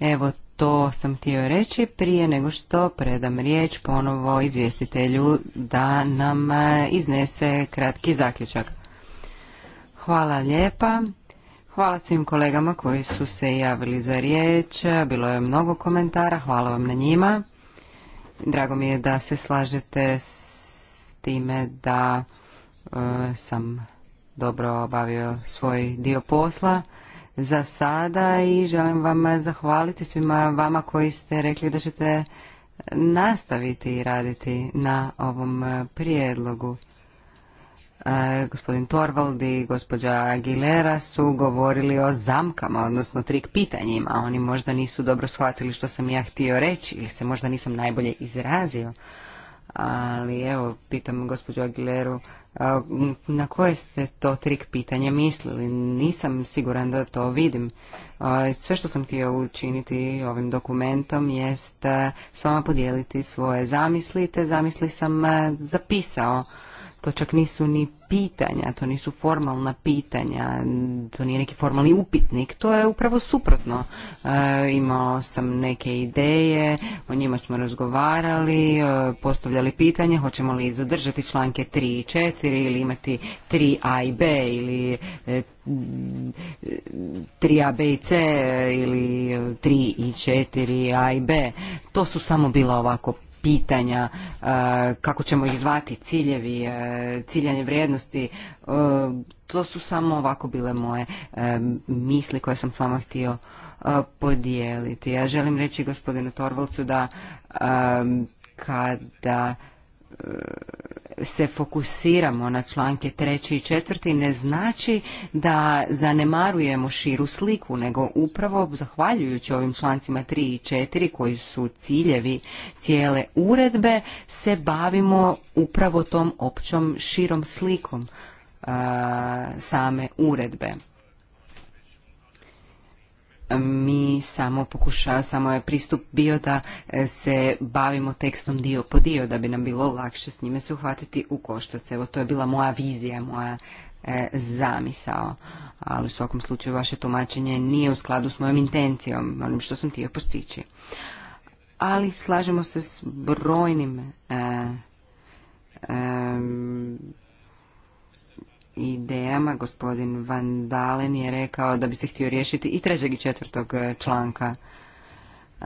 Evo, to sam htio reći prije nego što predam riječ ponovo izvjestitelju da nam e, iznese kratki zaključak. Hvala lijepa. Hvala svim kolegama koji su se javili za riječ. Bilo je mnogo komentara, hvala vam na njima. Drago mi je da se slažete s time da e, sam dobro obavio svoj dio posla za sada i želim vam zahvaliti svima vama koji ste rekli da ćete nastaviti raditi na ovom prijedlogu. E, gospodin Torvald i gospođa Aguilera su govorili o zamkama, odnosno trik pitanjima. Oni možda nisu dobro shvatili što sam ja htio reći ili se možda nisam najbolje izrazio. Ali evo, pitam gospođu Aguileru, e, na koje ste to trik pitanja mislili? Nisam siguran da to vidim. E, sve što sam htio učiniti ovim dokumentom jest s vama podijeliti svoje zamisli, te zamisli sam zapisao to čak nisu ni pitanja, to nisu formalna pitanja, to nije neki formalni upitnik, to je upravo suprotno. E, imao sam neke ideje, o njima smo razgovarali, e, postavljali pitanje, hoćemo li zadržati članke 3 i 4 ili imati 3a i b ili 3a, e, b i c ili 3 i 4a i b. To su samo bila ovako pitanja, e, kako ćemo ih zvati, ciljevi, e, ciljanje vrijednosti, e, to su samo ovako bile moje misli koje sam s vama htio podijeliti. Ja želim reći gospodinu Torvalcu da kada E, se fokusiramo na članke treći i četvrti ne znači da zanemarujemo širu sliku, nego upravo zahvaljujući ovim člancima tri i četiri koji su ciljevi cijele uredbe se bavimo upravo tom općom širom slikom e, same uredbe mi samo pokušava samo je pristup bio da e, se bavimo tekstom dio po dio, da bi nam bilo lakše s njime se uhvatiti u koštac. Evo, to je bila moja vizija, moja e, zamisao. Ali u svakom slučaju vaše tumačenje nije u skladu s mojom intencijom, onim što sam htio postići. Ali slažemo se s brojnim e, idejama. Gospodin Van Dalen je rekao da bi se htio riješiti i trećeg i četvrtog e, članka. E,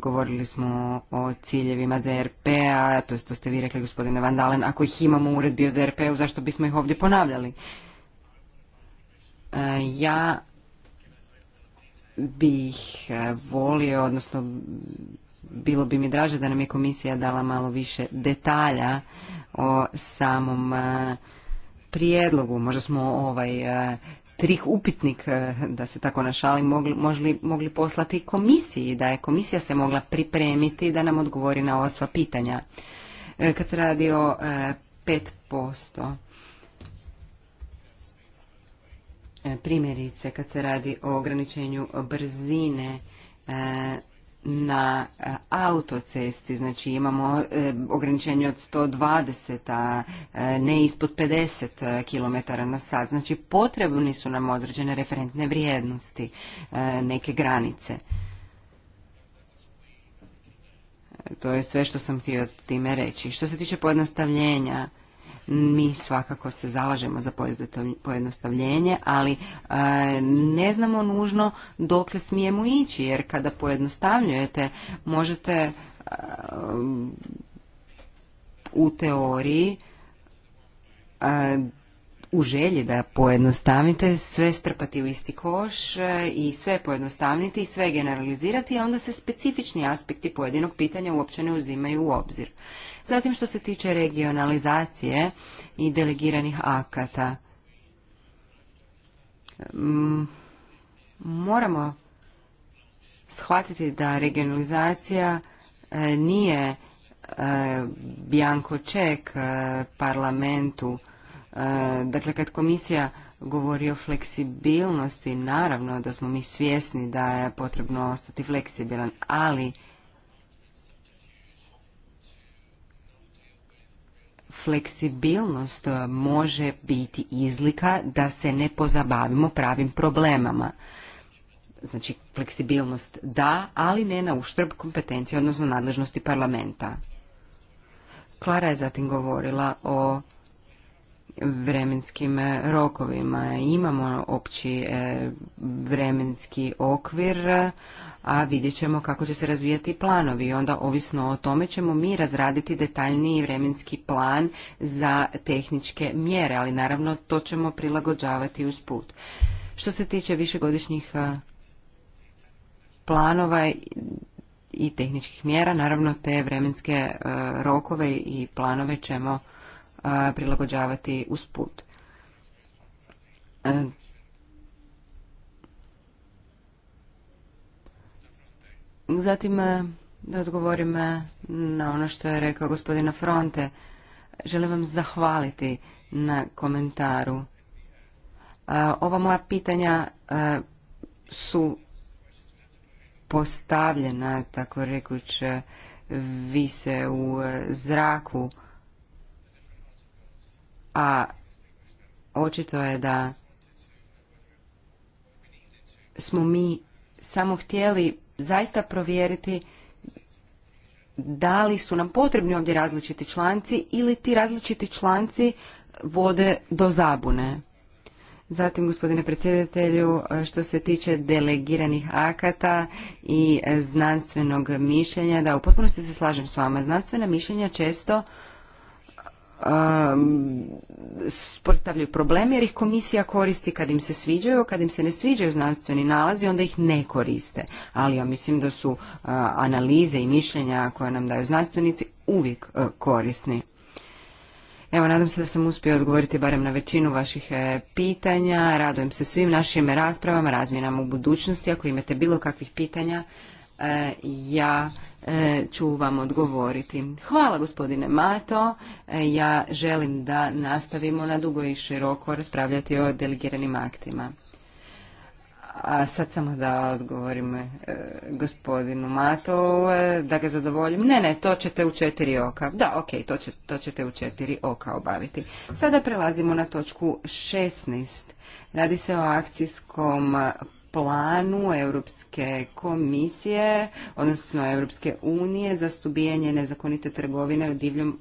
govorili smo o ciljevima ZRP-a, to, to ste vi rekli gospodine Van Dalen, ako ih imamo u uredbi o ZRP-u, zašto bismo ih ovdje ponavljali? E, ja bih volio, odnosno bilo bi mi draže da nam je komisija dala malo više detalja o samom prijedlogu. Možda smo ovaj e, trih upitnik, e, da se tako našali, mogli, mogli poslati komisiji, da je komisija se mogla pripremiti da nam odgovori na ova sva pitanja. E, kad se radi o 5%, primjerice kad se radi o ograničenju brzine, na e, autocesti, znači imamo e, ograničenje od 120, a e, ne ispod 50 km na sat. Znači potrebni su nam određene referentne vrijednosti, neke granice. To je sve što sam htio time reći. Što se tiče pojednostavljenja, mi svakako se zalažemo za pojednostavljenje, ali eh, ne znamo nužno dokle smijemo ići, jer kada pojednostavljujete možete eh, u teoriji eh, u želji da pojednostavite sve strpati u isti koš e, i sve pojednostavniti i sve generalizirati, a onda se specifični aspekti pojedinog pitanja uopće ne uzimaju u obzir. Zatim što se tiče regionalizacije i delegiranih akata. Mm, moramo shvatiti da regionalizacija e, nije e, bjanko ček parlamentu E, dakle, kad komisija govori o fleksibilnosti, naravno da smo mi svjesni da je potrebno ostati fleksibilan, ali fleksibilnost može biti izlika da se ne pozabavimo pravim problemama. Znači, fleksibilnost da, ali ne na uštrb kompetencije, odnosno nadležnosti parlamenta. Klara je zatim govorila o vremenskim e, rokovima. Imamo opći e, vremenski okvir, a vidjet ćemo kako će se razvijati planovi. Onda, ovisno o tome, ćemo mi razraditi detaljniji vremenski plan za tehničke mjere, ali naravno to ćemo prilagođavati uz put. Što se tiče višegodišnjih e, planova i tehničkih mjera, naravno te vremenske rokove i planove ćemo prilagođavati usput. E, zatim e, da odgovorim e, na ono što je rekao gospodina Fronte. Želim vam zahvaliti na komentaru. Ova moja pitanja su postavljena, tako rekuć, vise u zraku a očito je da smo mi samo htjeli zaista provjeriti da li su nam potrebni ovdje različiti članci ili ti različiti članci vode do zabune. Zatim, gospodine predsjedatelju, što se tiče delegiranih akata i znanstvenog mišljenja, da u potpunosti se slažem s vama, znanstvena mišljenja često um, predstavljaju problem jer ih komisija koristi kad im se sviđaju, kad im se ne sviđaju znanstveni nalazi onda ih ne koriste. Ali ja mislim da su analize i mišljenja koje nam daju znanstvenici uvijek e, korisni. Evo, nadam se da sam uspio odgovoriti barem na većinu vaših e, pitanja. Radujem se svim našim raspravama, razmjenama u budućnosti. Ako imate bilo kakvih pitanja, e, ja E, ću vam odgovoriti. Hvala gospodine Mato, e, ja želim da nastavimo na dugo i široko raspravljati o delegiranim aktima. A sad samo da odgovorim e, gospodinu Mato da ga zadovoljim. Ne, ne, to ćete u četiri oka. Da, ok, to, to ćete u četiri oka obaviti. Sada prelazimo na točku 16. Radi se o akcijskom planu Europske komisije, odnosno Europske unije za stubijanje nezakonite trgovine divljom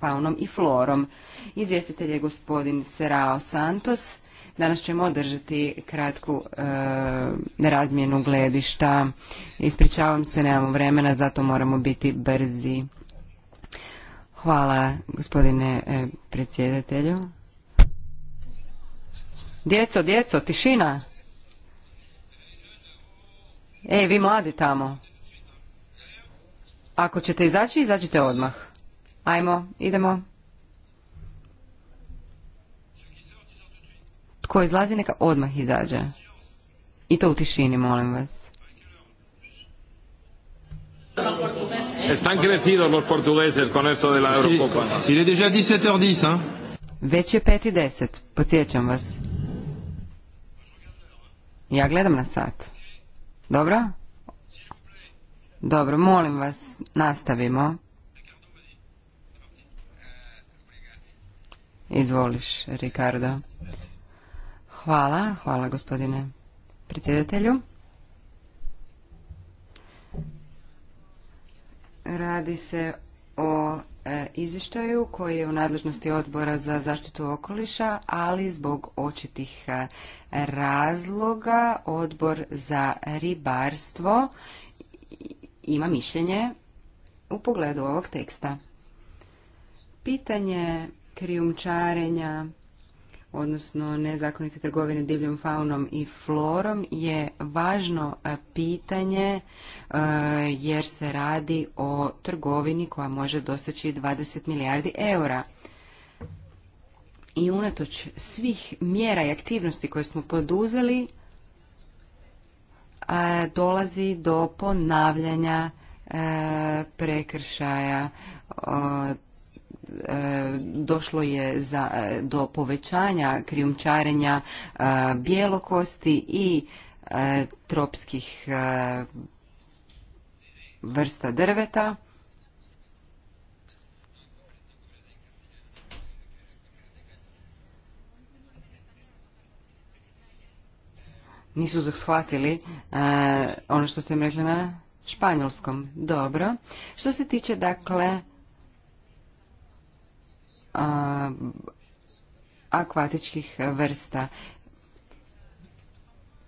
faunom i florom. Izvjestitelj je gospodin Serao Santos. Danas ćemo održati kratku e, razmjenu gledišta. Ispričavam se, nemamo vremena, zato moramo biti brzi. Hvala gospodine e, predsjedatelju. Djeco, djeco, tišina! E, vi mladi tamo. Ako ćete izaći, izađite odmah. Ajmo, idemo. Tko izlazi, neka odmah izađe. I to u tišini, molim vas. Već je pet i deset. podsjećam vas. Ja gledam na sat. Dobro? Dobro, molim vas, nastavimo. Izvoliš, Ricardo. Hvala, hvala gospodine predsjedatelju. Radi se o E, izvještaju koji je u nadležnosti odbora za zaštitu okoliša, ali zbog očitih e, razloga odbor za ribarstvo ima mišljenje u pogledu ovog teksta. Pitanje krijumčarenja odnosno nezakonite trgovine divljom faunom i florom je važno e, pitanje e, jer se radi o trgovini koja može doseći 20 milijardi eura. I unatoč svih mjera i aktivnosti koje smo poduzeli, e, dolazi do ponavljanja prekršaja E, došlo je e, do povećanja krijumčarenja e, bjelokosti i tropskih vrsta drveta. Nisu shvatili ono što ste rekla na španjolskom. Dobro. Što se tiče, dakle, akvatičkih vrsta.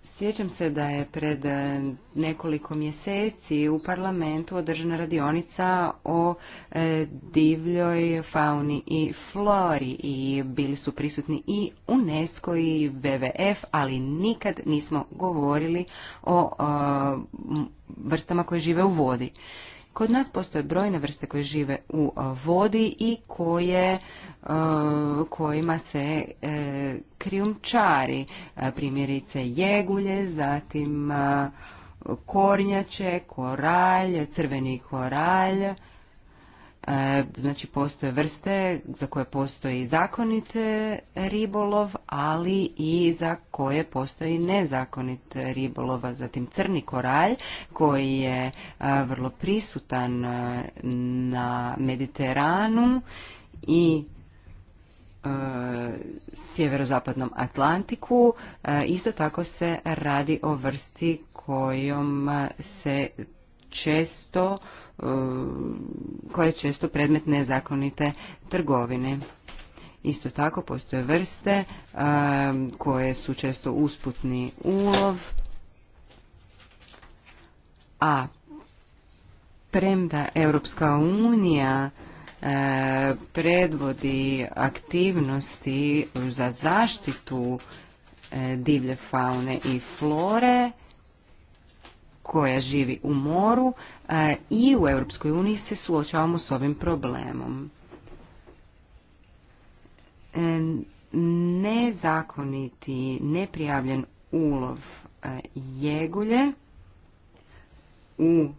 Sjećam se da je pred e, nekoliko mjeseci u parlamentu održana radionica o e, divljoj fauni i flori i bili su prisutni i UNESCO i WWF, ali nikad nismo govorili o e, vrstama koje žive u vodi. Kod nas postoje brojne vrste koje žive u e, vodi i koje, e, kojima se e, krijumčari, primjerice jegulje, zatim kornjače, koralj, crveni koralj, E, znači postoje vrste za koje postoji zakonit ribolov, ali i za koje postoji nezakonit ribolov Zatim crni koralj koji je e, vrlo prisutan e, na Mediteranu i sjeverozapadnom Atlantiku. Isto tako se radi o vrsti kojom se često E, koje je često predmet nezakonite trgovine. Isto tako postoje vrste e, koje su često usputni ulov, a premda Europska unija e, predvodi aktivnosti za zaštitu divlje faune i flore, koja živi u moru e, i u Europskoj uniji se suočavamo s ovim problemom. E, nezakoniti, neprijavljen ulov e, jegulje u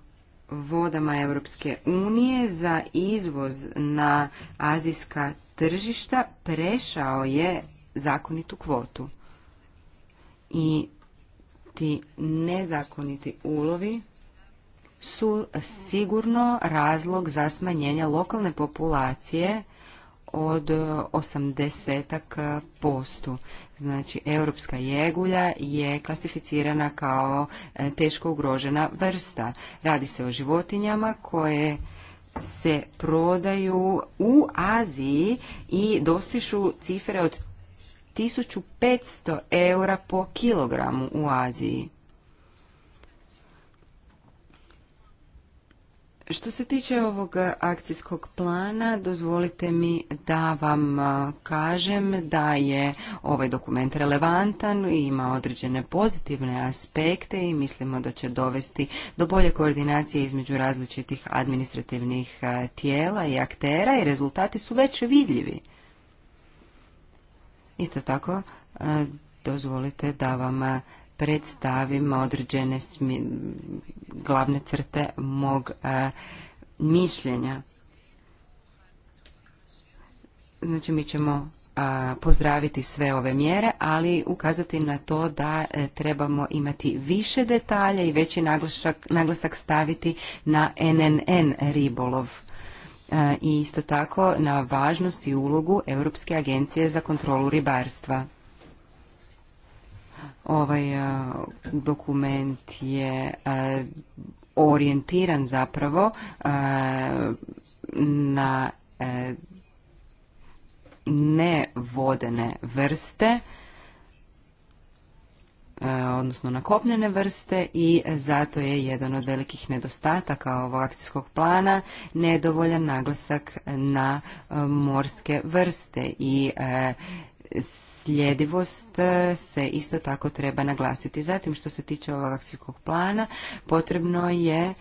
vodama Europske unije za izvoz na azijska tržišta prešao je zakonitu kvotu. I ti nezakoniti ulovi su sigurno razlog za smanjenje lokalne populacije od 80 posto. Znači, europska jegulja je klasificirana kao e, teško ugrožena vrsta. Radi se o životinjama koje se prodaju u Aziji i dostišu cifre od 1500 eura po kilogramu u Aziji. Što se tiče ovog akcijskog plana, dozvolite mi da vam kažem da je ovaj dokument relevantan i ima određene pozitivne aspekte i mislimo da će dovesti do bolje koordinacije između različitih administrativnih tijela i aktera i rezultati su već vidljivi. Isto tako, e, dozvolite da vam e, predstavim određene glavne crte mog e, mišljenja. Znači, mi ćemo pozdraviti sve ove mjere, ali ukazati na to da trebamo imati više detalja i veći naglasak, naglasak staviti na NNN ribolov. E, i isto tako na važnost i ulogu Europske agencije za kontrolu ribarstva. Ovaj e, dokument je e, orijentiran zapravo na nevodene vrste E, odnosno na kopnene vrste i zato je jedan od velikih nedostataka ovog akcijskog plana nedovoljan naglasak na e, morske vrste i e, sljedivost se isto tako treba naglasiti. Zatim što se tiče ovog akcijskog plana potrebno je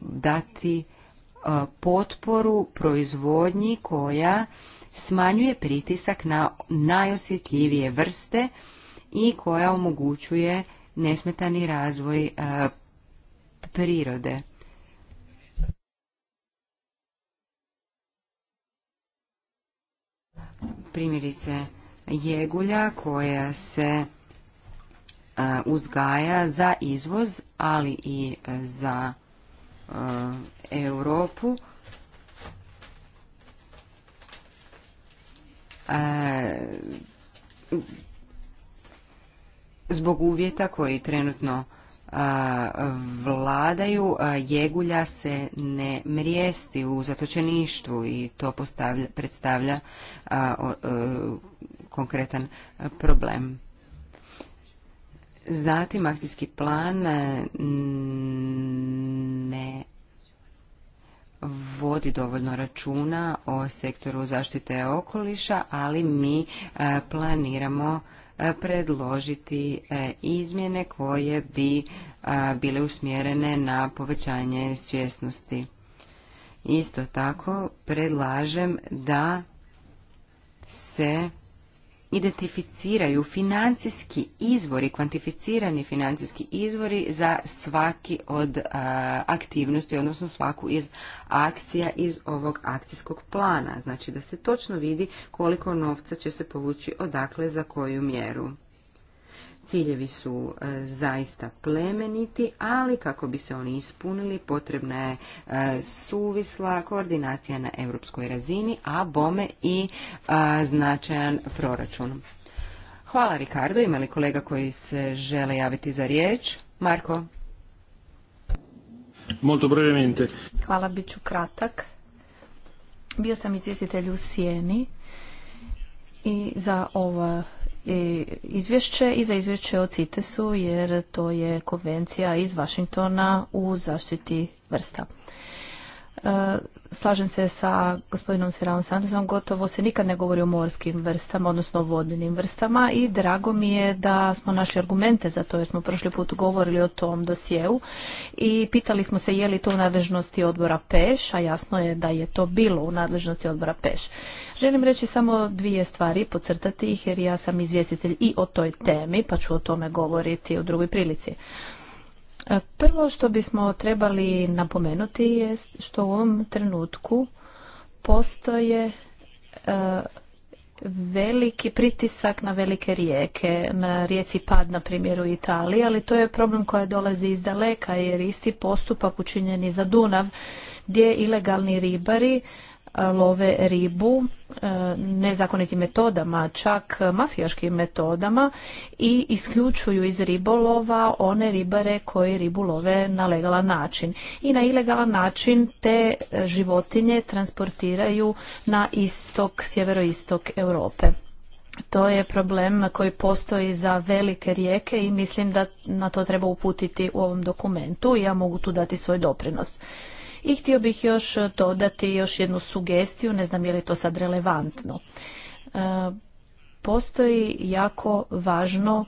dati potporu proizvodnji koja smanjuje pritisak na najosjetljivije vrste i koja omogućuje nesmetani razvoj e, prirode. Primjerice jegulja koja se e, uzgaja za izvoz, ali i e, za Europu. Uh, zbog uvjeta koji trenutno vladaju, jegulja se ne mrijesti u zatočeništvu i to predstavlja e, konkretan problem. Zatim akcijski plan ne vodi dovoljno računa o sektoru zaštite okoliša, ali mi planiramo predložiti e, izmjene koje bi bile usmjerene na povećanje svjesnosti. Isto tako predlažem da se identificiraju financijski izvori, kvantificirani financijski izvori za svaki od aktivnosti, odnosno svaku iz akcija iz ovog akcijskog plana. Znači da se točno vidi koliko novca će se povući odakle za koju mjeru. Ciljevi su e, zaista plemeniti, ali kako bi se oni ispunili potrebna je e, suvisla koordinacija na europskoj razini, a bome i e, značajan proračun. Hvala Ricardo, ima li kolega koji se žele javiti za riječ? Marko? Molto brevemente. Hvala, bit ću kratak. Bio sam izvjestitelj u Sijeni i za ovo izvješće i za izvješće o CITES-u jer to je konvencija iz Vašingtona u zaštiti vrsta. E, slažem se sa gospodinom Siravom Santosom, gotovo se nikad ne govori o morskim vrstama, odnosno o vodnim vrstama i drago mi je da smo našli argumente za to jer smo prošli put govorili o tom dosjeu i pitali smo se je li to u nadležnosti odbora PEŠ, a jasno je da je to bilo u nadležnosti odbora PEŠ. Želim reći samo dvije stvari, podcrtati ih jer ja sam izvjestitelj i o toj temi, pa ću o tome govoriti u drugoj prilici. E, prvo što bismo trebali napomenuti je što u ovom trenutku postoje e, veliki pritisak na velike rijeke, na rijeci Pad na primjer u Italiji, ali to je problem koji dolazi iz daleka jer isti postupak učinjeni za Dunav gdje ilegalni ribari love ribu e, nezakonitim metodama, čak mafijaškim metodama i isključuju iz ribolova one ribare koji ribu love na legalan način. I na ilegalan način te životinje transportiraju na istok, sjeveroistok Europe. To je problem koji postoji za velike rijeke i mislim da na to treba uputiti u ovom dokumentu i ja mogu tu dati svoj doprinos. I htio bih još e, dodati još jednu sugestiju, ne znam je li to sad relevantno. E, postoji jako važno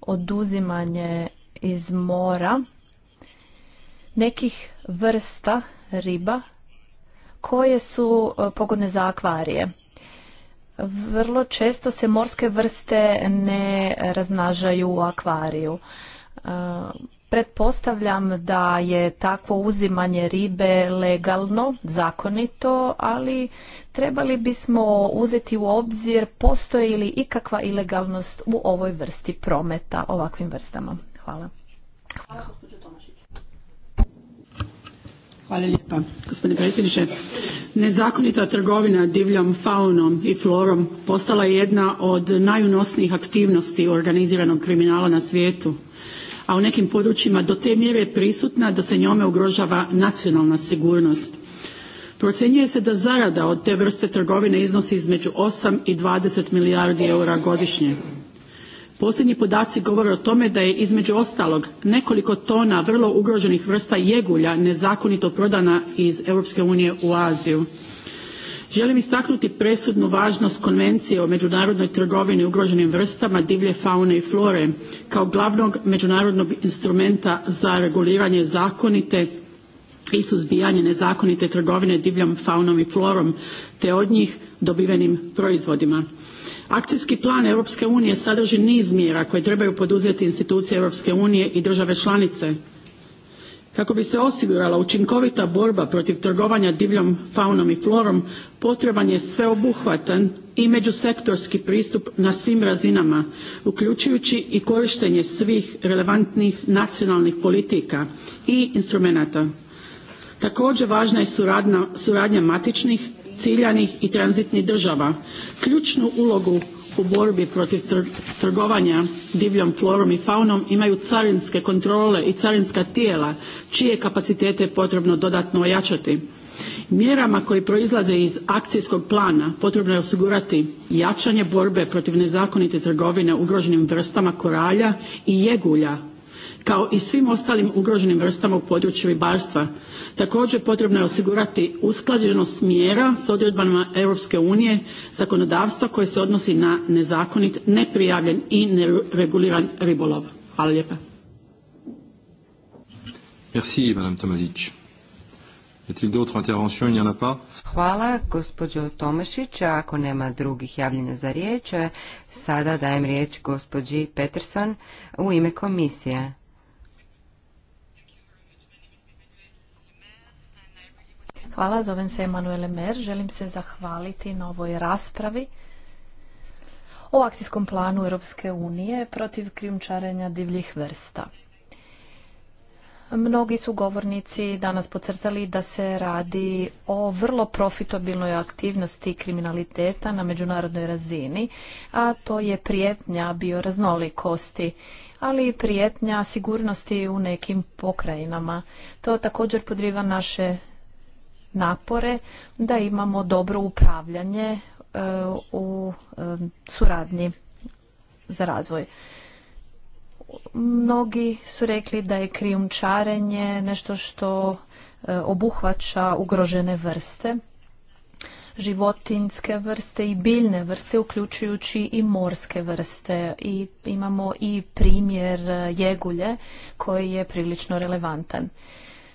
oduzimanje iz mora nekih vrsta riba koje su e, pogodne za akvarije. Vrlo često se morske vrste ne raznažaju u akvariju. Pretpostavljam da je takvo uzimanje ribe legalno, zakonito, ali trebali bismo uzeti u obzir postoji li ikakva ilegalnost u ovoj vrsti prometa, ovakvim vrstama. Hvala. Hvala, Hvala lijepa, gospodine predsjedniče. Nezakonita trgovina divljom faunom i florom postala je jedna od najunosnijih aktivnosti organiziranog kriminala na svijetu a u nekim područjima do te mjere je prisutna da se njome ugrožava nacionalna sigurnost. Procjenjuje se da zarada od te vrste trgovine iznosi između 8 i 20 milijardi eura godišnje. Posljednji podaci govore o tome da je između ostalog nekoliko tona vrlo ugroženih vrsta jegulja nezakonito prodana iz Europske unije u Aziju. Želim istaknuti presudnu važnost Konvencije o međunarodnoj trgovini ugroženim vrstama divlje faune i flore kao glavnog međunarodnog instrumenta za reguliranje zakonite i suzbijanje nezakonite trgovine divljom faunom i florom te od njih dobivenim proizvodima. Akcijski plan Europske unije sadrži niz mjera koje trebaju poduzeti institucije Europske unije i države članice kako bi se osigurala učinkovita borba protiv trgovanja divljom faunom i florom potreban je sveobuhvatan i međusektorski pristup na svim razinama uključujući i korištenje svih relevantnih nacionalnih politika i instrumenata također važna je suradnja matičnih ciljanih i tranzitnih država ključnu ulogu u borbi protiv trgovanja divljom florom i faunom imaju carinske kontrole i carinska tijela čije kapacitete je potrebno dodatno ojačati. Mjerama koje proizlaze iz akcijskog plana potrebno je osigurati jačanje borbe protiv nezakonite trgovine ugroženim vrstama koralja i jegulja kao i svim ostalim ugroženim vrstama u području ribarstva. Također potrebno je osigurati usklađenost mjera s odredbama Europske unije zakonodavstva koje se odnosi na nezakonit, neprijavljen i nereguliran ribolov. Hvala lijepa. Merci, Madame Hvala, gospođo Tomašić. Ako nema drugih javljenja za riječ, sada dajem riječ gospođi Peterson u ime komisije. Hvala, zovem se Emanuele Mer. Želim se zahvaliti na ovoj raspravi o akcijskom planu Europske unije protiv krijumčarenja divljih vrsta. Mnogi su govornici danas pocrtali da se radi o vrlo profitabilnoj aktivnosti kriminaliteta na međunarodnoj razini, a to je prijetnja bioraznolikosti, ali i prijetnja sigurnosti u nekim pokrajinama. To također podriva naše napore da imamo dobro upravljanje e, u e, suradnji za razvoj. Mnogi su rekli da je krijumčarenje nešto što e, obuhvaća ugrožene vrste, životinske vrste i biljne vrste, uključujući i morske vrste. I imamo i primjer jegulje koji je prilično relevantan.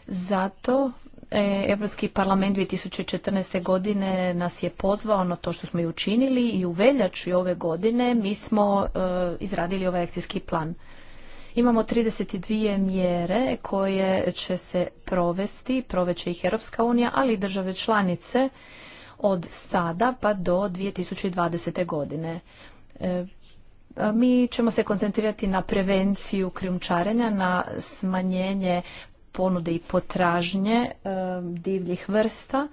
Zato E, Europski parlament 2014. godine nas je pozvao na to što smo i učinili i u veljači ove godine mi smo e, izradili ovaj akcijski plan. Imamo 32 mjere koje će se provesti, proveće ih Europska unija, ali i države članice od sada pa do 2020. godine. E, mi ćemo se koncentrirati na prevenciju krijumčarenja, na smanjenje ponude i potražnje e, divljih vrsta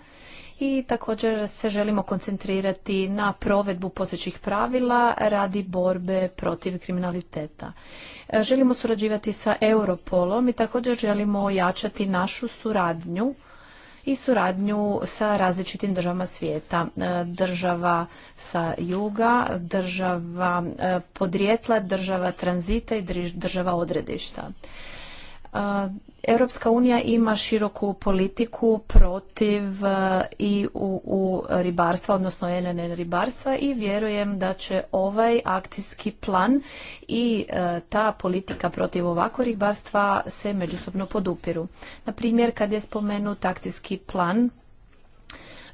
i također se želimo koncentrirati na provedbu postojećih pravila radi borbe protiv kriminaliteta. E, želimo surađivati sa Europolom i također želimo ojačati našu suradnju i suradnju sa različitim državama svijeta. E, država sa juga, država podrijetla, država tranzita i država odredišta. Europska unija ima široku politiku protiv e, i u, u ribarstva, odnosno NNN ribarstva i vjerujem da će ovaj akcijski plan i e, ta politika protiv ovakvog ribarstva se međusobno podupiru. Na primjer, kad je spomenut akcijski plan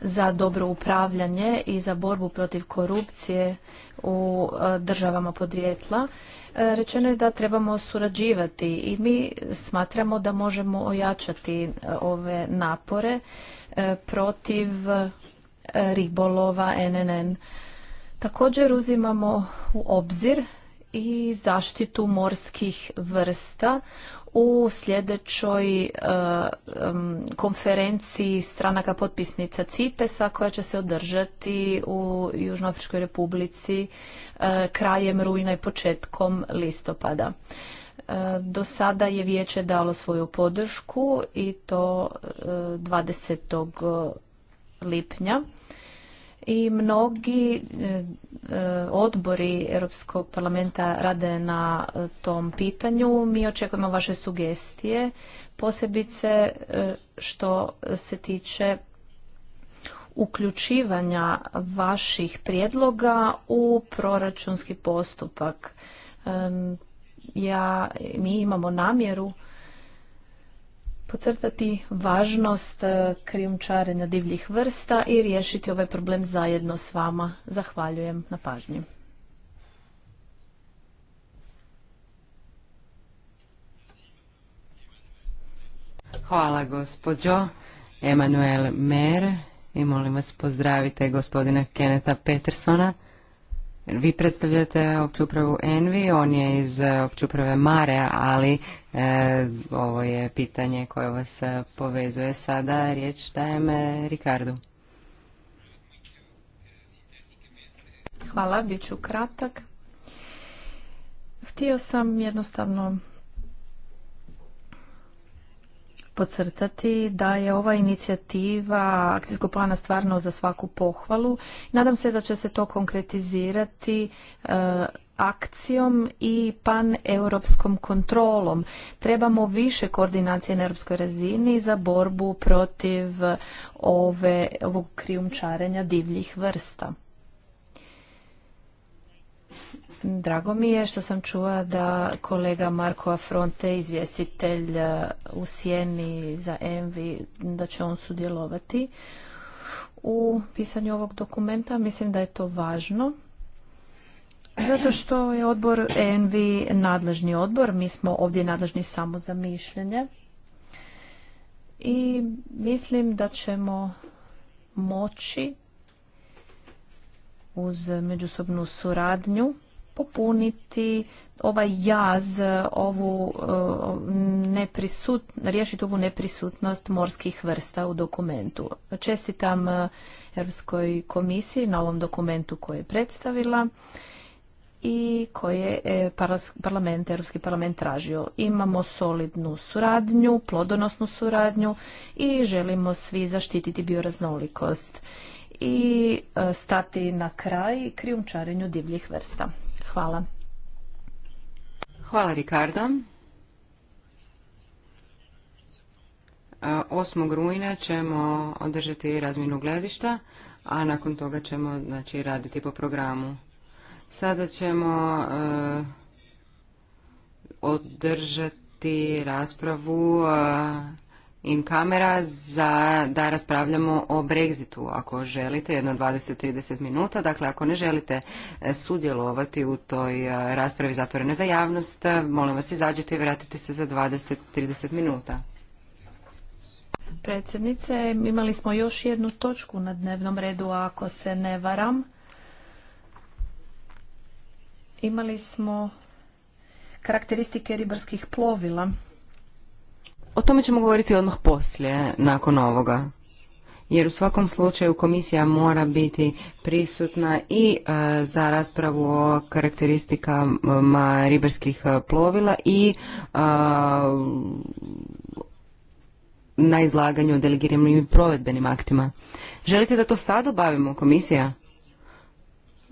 za dobro upravljanje i za borbu protiv korupcije u e, državama podrijetla, e, rečeno je da trebamo surađivati i mi smatramo da možemo ojačati e, ove napore protiv ribolova NNN. Također uzimamo u obzir i zaštitu morskih vrsta u sljedećoj e, konferenciji stranaka potpisnica CITES-a koja će se održati u Južnoafričkoj republici e, krajem rujna i početkom listopada. E, do sada je vijeće dalo svoju podršku i to 20. lipnja i mnogi e, e, odbori Europskog parlamenta rade na e, tom pitanju. Mi očekujemo vaše sugestije, posebice što se tiče uključivanja vaših prijedloga u proračunski postupak. Ja, mi imamo namjeru pocrtati važnost e, krijumčarenja divljih vrsta i riješiti ovaj problem zajedno s vama. Zahvaljujem na pažnji. Hvala gospođo Emanuel Mer i molim vas pozdravite gospodina Keneta Petersona vi predstavljate opću upravu Envi, on je iz eh, opću Mare, ali eh, ovo je pitanje koje vas eh, povezuje. Sada riječ dajem Rikardu. Hvala, bit ću kratak. Htio sam jednostavno podcrtati da je ova inicijativa akcijskog plana stvarno za svaku pohvalu. Nadam se da će se to konkretizirati e, akcijom i paneuropskom kontrolom. Trebamo više koordinacije na europskoj razini za borbu protiv ove, ovog krijumčarenja divljih vrsta. Drago mi je što sam čula da kolega Marko Afronte, izvjestitelj eh, u Sjeni za Envi, da će on sudjelovati u pisanju ovog dokumenta. Mislim da je to važno. Zato što je odbor Envi nadležni odbor, mi smo ovdje nadležni samo za mišljenje. I mislim da ćemo moći uz međusobnu suradnju popuniti ovaj jaz, ovu eh, neprisut, riješiti ovu neprisutnost morskih vrsta u dokumentu. Čestitam eh, Europskoj komisiji na ovom dokumentu koji je predstavila i koje je parlament, Europski parlament tražio. Imamo solidnu suradnju, plodonosnu suradnju i želimo svi zaštititi bioraznolikost i eh, stati na kraj krijumčarenju divljih vrsta. Hvala. Hvala Ricardo. 8. rujna ćemo održati razminu gledišta, a nakon toga ćemo znači, raditi po programu. Sada ćemo e, održati raspravu e, in kamera za da raspravljamo o Brexitu. Ako želite, jedno 20-30 minuta, dakle ako ne želite e, sudjelovati u toj e, raspravi zatvorene za javnost, e, molim vas izađite i vratite se za 20-30 minuta. Predsjednice, imali smo još jednu točku na dnevnom redu, ako se ne varam. Imali smo karakteristike ribarskih plovila o tome ćemo govoriti odmah poslije, nakon ovoga. Jer u svakom slučaju komisija mora biti prisutna i e, za raspravu o karakteristikama ribarskih e, plovila i e, na izlaganju o delegiranim i provedbenim aktima. Želite da to sad obavimo, komisija?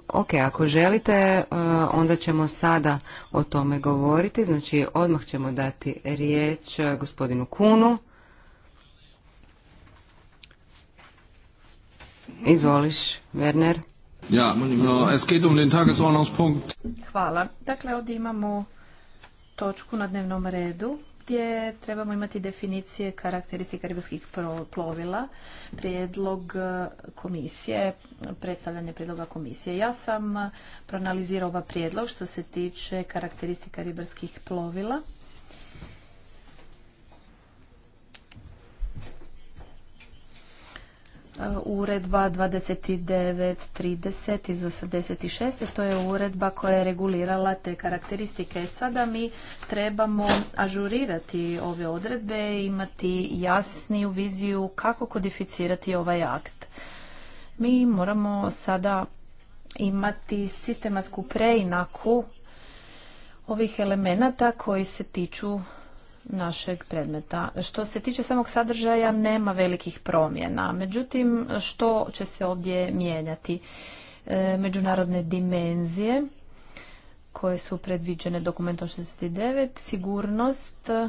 Ok, ako želite, e, onda ćemo sada o tome govoriti. Znači, odmah ćemo dati riječ e, gospodinu Kunu. Izvoliš, Werner. Ja, e, es geht um den Tagesordnungspunkt. Hvala. Dakle, ovdje imamo točku na dnevnom redu gdje trebamo imati definicije karakteristika ribarskih plovila, prijedlog e, komisije, predstavljanje prijedloga komisije. Ja sam e, proanalizirao ovaj prijedlog što se tiče karakteristika ribarskih plovila E, uredba 2930 iz 86. To je uredba koja je regulirala te karakteristike. E, sada mi trebamo ažurirati ove odredbe i imati jasniju viziju kako kodificirati ovaj akt. Mi moramo sada imati sistematsku preinaku ovih elemenata koji se tiču našeg predmeta. Što se tiče samog sadržaja, nema velikih promjena. Međutim, što će se ovdje mijenjati? E, međunarodne dimenzije koje su predviđene dokumentom 69, sigurnost e,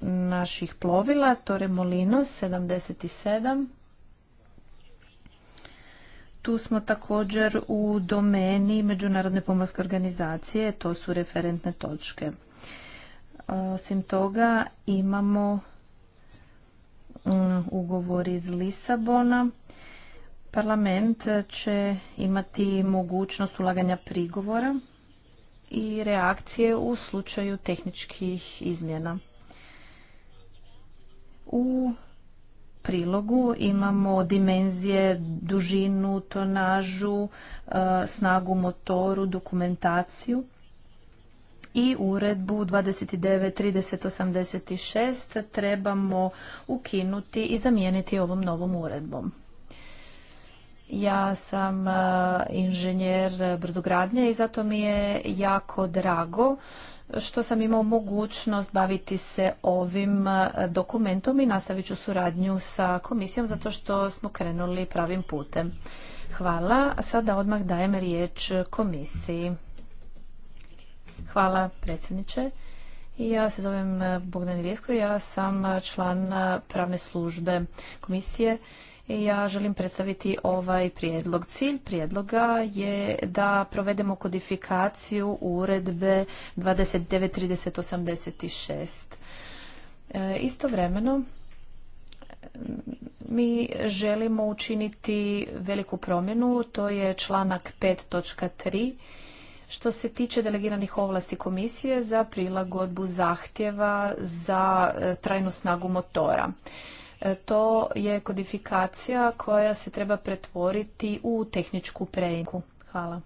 naših plovila, Tore Molino 77, tu smo također u domeni Međunarodne pomorske organizacije, to su referentne točke. Osim toga imamo mm, ugovor iz Lisabona. Parlament će imati mogućnost ulaganja prigovora i reakcije u slučaju tehničkih izmjena. U prilogu imamo dimenzije, dužinu, tonažu, e, snagu motoru, dokumentaciju i uredbu 29.3086 trebamo ukinuti i zamijeniti ovom novom uredbom. Ja sam e, inženjer brodogradnje i zato mi je jako drago što sam imao mogućnost baviti se ovim e, dokumentom i nastavit ću suradnju sa komisijom zato što smo krenuli pravim putem. Hvala. Sada odmah dajem riječ komisiji. Hvala predsjedniče. Ja se zovem eh, Bogdan i ja sam eh, član eh, pravne službe komisije i ja želim predstaviti ovaj prijedlog. Cilj prijedloga je da provedemo kodifikaciju uredbe 29.3086. istovremeno, mm, mi želimo učiniti veliku promjenu, to je članak 5.3 što se tiče delegiranih ovlasti komisije za prilagodbu zahtjeva za e, trajnu snagu motora. E, to je kodifikacija koja se treba pretvoriti u tehničku prejinku. Hvala.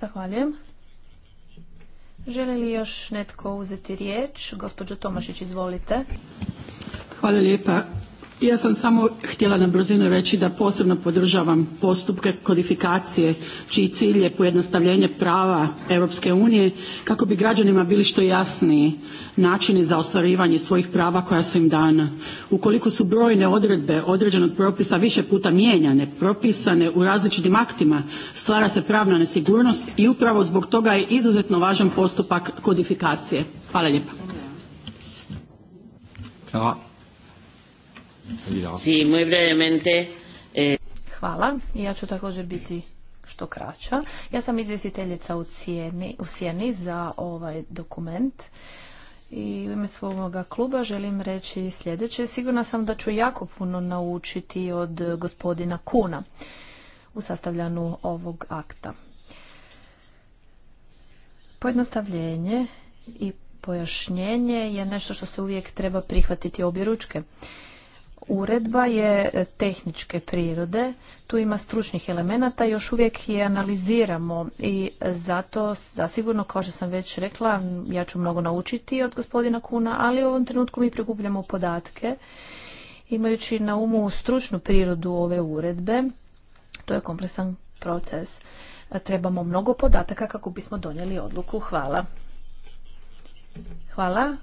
Zahvaljujem. Želi li još netko uzeti riječ? Gospođo Tomašić, izvolite. Hvala lijepa ja sam samo htjela na brzinu reći da posebno podržavam postupke kodifikacije čiji cilj je pojednostavljenje prava Europske unije kako bi građanima bili što jasniji načini za ostvarivanje svojih prava koja su im dana. Ukoliko su brojne odredbe određenog propisa više puta mijenjane, propisane u različitim aktima, stvara se pravna nesigurnost i upravo zbog toga je izuzetno važan postupak kodifikacije. Hvala lijepa. Hvala. Eh, Hvala. Ja ću također biti što kraća. Ja sam izvjestiteljica u, Sjeni za ovaj dokument i u ime svog kluba želim reći sljedeće. Sigurna sam da ću jako puno naučiti od gospodina Kuna u sastavljanu ovog akta. Pojednostavljenje i pojašnjenje je nešto što se uvijek treba prihvatiti objeručke. ručke uredba je e, tehničke prirode, tu ima stručnih elemenata, još uvijek je analiziramo i e, zato zasigurno, kao što sam već rekla, ja ću mnogo naučiti od gospodina Kuna, ali u ovom trenutku mi prikupljamo podatke imajući na umu stručnu prirodu ove uredbe. To je kompleksan proces. E, trebamo mnogo podataka kako bismo donijeli odluku. Hvala. Hvala.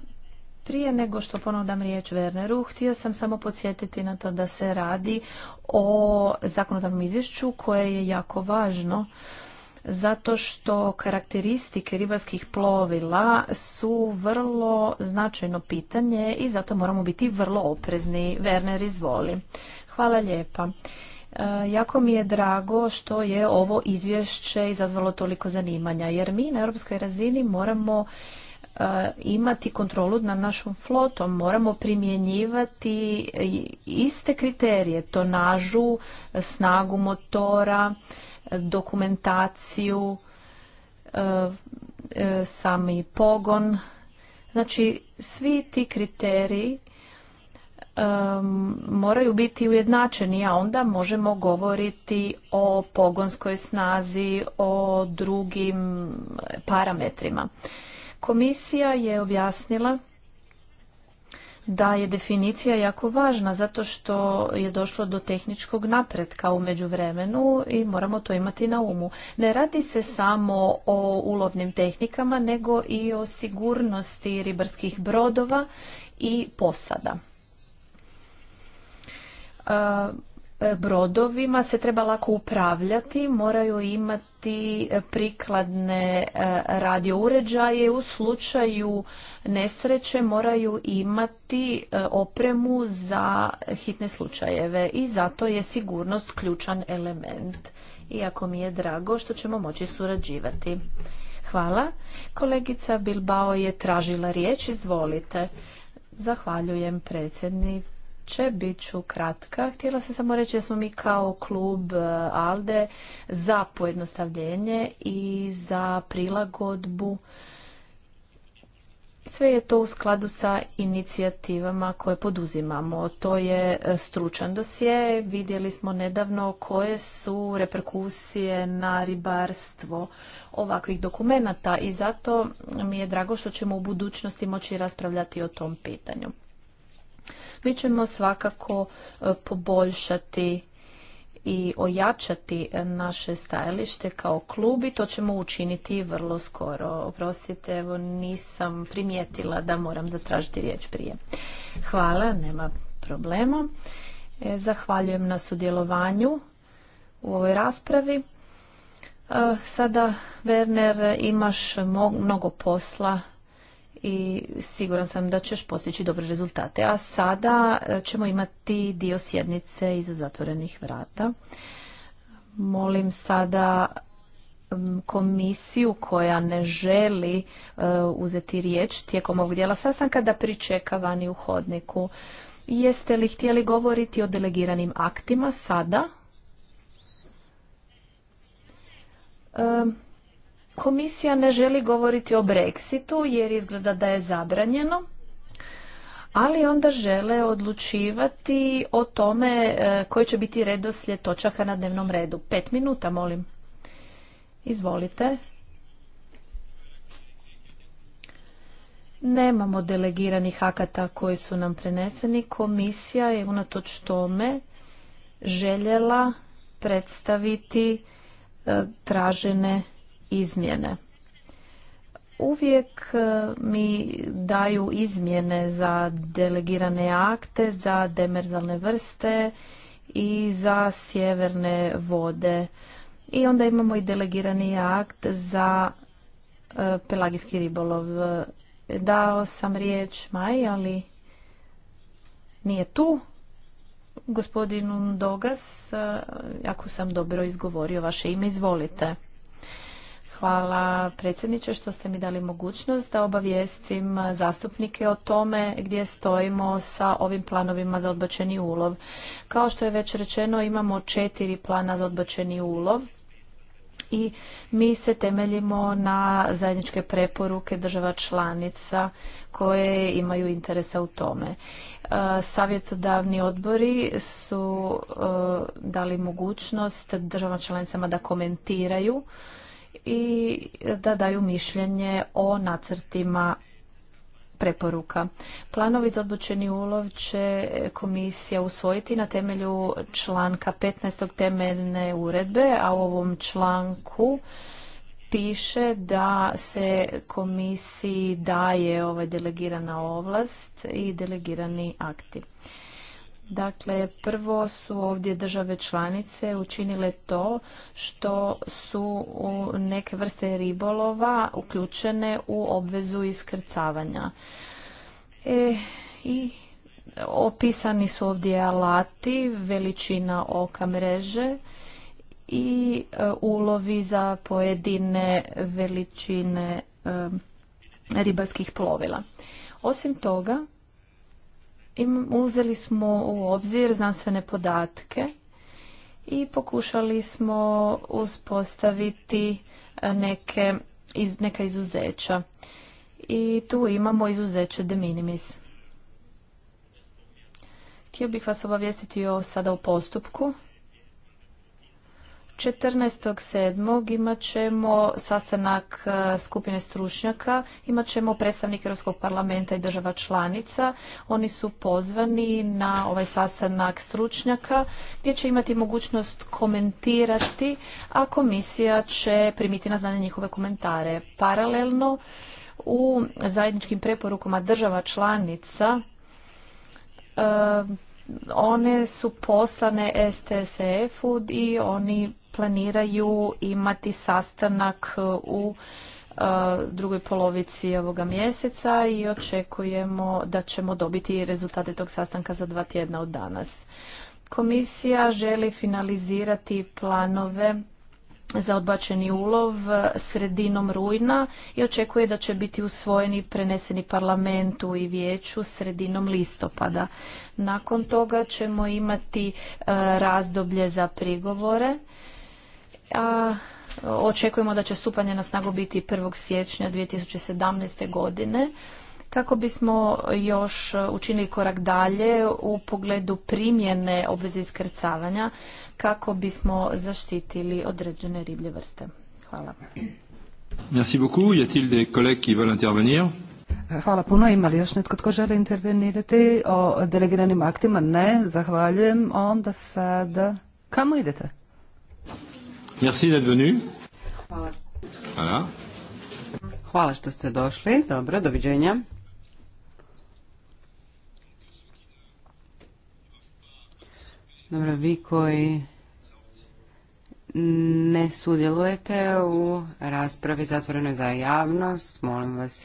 Prije nego što ponudam riječ Werneru, htio sam samo podsjetiti na to da se radi o zakonodavnom izvješću koje je jako važno zato što karakteristike ribarskih plovila su vrlo značajno pitanje i zato moramo biti vrlo oprezni. Werner, izvoli. Hvala lijepa. E, jako mi je drago što je ovo izvješće izazvalo toliko zanimanja, jer mi na europskoj razini moramo E, imati kontrolu nad našom flotom. Moramo primjenjivati iste kriterije, tonažu, snagu motora, dokumentaciju, e, e, sami pogon. Znači, svi ti kriteriji moraju biti ujednačeni, a onda možemo govoriti o pogonskoj snazi, o drugim parametrima. Komisija je objasnila da je definicija jako važna zato što je došlo do tehničkog napretka u međuvremenu i moramo to imati na umu. Ne radi se samo o ulovnim tehnikama nego i o sigurnosti ribarskih brodova i posada. E, brodovima se treba lako upravljati, moraju imati prikladne e, radio uređaje, u slučaju nesreće moraju imati e, opremu za hitne slučajeve i zato je sigurnost ključan element. Iako mi je drago što ćemo moći surađivati. Hvala. Kolegica Bilbao je tražila riječ, izvolite. Zahvaljujem predsjednik će bit ću kratka. Htjela sam samo reći da smo mi kao klub e, ALDE za pojednostavljenje i za prilagodbu. Sve je to u skladu sa inicijativama koje poduzimamo. To je e, stručan dosje. Vidjeli smo nedavno koje su reperkusije na ribarstvo ovakvih dokumenata i zato mi je drago što ćemo u budućnosti moći raspravljati o tom pitanju. Mi ćemo svakako e, poboljšati i ojačati naše stajalište kao klub i to ćemo učiniti vrlo skoro. Oprostite, evo nisam primijetila da moram zatražiti riječ prije. Hvala, nema problema. E, zahvaljujem na sudjelovanju u ovoj raspravi. E, sada, Werner, imaš mnogo posla i siguran sam da ćeš postići dobre rezultate. A sada e, ćemo imati dio sjednice iza zatvorenih vrata. Molim sada komisiju koja ne želi e, uzeti riječ tijekom ovog dijela sastanka da pričeka vani u hodniku. Jeste li htjeli govoriti o delegiranim aktima sada? E, Komisija ne želi govoriti o Brexitu jer izgleda da je zabranjeno, ali onda žele odlučivati o tome e, koji će biti redoslijed točaka na dnevnom redu. Pet minuta, molim. Izvolite. Nemamo delegiranih akata koji su nam preneseni. Komisija je unatoč tome željela predstaviti e, tražene izmjene. Uvijek e, mi daju izmjene za delegirane akte, za demerzalne vrste i za sjeverne vode. I onda imamo i delegirani akt za e, pelagijski ribolov. Dao sam riječ Maj, ali nije tu. Gospodinu Dogas, e, ako sam dobro izgovorio vaše ime, izvolite. Hvala predsjedniče što ste mi dali mogućnost da obavijestim zastupnike o tome gdje stojimo sa ovim planovima za odbačeni ulov. Kao što je već rečeno imamo četiri plana za odbačeni ulov i mi se temeljimo na zajedničke preporuke država članica koje imaju interesa u tome. E, savjetodavni odbori su e, dali mogućnost državama članicama da komentiraju i da daju mišljenje o nacrtima preporuka. Planovi za odlučeni ulov će komisija usvojiti na temelju članka 15. temeljne uredbe, a u ovom članku piše da se komisiji daje ovaj delegirana ovlast i delegirani akti. Dakle, prvo su ovdje države članice učinile to što su u neke vrste ribolova uključene u obvezu iskrcavanja. E, I opisani su ovdje alati, veličina oka mreže i e, ulovi za pojedine veličine e, ribarskih plovila. Osim toga, im, uzeli smo u obzir znanstvene podatke i pokušali smo uspostaviti e, neke, neka izuzeća. I tu imamo izuzeće de minimis. Htio bih vas obavijestiti o sada o postupku. 14.7. imat ćemo sastanak e, skupine stručnjaka, imat ćemo predstavnike Europskog parlamenta i država članica. Oni su pozvani na ovaj sastanak stručnjaka gdje će imati mogućnost komentirati, a komisija će primiti na znanje njihove komentare. Paralelno u zajedničkim preporukama država članica e, one su poslane STSF-u i oni planiraju imati sastanak u e, drugoj polovici ovoga mjeseca i očekujemo da ćemo dobiti rezultate tog sastanka za dva tjedna od danas. Komisija želi finalizirati planove za odbačeni ulov sredinom rujna i očekuje da će biti usvojeni preneseni parlamentu i vijeću sredinom listopada. Nakon toga ćemo imati e, razdoblje za prigovore a očekujemo da će stupanje na snagu biti 1. siječnja 2017. godine kako bismo još učinili korak dalje u pogledu primjene obveze iskrcavanja kako bismo zaštitili određene riblje vrste. Hvala. Merci beaucoup. Y a-t-il des collègues qui veulent intervenir? Hvala puno. Ima li još netko tko želi intervenirati o delegiranim aktima? Ne, zahvaljujem. Onda sada... Kamo idete? Merci d'être venu. Hvala. Hvala. što ste došli. Dobro, doviđenja. Dobro, vi koji ne sudjelujete u raspravi zatvorenoj za javnost, molim vas